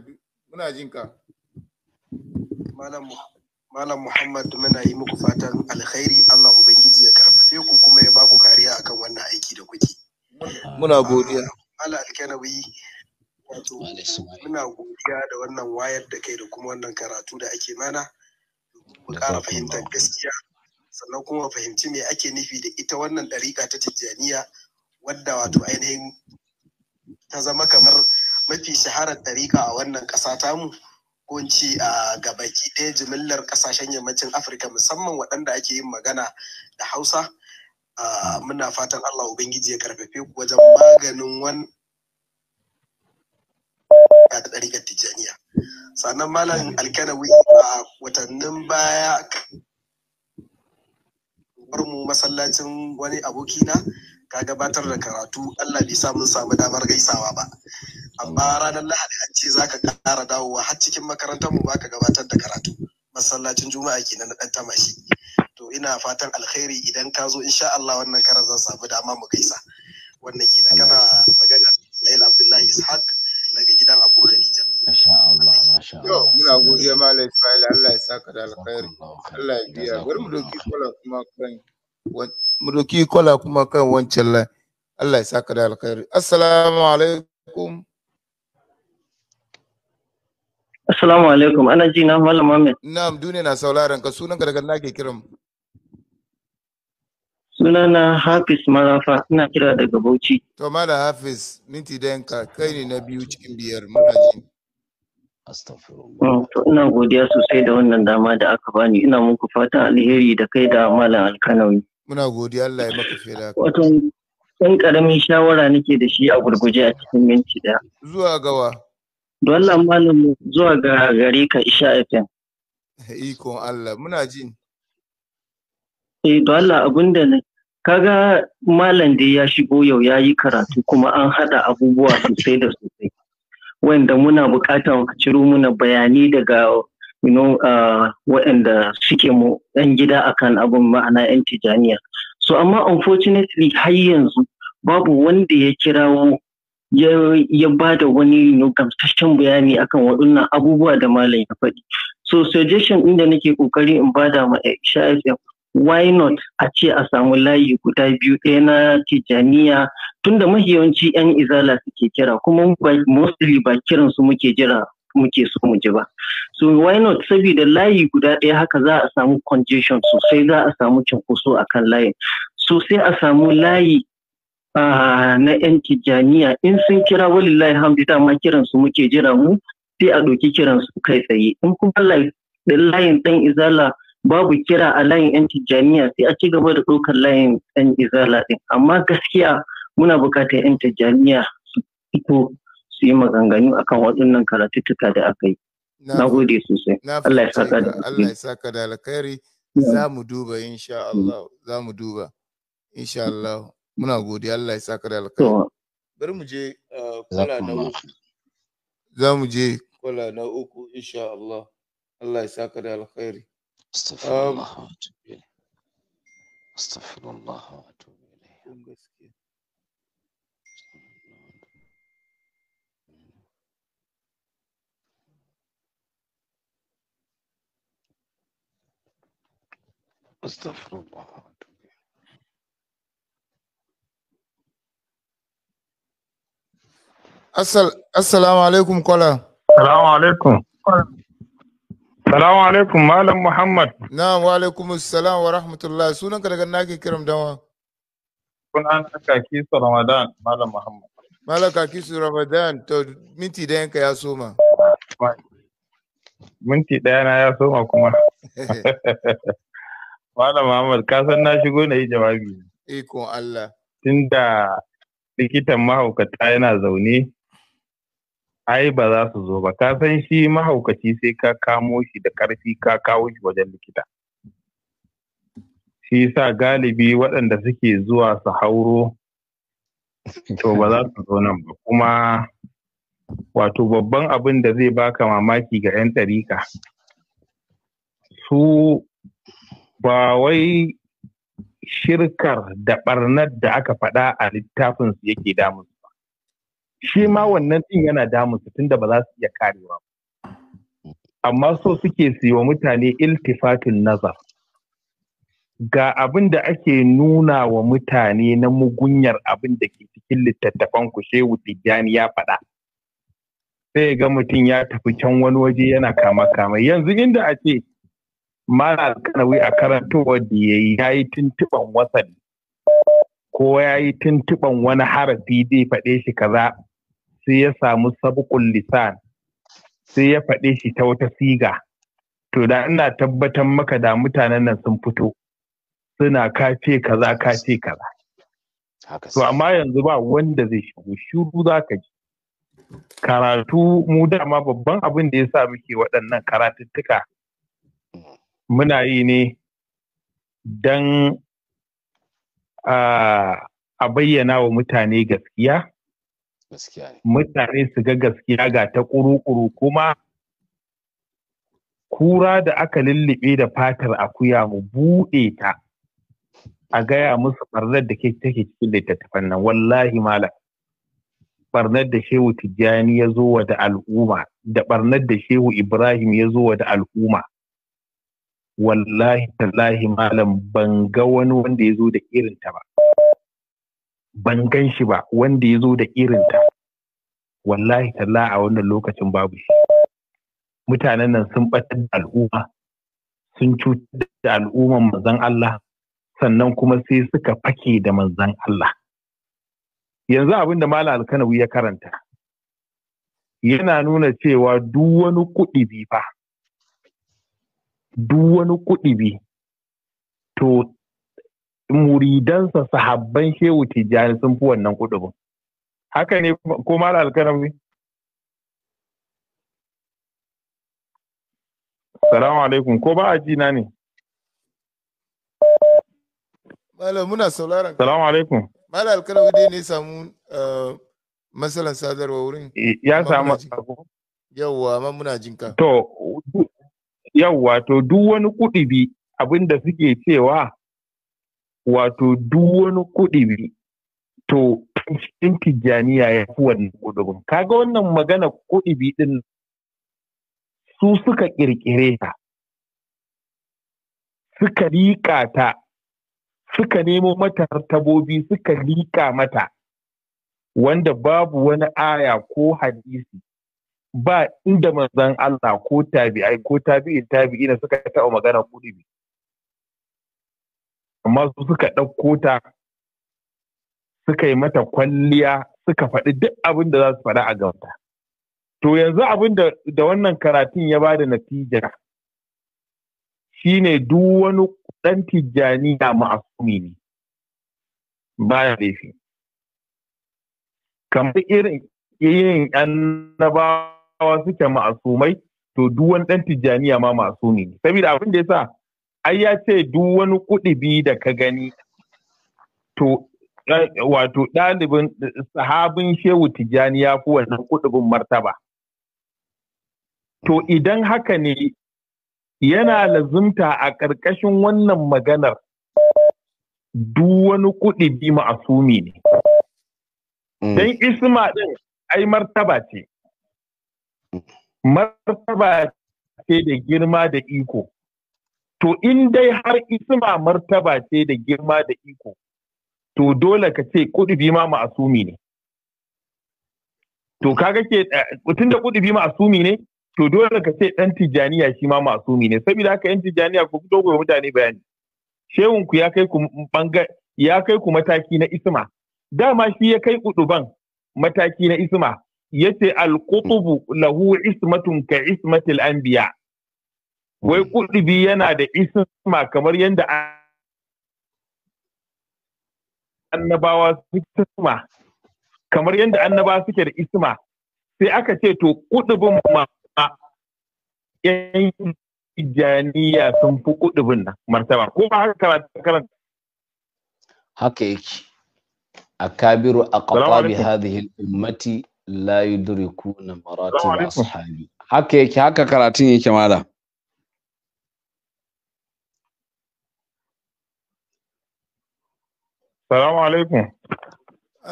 muna muhammad muna yi muku fatan alkhairi allah ubangiji ya karfafe ku kuma ya baku kariya akan wannan aiki da kuke muna godiya alkanawi muna godiya da wannan wayar da kai da kuma wannan karatu da ake mana ƙara fahimtar gaskiya sannan kuma fahimci me ake nufi da ita wannan ɗariƙa ta tijjaniya wadda wato ainihin ta zama kamar mafi shaharar ɗariƙa a wannan ƙasa tamu kunci a gabaki ɗaya jimillar ƙasashen yammacin afirka musamman waɗanda ake yin magana da hausa muna fatan allah ubangiji ya karfafe ku wajen maganin wani ɗariƙar tijjaniya sannan malam hmm. alkanawi a watannin baya mu masallacin wani abokina ka gabatar da karatu Allah bai sa mun samu damar gaisawa ba amma hmm. ranar lahadi an ce za ka kara dawowa har cikin makarantar mu baka gabatar da karatu masallacin juma'a ke na dan tamashi to ina fatan alkhairi idan ka zo insha Allah wannan karar zan samu dama mu gaisa wannan kenan kana magana Ismail Abdullahi Ishaq daga gidan Abu Khadija Masha Allah, masha Allah. Yau, muna godiya Malam Ismail, Allah ya saka da alkhairi. Allah ya biya. Bari mu doki kwala kuma kan mu doki kola kuma kan wancan lai. Allah ya saka da alkhairi. Assalamu alaikum. Assalamu alaikum. Ana ji na Malam Ahmed. Na'am, duniya na sauraron ka. Sunanka daga na ke kiran mu. sunana hafiz marafa ina kira daga bauchi to mala hafiz minti ka kai ne na biyu cikin biyar muna jin Mm, to ina godiya sosai da wannan dama da aka bani ina muku fatan alheri da kai da malam alkanawi. Muna godiya Allah ya maka fela. Wato ɗan ƙaramin shawara nake da shi a gurguje a cikin minti ɗaya. Zuwa gawa. Don Allah malam zuwa ga gare ka isha FM. [LAUGHS] Ikon Allah muna jin. Eh don Allah abinda na kaga malam dai ya shigo yau ya yi karatu kuma an haɗa abubuwa sosai da sosai. wanda muna buƙatar ciro muna bayani daga you know, uh, waɗanda suke mu ɗan gida akan abin ma'ana 'yan tijaniya. So, amma unfortunately har yanzu babu wanda ya kirawo ya, ba da wani gamsashen bayani akan waɗannan abubuwa da malam ya faɗi. So, suggestion inda nake ƙoƙari in bada ma Isha why not a ce a samu layi guda biyu ɗaya na tijaniya tunda yawanci 'yan izala suke kira kuma mostly ba kiran su muke jira muke so mu ji ba so why not saboda layi guda ɗaya haka za a samu congestion sosai za a samu cunkoso a kan layin so a samu layi na 'yan tijaniya in sun kira layi hamdu dama kiran su muke jira mu sai a ɗauki kiran su kai tsaye in kuma layin ɗan izala babu kira a layin 'yan tijjaniya sai a ci gaba da ɗaukar layin 'yan izala ɗin amma gaskiya muna buƙatar 'yan tijjaniya su fito su yi maganganu akan waɗannan karatuttuka da aka yi na gode sosai Allah ya saka da Allah ya saka da alkhairi za mu duba insha Allah za mu duba insha Allah muna gode, Allah ya saka da alkhairi bari mu je uh, kwala na uku za mu je kwala na uku insha Allah Allah ya saka da alkhairi استغفر آه، الله واتوب اليه استغفر الله واتوب اليه استغفر الله واتوب اليه السلام عليكم كولا السلام عليكم Salamu alaikum Malam Muhammad. Na wa alaikum salam wa rahmatullah. Sunan ka daga nake kiram dawa. Sunan kaki su Ramadan Malam Muhammad. Malam kaki su Ramadan to minti da ka ya soma. Minti ɗaya na ya soma kuma. [LAUGHS] Malam Muhammad ka san na shigo na yi jawabi. Ikon Allah. Tunda likitan mahaukata yana zaune ai ba za su zo ba ka san shi mahaukaci sai ka kamo shi da karfi ka kawo shi wajen likita shi sa galibi waɗanda suke zuwa su hauro to ba za su zo nan ba kuma wato babban abin da zai baka mamaki ga 'yan ɗarika su ba wai shirkar da ɓarnar da aka faɗa a littafinsu yake su. shi ma wannan din yana damun su tunda ba za su iya karewa ba. amma so suke su wa mutane iltifatin nazar ga abin da ake nuna wa mutane na mugunyar abin da ke cikin littattafan ku shehu tijjani ya faɗa sai ga mutum ya tafi can wani waje yana kama kama yanzu inda a ce mara alkanawi a karantowar da ya yi ya yi tuntuɓan wasan ko ya yi tuntuɓan wani harafi zai faɗe shi kaza sai ya samu sabukun lisan sai ya faɗe shi ta wata siga to da ina tabbatar maka da mutanen nan sun fito suna kace kaza kace kaza to amma yanzu ba wanda zai shigo shiru za ka ji karatu mu dama babban abin da ya sa muke waɗannan karatuttuka muna yi ne don ah, a bayyana wa mutane gaskiya mutane su ga gaskiya ga ta kuru-kuru kuma kura da aka lullube da fatar akuya mu buɗe ta a gaya musu ɓarnar da ke take cikin littattafan nan wallahi malam ɓarnar da shehu tijjani ya zo wa da al'umma da ɓarnar da shehu ibrahim ya zo wa da al'umma wallahi tallahi malam ban ga wani wanda ya zo da irinta ba ban gan shi ba wanda ya zo da ta. wallahi talla a wannan lokacin babu shi mutanen nan sun ɓatar da al'umma sun cutar da al'umman manzan Allah sannan kuma sai suka fake da manzan Allah yanzu abin da Malam Alkanawi ya karanta yana nuna cewa duk wani kuɗi bi fa duk wani kuɗi bi to muridansa sahabban shehu tijjani sun fi wannan kudubin haka ne ko mala alkarami salamu alaikum ko ba a ji na ne Malam muna sauraron salamu alaikum mala alkarami dai ne samu eh, masalan sadarwa wurin ya samu yawwa amma muna jinka to yawwa to duk wani kudubi abinda suke cewa wato duk wani kuɗi to cikin tijjaniya ya fi wannan kudurin kaga wannan magana kuɗi din su suka ƙirƙire ta suka liƙa ta suka nemo mata tabobi suka liƙa mata wanda babu wani aya ko hadisi ba inda manzon Allah ko tabi'ai ko tabi'in tabi'ina suka taɓa magana kuɗi biyu. amma su suka ɗauko ta suka yi mata kwalliya suka faɗi duk abin da za su faɗa a gabata. To yanzu abin da wannan karatun ya ba da natija shi ne duk wani ɗan tijjani na ma'asumi ne baya laifi. Kamar irin yin annabawa suke ma'asumai to duk ɗan tijjaniya ma ma'asumi ne. Saboda abin da ya sa ai ya ce duk wani kuɗibi da ka gani to wato ɗalibin sahabin shehu tijjani ya fi wannan bin martaba. To idan haka ne yana lazumta a ƙarƙashin wannan maganar duk wani kuɗi bi ma'asumi ne. Mm. Don isma ɗin ai martaba ce. Martaba ce da girma da iko. to in dai har isma martaba ce da girma da iko to dole ka ce kudubi ma ma'asumi ne to kaga ke eh, tun da kudubi ma'asumi ne to dole ka ce dan tijaniya shi ma ma'asumi ne saboda haka yan tijaniya ku fito ku mutane bayani shehun ya kai ku ya kai ku mataki na isma dama shi ya kai kuduban mataki na isma yace al-qutubu lahu ismatun ka ismatil anbiya wai kudubi yana da isma kamar yadda annabawa isma kamar yadda annabawa suke da isma sai aka ce to kudubin ma yan janiya sun fi kudubin nan martaba ko ba haka karanta haka yake akabiru aqtabi hadhihi al-ummati la yudrikuna maratib ashabi haka yake haka karatun yake malam Salamu alaikum.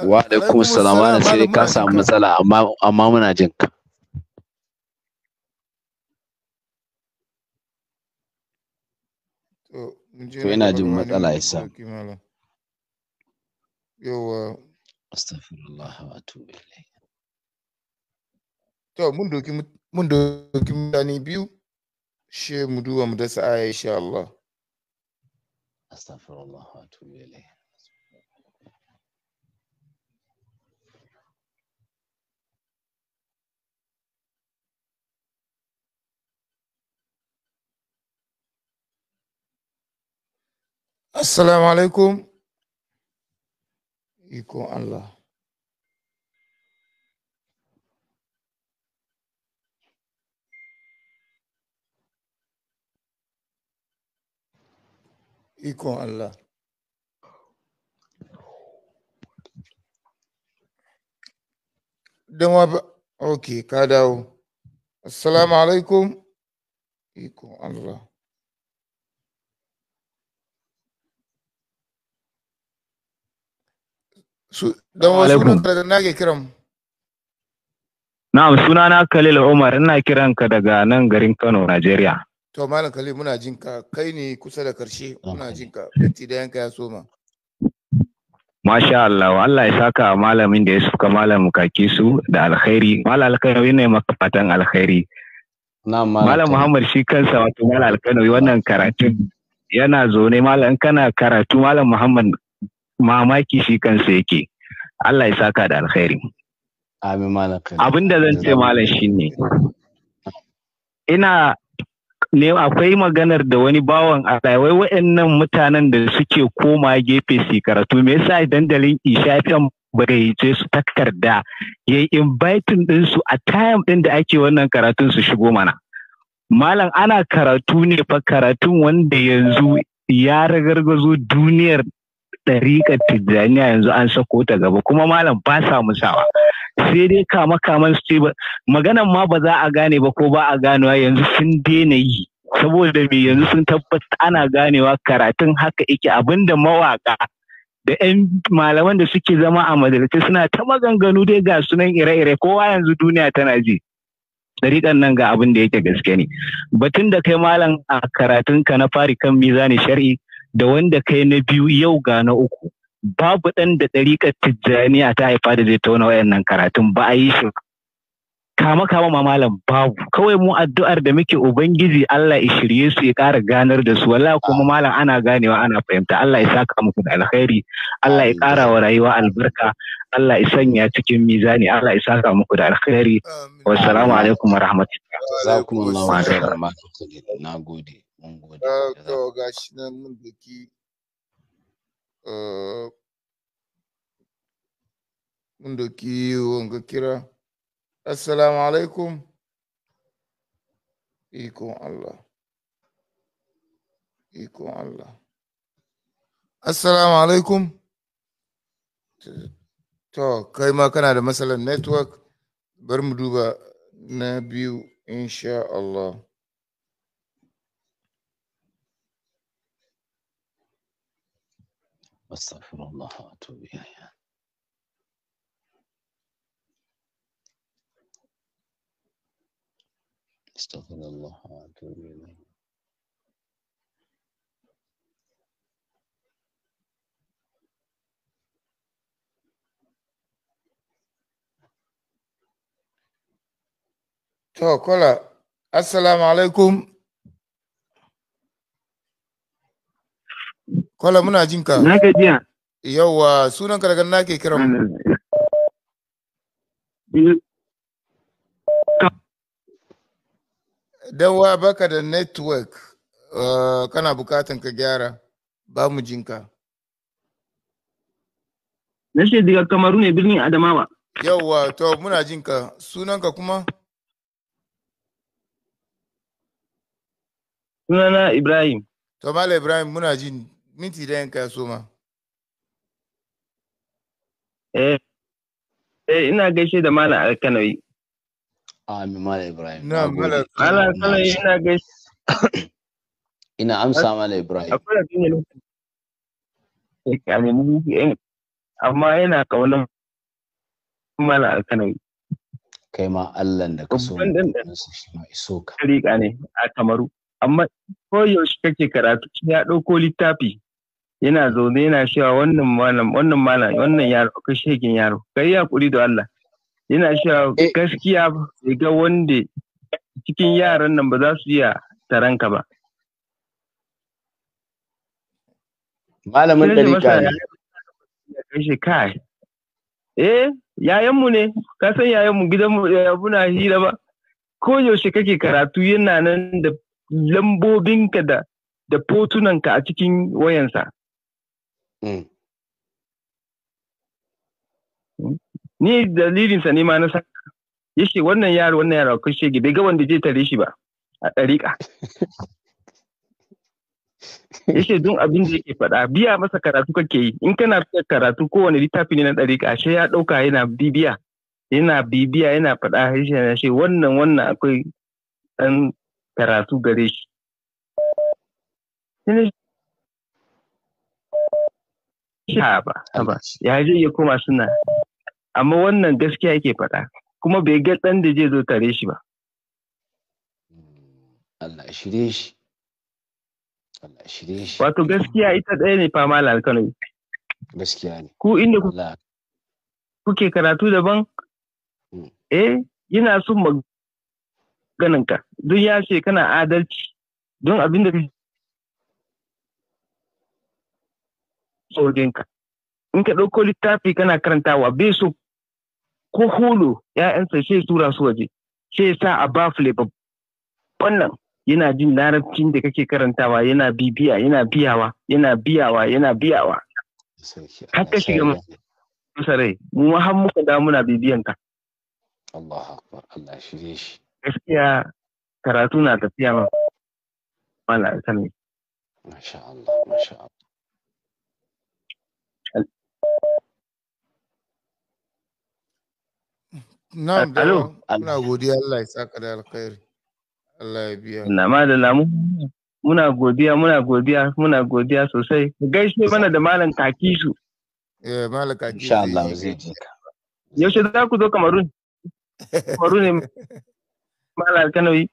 Wa alaikum salam wani sai ka samu matsala amma amma muna jin ka. To to ina jin matsala isa. Yawa. Astaghfirullah wa atubu ilayk. To mun doki mun doki mutane biyu she mu duwa mu da sa'a insha Allah. Astaghfirullah wa atubu ilayk. Assalamu alaikum. iko Allah. iko Allah. Don waba, ok, ka dawo. Assalamu alaikum. iko Allah. Na dan wasu na Khalil Umar ina kiran ka daga nan garin Kano Najeriya To malam Khalil muna jin ka kai ne kusa da karshe muna jin ka da yanka ya soma Masha Allah, Allah ya saka malamin da ya suka malam kaki su da alkhairi. Malam alkhairi ne maka fatan alkhairi. Malam Muhammad shi kansa wato Malam Alkanawi wannan karatun yana zaune Malam kana karatu Malam Muhammad mamaki shi kansa yake Allah ya saka da alkhairi amin abin da zan ce malam shine ina ne akwai maganar da wani bawan Allah wai waɗannan mutanen da suke koma gefe su karatu me yasa dandalin ishafin bagaice su takarda ya yi inviting su a time din da ake wannan karatun su shigo mana malam ana karatu ne fa karatun wanda yanzu ya ragargazo duniyar ɗariƙar tijjaniya yanzu an sako ta gaba kuma malam ba sa musawa sai dai kama kaman su ce maganan ma ba za a gane ba ko ba a ganewa yanzu sun daina yi saboda me yanzu sun tabbata ana ganewa karatun haka ike abinda mawaka da 'yan malaman da suke zama a majalisai suna ta maganganu dai ga sunan ire-ire kowa yanzu duniya tana ji dariƙan nan ga abin da yake gaske ne batun da kai malam a karatunka na fari kan mizani shari'i da wanda kai na biyu yau ga na uku babu ɗan da ɗariƙar tijjaniya ta haifa da zai tauna wayannan karatun ba a yi shi kama kama ma malam babu kawai mu addu'ar da muke ubangiji Allah ya shirye su ya ƙara ganar da su wallahi kuma malam ana ganewa ana fahimta Allah ya saka muku da alkhairi Allah ya ƙara wa rayuwa albarka Allah ya sanya cikin mizani Allah ya saka muku da alkhairi wassalamu alaikum wa rahmatullahi wa barakatuh nagode mun gode ah, to gashi nan mun doki eh, mun doki wanga kira assalamu alaikum ikon Allah ikon Allah assalamu alaikum to kai ma kana da matsalar network bari mu duba na biyu insha Allah واستغفر الله واتوب اليه استغفر الله واتوب اليه To, طيب، kola, السلام عليكم Kwala muna jin ka. Na jiya. Yawwa sunan ka daga na ke kiran. Da wa baka da network uh, kana bukatan ka gyara ba mu jin ka. Na shi daga Kamaru ne birnin Adamawa. Yawwa to muna jin ka sunan ka kuma? Sunana Ibrahim. To Malam Ibrahim muna jin minti da yanka ya soma. Eh, eh ina gaishe da Malam Alkanoi. Amin Malam Ibrahim. Na Malam ina gaishe. [COUGHS] Ina amsa Malam Ibrahim. Akwai abin da Amin eh. amma yana kaunar Malam Alkanoi. Kai ma Allah da ka so. shi ma iso ka. Riƙa ne a Kamaru. Amma koyaushe kake karatu ya ɗauko littafi yana zaune yana cewa wannan malam wannan malam wannan yaro kai shegin yaro kai ya kuri da Allah yana cewa eh. gaskiya bai ga wanda cikin yaran nan ba za su iya taranka ba malamin dalika ne kai eh yayanmu ne ka san yayanmu gidanmu buna eh, hira ba ko yaushe kake karatu yana nan da lambobinka da da fotunanka a cikin wayansa Mm. Ni dalilinsa ne ma na sa yace wannan yaro wannan yaro kai shege bai ga wanda zai tare shi ba a ɗariƙa. Yace dun abin da yake faɗa biya masa karatu kake yi in kana biya karatu kowane littafi ne na ɗariƙa shi ya ɗauka yana bibiya yana bibiya yana faɗa harshe na shi wannan wannan akwai ɗan karatu gare shi. haba ya je ya koma suna amma wannan gaskiya yake faɗa kuma bai ga ɗan da zai zo tare shi ba Allah shirye shi Allah shirye shi wato gaskiya ita ɗaya ne fama Kano gaskiya ne ku inda kuke karatu daban hmm. eh yana son maganinka don ya ce kana adalci don abin da sojinka. in ka ɗauko littafi kana karantawa bai so ko holo ya'yansa sai tura su waje sai sa a bafule babban Wannan yana jin larabcin da kake karantawa yana bibiya yana biyawa yana biyawa yana biyawa haka shiga masa rai mu har muka da muna bibiyan ka Allah akbar Allah shirye shi gaskiya karatu na tafiya ma mala sani masha Allah masha Allah Na da muna godiya Allah ya saka da alkhairi. Allah ya biya. Na madalla mu muna godiya muna godiya muna godiya sosai. Gaishe mana da malam su. Eh malam kaki. Insha Allah zai ji ka. Yaushe za ku zo Kamarun? Kamarun ne [LAUGHS] malam Alkanawi.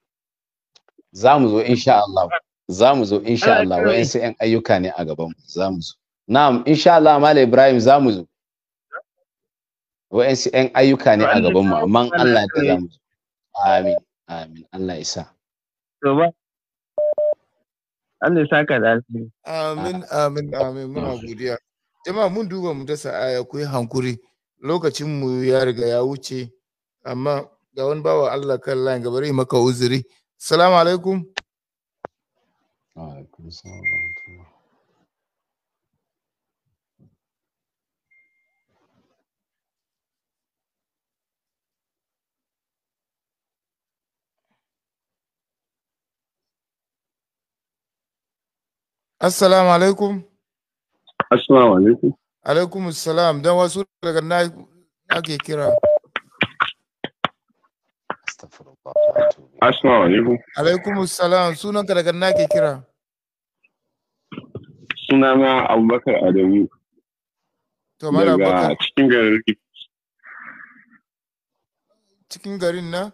Za mu zo insha Allah. Za mu zo insha Allah wa'ansu 'yan ayyuka ne a gaban mu. Za mu zo. Na'am, insha Allah Malam Ibrahim za mu zo. Wa'ansu ‘yan ayyuka ne a gaban mu, amma Allah ta zamu. zo. Amin, amin, Allah ya sa. Allah ya sa ka da Amin, amin, amin, muna godiya. Jama'a mun duba mu dasa aya ku yi hankuri, mu ya riga ya wuce, amma ga wani bawa Allah kan layin gaba maka uzuri. Salamu alaikum. Wa alaikum salam. Assalamu alaikum. Assalamu alaikum. Alaikum assalam. Dan wasu daga na ake kira. Assalamu alaikum. Alaikum assalam. Sunan ka daga na ke kira. Sunana Abubakar Adamu. To mala Daga Cikin garin Cikin garin na?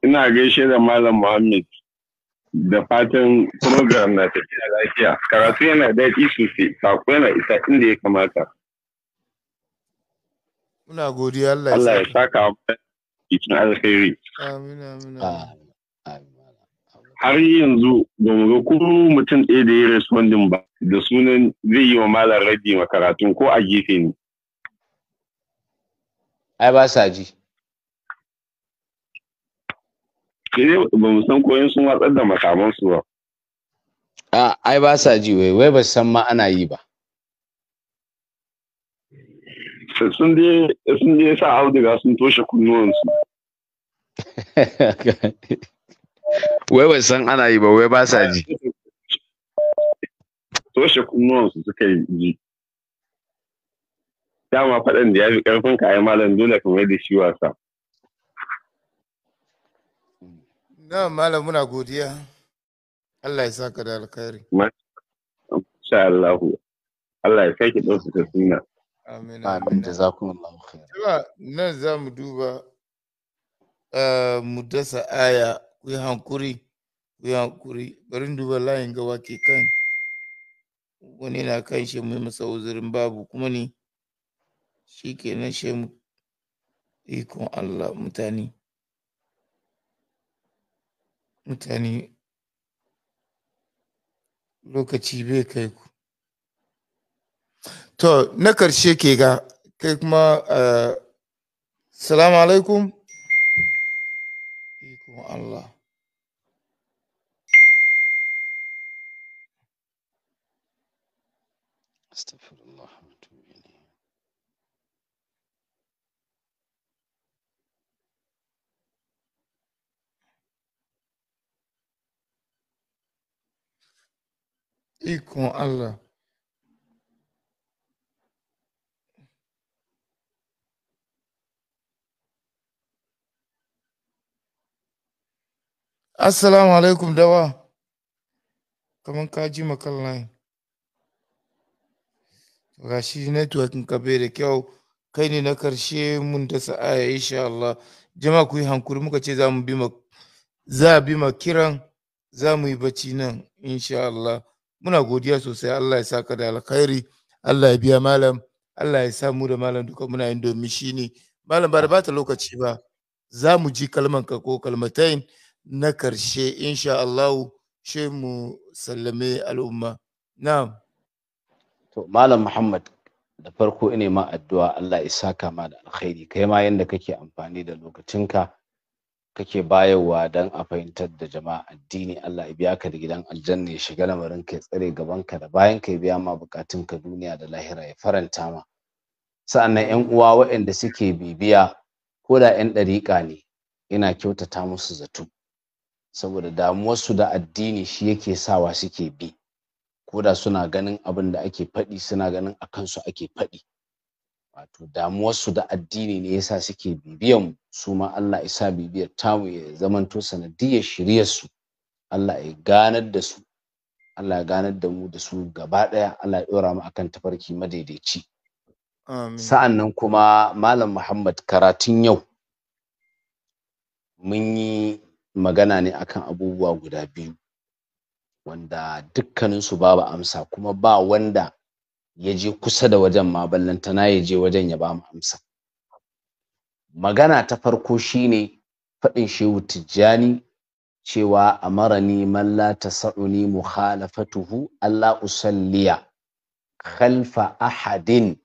Ina gaishe da Malam Muhammad. da fatan program na tafiya lafiya karatu yana da daɗi sosai sako yana isa inda ya kamata muna godiya Allah Allah ya saka cikin alkhairi har yanzu ba mu ga kuru mutum ɗaya da ya respondin ba da sunan zai yi wa malam rabi makaratun ko a gefe ne ai ba sa ji sai ba mu san koyon sun watsar da makamansu ba a ai ba sa ji wai wai ba san ma ana yi ba sun je sun je sa auduga sun toshe kunnuwansu [LAUGHS] wai ba san ana yi ba wai ba sa ji toshe kunnuwansu suka yi ji dama faɗan da ya fi ƙarfin kayan malam dole ka da shi wasa na malam muna godiya Allah ya saka da alkhairi Masha Allah Allah ya kai ki dauka ta sunna amin amin jazakumullahu khair nan za mu duba eh, mu dasa aya ku hankuri ku yi hankuri bari duba layin gawa ke kan wani na kan shi mai masa uzurin babu kuma ne shi ke shikenan shi ikon Allah mutane mutane lokaci bai kai ku to na karshe ke ga kai kuma eh, salamu alaikum ikon Allah Ikon Allah. Assalamu alaikum dawa. Kamar ka ji Ga shi ka bai da kyau. Kai ne na karshe mun ta sa'aya insha Allah. Jama'a ku yi hankuri muka ce za mu bi za bi ma kiran za mu yi bacci nan insha Allah. muna godiya sosai Allah ya sa ka da alkhairi Allah ya biya malam Allah ya samu da malam duka muna yin domin shi ne malam ba da bata lokaci ba za mu ji kalman ka ko kalmatai na karshe insha Allah shi mu sallame al'umma na'am to malam Muhammad da farko ina ma addu'a Allah ya saka ma da alkhairi kai ma yanda kake amfani da lokacinka kake bayarwa don a fahimtar da jama'a addini Allah ya biya ka da gidan aljanna ya shiga lamarin ka ya tsare gaban ka da bayan ka biya ma bukatun ka duniya da lahira ya faranta ma sa'annan yan uwa waɗanda suke bibiya ko da yan ɗariƙa ne ina kyautata musu zato saboda su da addini shi yake sawa suke bi ko da suna ganin abin da ake faɗi suna ganin a kansu ake faɗi wato damuwarsu da addini ne yasa suke bibiyan su ma Allah isa bibiyar tamu ya zamanto sanadiyar shiryar su Allah ya ganar da su Allah ya ganar da mu da su gaba ɗaya Allah ya ɗora mu akan tafarki madaidaici sa'an nan kuma malam Muhammad karatun yau mun yi magana ne akan abubuwa guda biyu wanda dukkaninsu babu amsa kuma ba wanda ya je kusa da wajen ma ballantana ya je wajen ya ba mu amsa magana ta farko shine faɗin shehu tijjani cewa amarani man la tasa'uni mukhalafatuhu Allah usalliya khalfa ahadin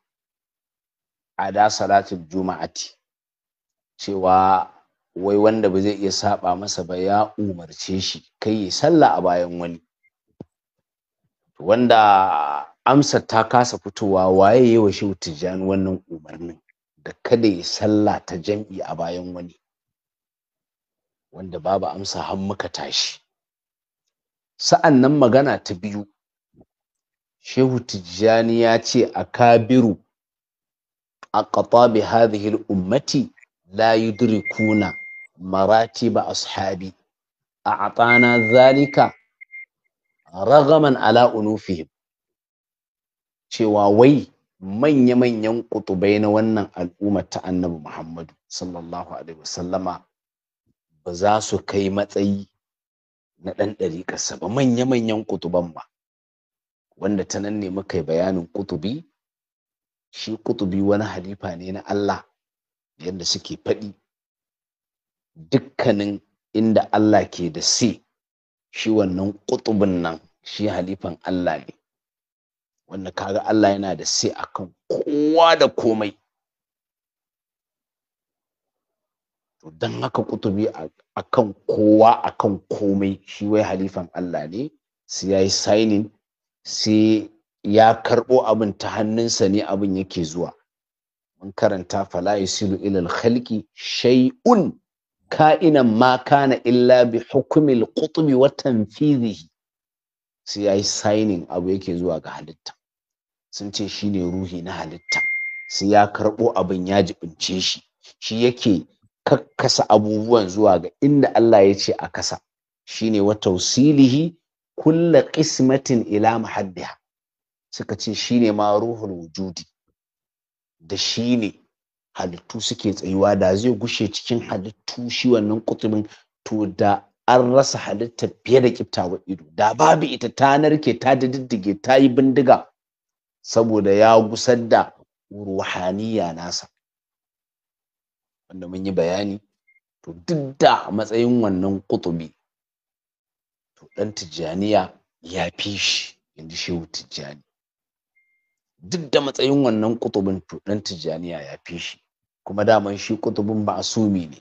ada salatul juma'ati cewa wai wanda ba zai iya saba masa ba ya umarce shi kai ya sallah a bayan wani wanda Amsa ta kasa fitowa waye yi wa shehu tijjani wannan umarnin da kada ya sallah ta jam'i a bayan wani wanda babu amsa har muka tashi sa'an nan magana ta biyu shehu tijjani ya ce a kabiru a bi hadhihi ummati la yudrikuna maratiba ashabi a atana zalika ragaman ala unufihim cewa wai manya-manyan kutubai na wannan al'umma ta annabi Muhammadu sallallahu alaihi wasallama ba za su kai matsayi na ɗan ƙasa. ba manya-manyan kutuban ba wanda ta nan ne muka yi bayanin kutubi shi kutubi wani halifa ne na Allah yadda suke faɗi dukkanin inda Allah ke da si shi wannan kutubin nan shi halifan Allah ne wanda kaga Allah yana da sai akan kowa da komai to dan haka kutubi akan kowa akan komai shi wai halifan Allah ne sai yayi signing sai ya karɓo abin ta hannunsa ne abin yake zuwa mun karanta fala yusilu ila khalqi shay'un ka'inan ma kana illa bi hukumil qutbi wa tanfizihi sai yayi signing abu yake zuwa ga halitta sun ce shine ruhi na halitta sai ya karɓo abin ya jibince shi shi yake kakkasa abubuwan zuwa ga inda Allah ya ce a kasa shine wa tausilihi kulla qismatin ila mahaddiha suka ce shine ma ruhul wujudi da shine halittu suke tsayuwa da zai gushe cikin halittu shi wannan kutubin to da an rasa halitta fiye da kiftawa ido da babu ita ta narke ta diddige ta yi bindiga saboda ya gusar da ruhaniya nasa wanda mun yi bayani to duk da matsayin wannan kutubi to ɗan tijjaniya ya fi shi inji shehu tijjani duk da matsayin wannan kutubin to ɗan tijjaniya ya fi shi kuma daman shi kutubin ma'asumi ne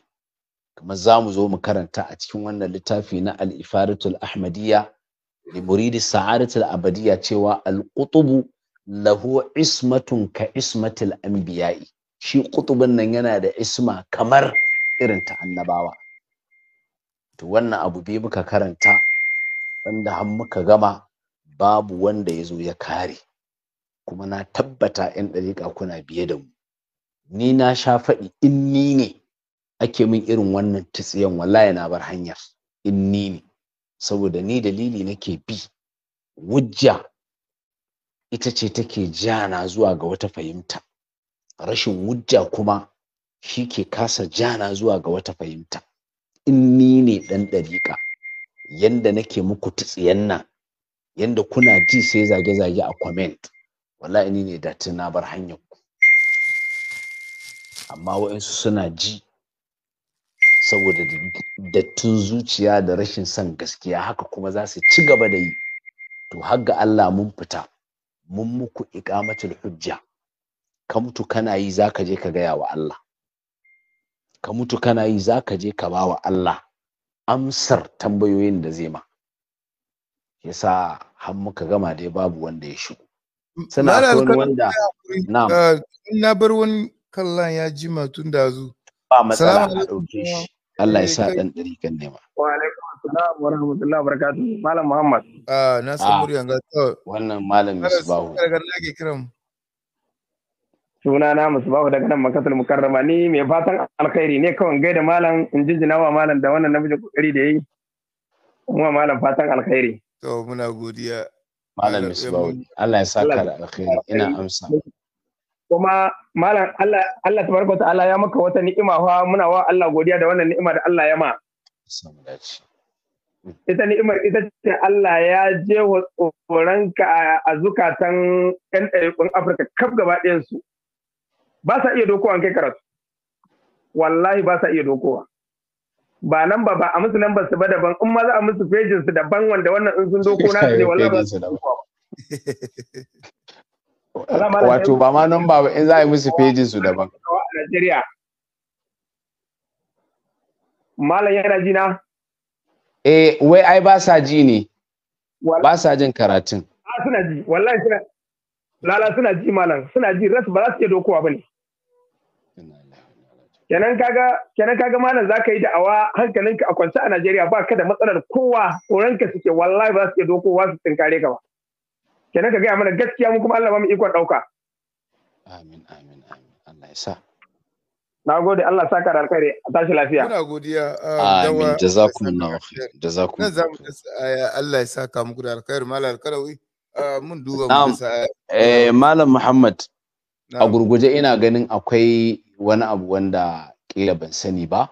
kamar za mu zo mu karanta a cikin wannan littafi na al-ifaratul ahmadiyya li muridi sa'adatul abadiyya cewa al-qutubu lahu ismatun ka ismatil anbiya'i shi kutubin nan yana da isma kamar irin ta annabawa to wannan abu bai muka karanta wanda har muka gama babu wanda ya zo ya kare kuma na tabbata 'yan dariƙa kuna biye da mu ni na sha faɗi in ni ne ake min irin wannan tsiyan wallahi na bar hanyar in ni ne saboda ni dalili nake bi wujja ita ce take jana zuwa ga wata fahimta rashin wujja kuma shi ke kasa jana zuwa ga wata fahimta in ni ne ɗan ɗariƙa yanda nake muku tsiyan nan yanda kuna ji sai zage-zage a comment wallahi ni ne datti na bar hanyar ku amma waɗansu suna ji saboda dattin zuciya da rashin son gaskiya haka kuma za su ci gaba da yi to har ga Allah mun fita mun muku iqamatul hujja ka mutu kana yi zaka je ka gaya wa Allah ka mutu kana yi zaka je ka bawa Allah amsar tambayoyin da zai ma yasa har muka gama dai babu wanda ya shigo suna wani wanda ah, na bar wani kallon ya jima tun da zu ba matsala a dauke shi Allah ya sa dan eh, dari kan nema wa alaikum assalam wa rahmatullahi wa barakatuh malam muhammad ah na san ah. muryan ga wannan malam misbahu daga nake kiran suna na musbahu daga nan makatul mukarrama ni mai fatan alkhairi ne kawai Gai da malam in jinjina wa malam da wannan namiji kokari da yayi kuma malam fatan alkhairi to muna godiya malam musbahu Allah ya saka da alkhairi ina amsa kuma malam Allah Allah tabaraka ta'ala ya maka wata ni'ima fa muna wa Allah godiya da wannan ni'ima da Allah ya ma ita ni'imar ita ce Allah ya je wa tsoronka a zukatan 'yan ɗaiɗaikun Afirka kaf gaba ɗayansu. Ba sa iya dokowa kai karatu. Wallahi ba sa iya dokowa. Ba nan ba ba a musu nan ba su ba daban in ma za a musu fejin su daban wanda wannan in sun doko [LAUGHS] na su ne wallahi ba su [LAUGHS] Wato ba ma nan ba in za a yi musu fejin su daban. Malam yana jina. Eh, wai ai ba sa ji ne. Ba sa jin karatun. A ah, suna ji, wallahi suna lala suna ji malam, suna ji rasu ba za su iya dokowa ba ne. Kenan kaga kenan kaga malam za ka yi awa hankalinka a kwance a Najeriya ba ka da matsalar kowa ka suke wallahi ba za su iya dokowa su kare ka ba. Kenan ka gaya mana gaskiya mu kuma Allah ba mu ikon ɗauka. Amin amin amin Allah ya sa. Na gode Allah saka da alkhairi a tashi lafiya. Muna godiya. Ah, Amin na khair. Jazakumullahu. Na zamu Allah ya saka muku da alkhairi malam alkarawi. Ah, mun duba mu sa. Eh Malam Muhammad a gurguje ina ganin akwai wani abu wanda kila ban sani ba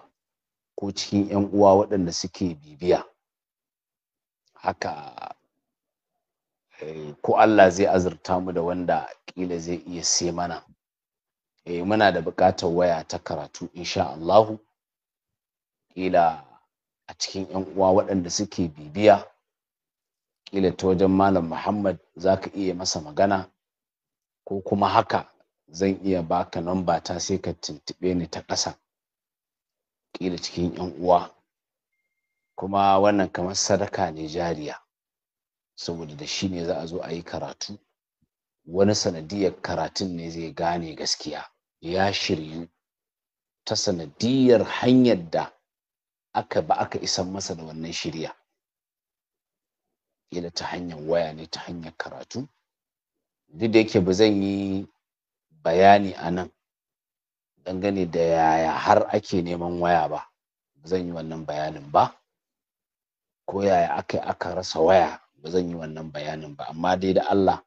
ko cikin yan uwa waɗanda suke bibiya. Haka eh, ko Allah zai azurta mu da wanda kila zai iya sai mana. eh muna da buƙatar waya ta karatu insha Allahu ƙila a cikin 'yan uwa waɗanda suke bibiya ƙila ta wajen malam Muhammad zaka iya masa magana ko kuma haka zan iya baka namba ta sai ka tuntuɓe ni ta ƙasa ƙila cikin 'yan uwa kuma wannan kamar sadaka ne jariya saboda da shi ne za a zo a yi karatu wani sanadiyar karatun ne zai gane gaskiya ya shiryu ta sanadiyar hanyar da aka ba aka isan masa da wannan shirya yana ta hanyar waya ne ta hanyar karatu duk da yake ba zan yi bayani a nan dangane da yaya har ake neman waya ba ba zan yi wannan bayanin ba ko yaya aka aka rasa waya ba zan yi wannan bayanin ba amma dai da Allah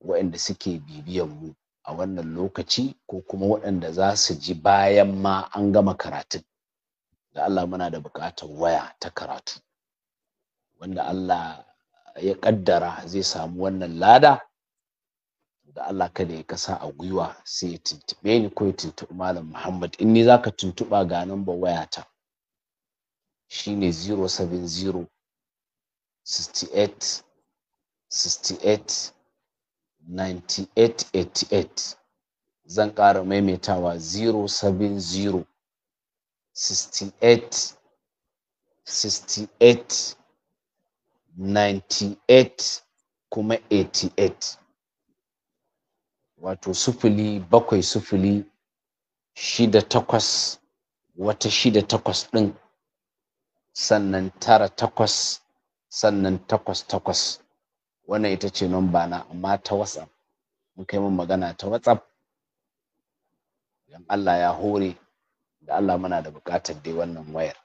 waɗanda suke bibiyan mu a wannan lokaci ko kuma waɗanda za su ji bayan ma an gama karatun da Allah muna da buƙatar waya ta karatu wanda Allah ya ƙaddara zai samu wannan lada da Allah kada ya kasa a gwiwa sai ya tuntuɓe ni ko ya tuntuɓi malam Muhammad in ni zaka tuntuɓa ga waya ta shine 070 68 68 9888 zan ƙara maimaitawa 070 68 68 98 kuma 88 wato sufuli bakwai sufuli shida takwas wata shida takwas ɗin sannan tara takwas sannan takwas takwas wannan ita ce number na amma ta whatsapp mun kai mun magana ta whatsapp dan Allah ya hore da Allah muna da buƙatar dai wannan wayar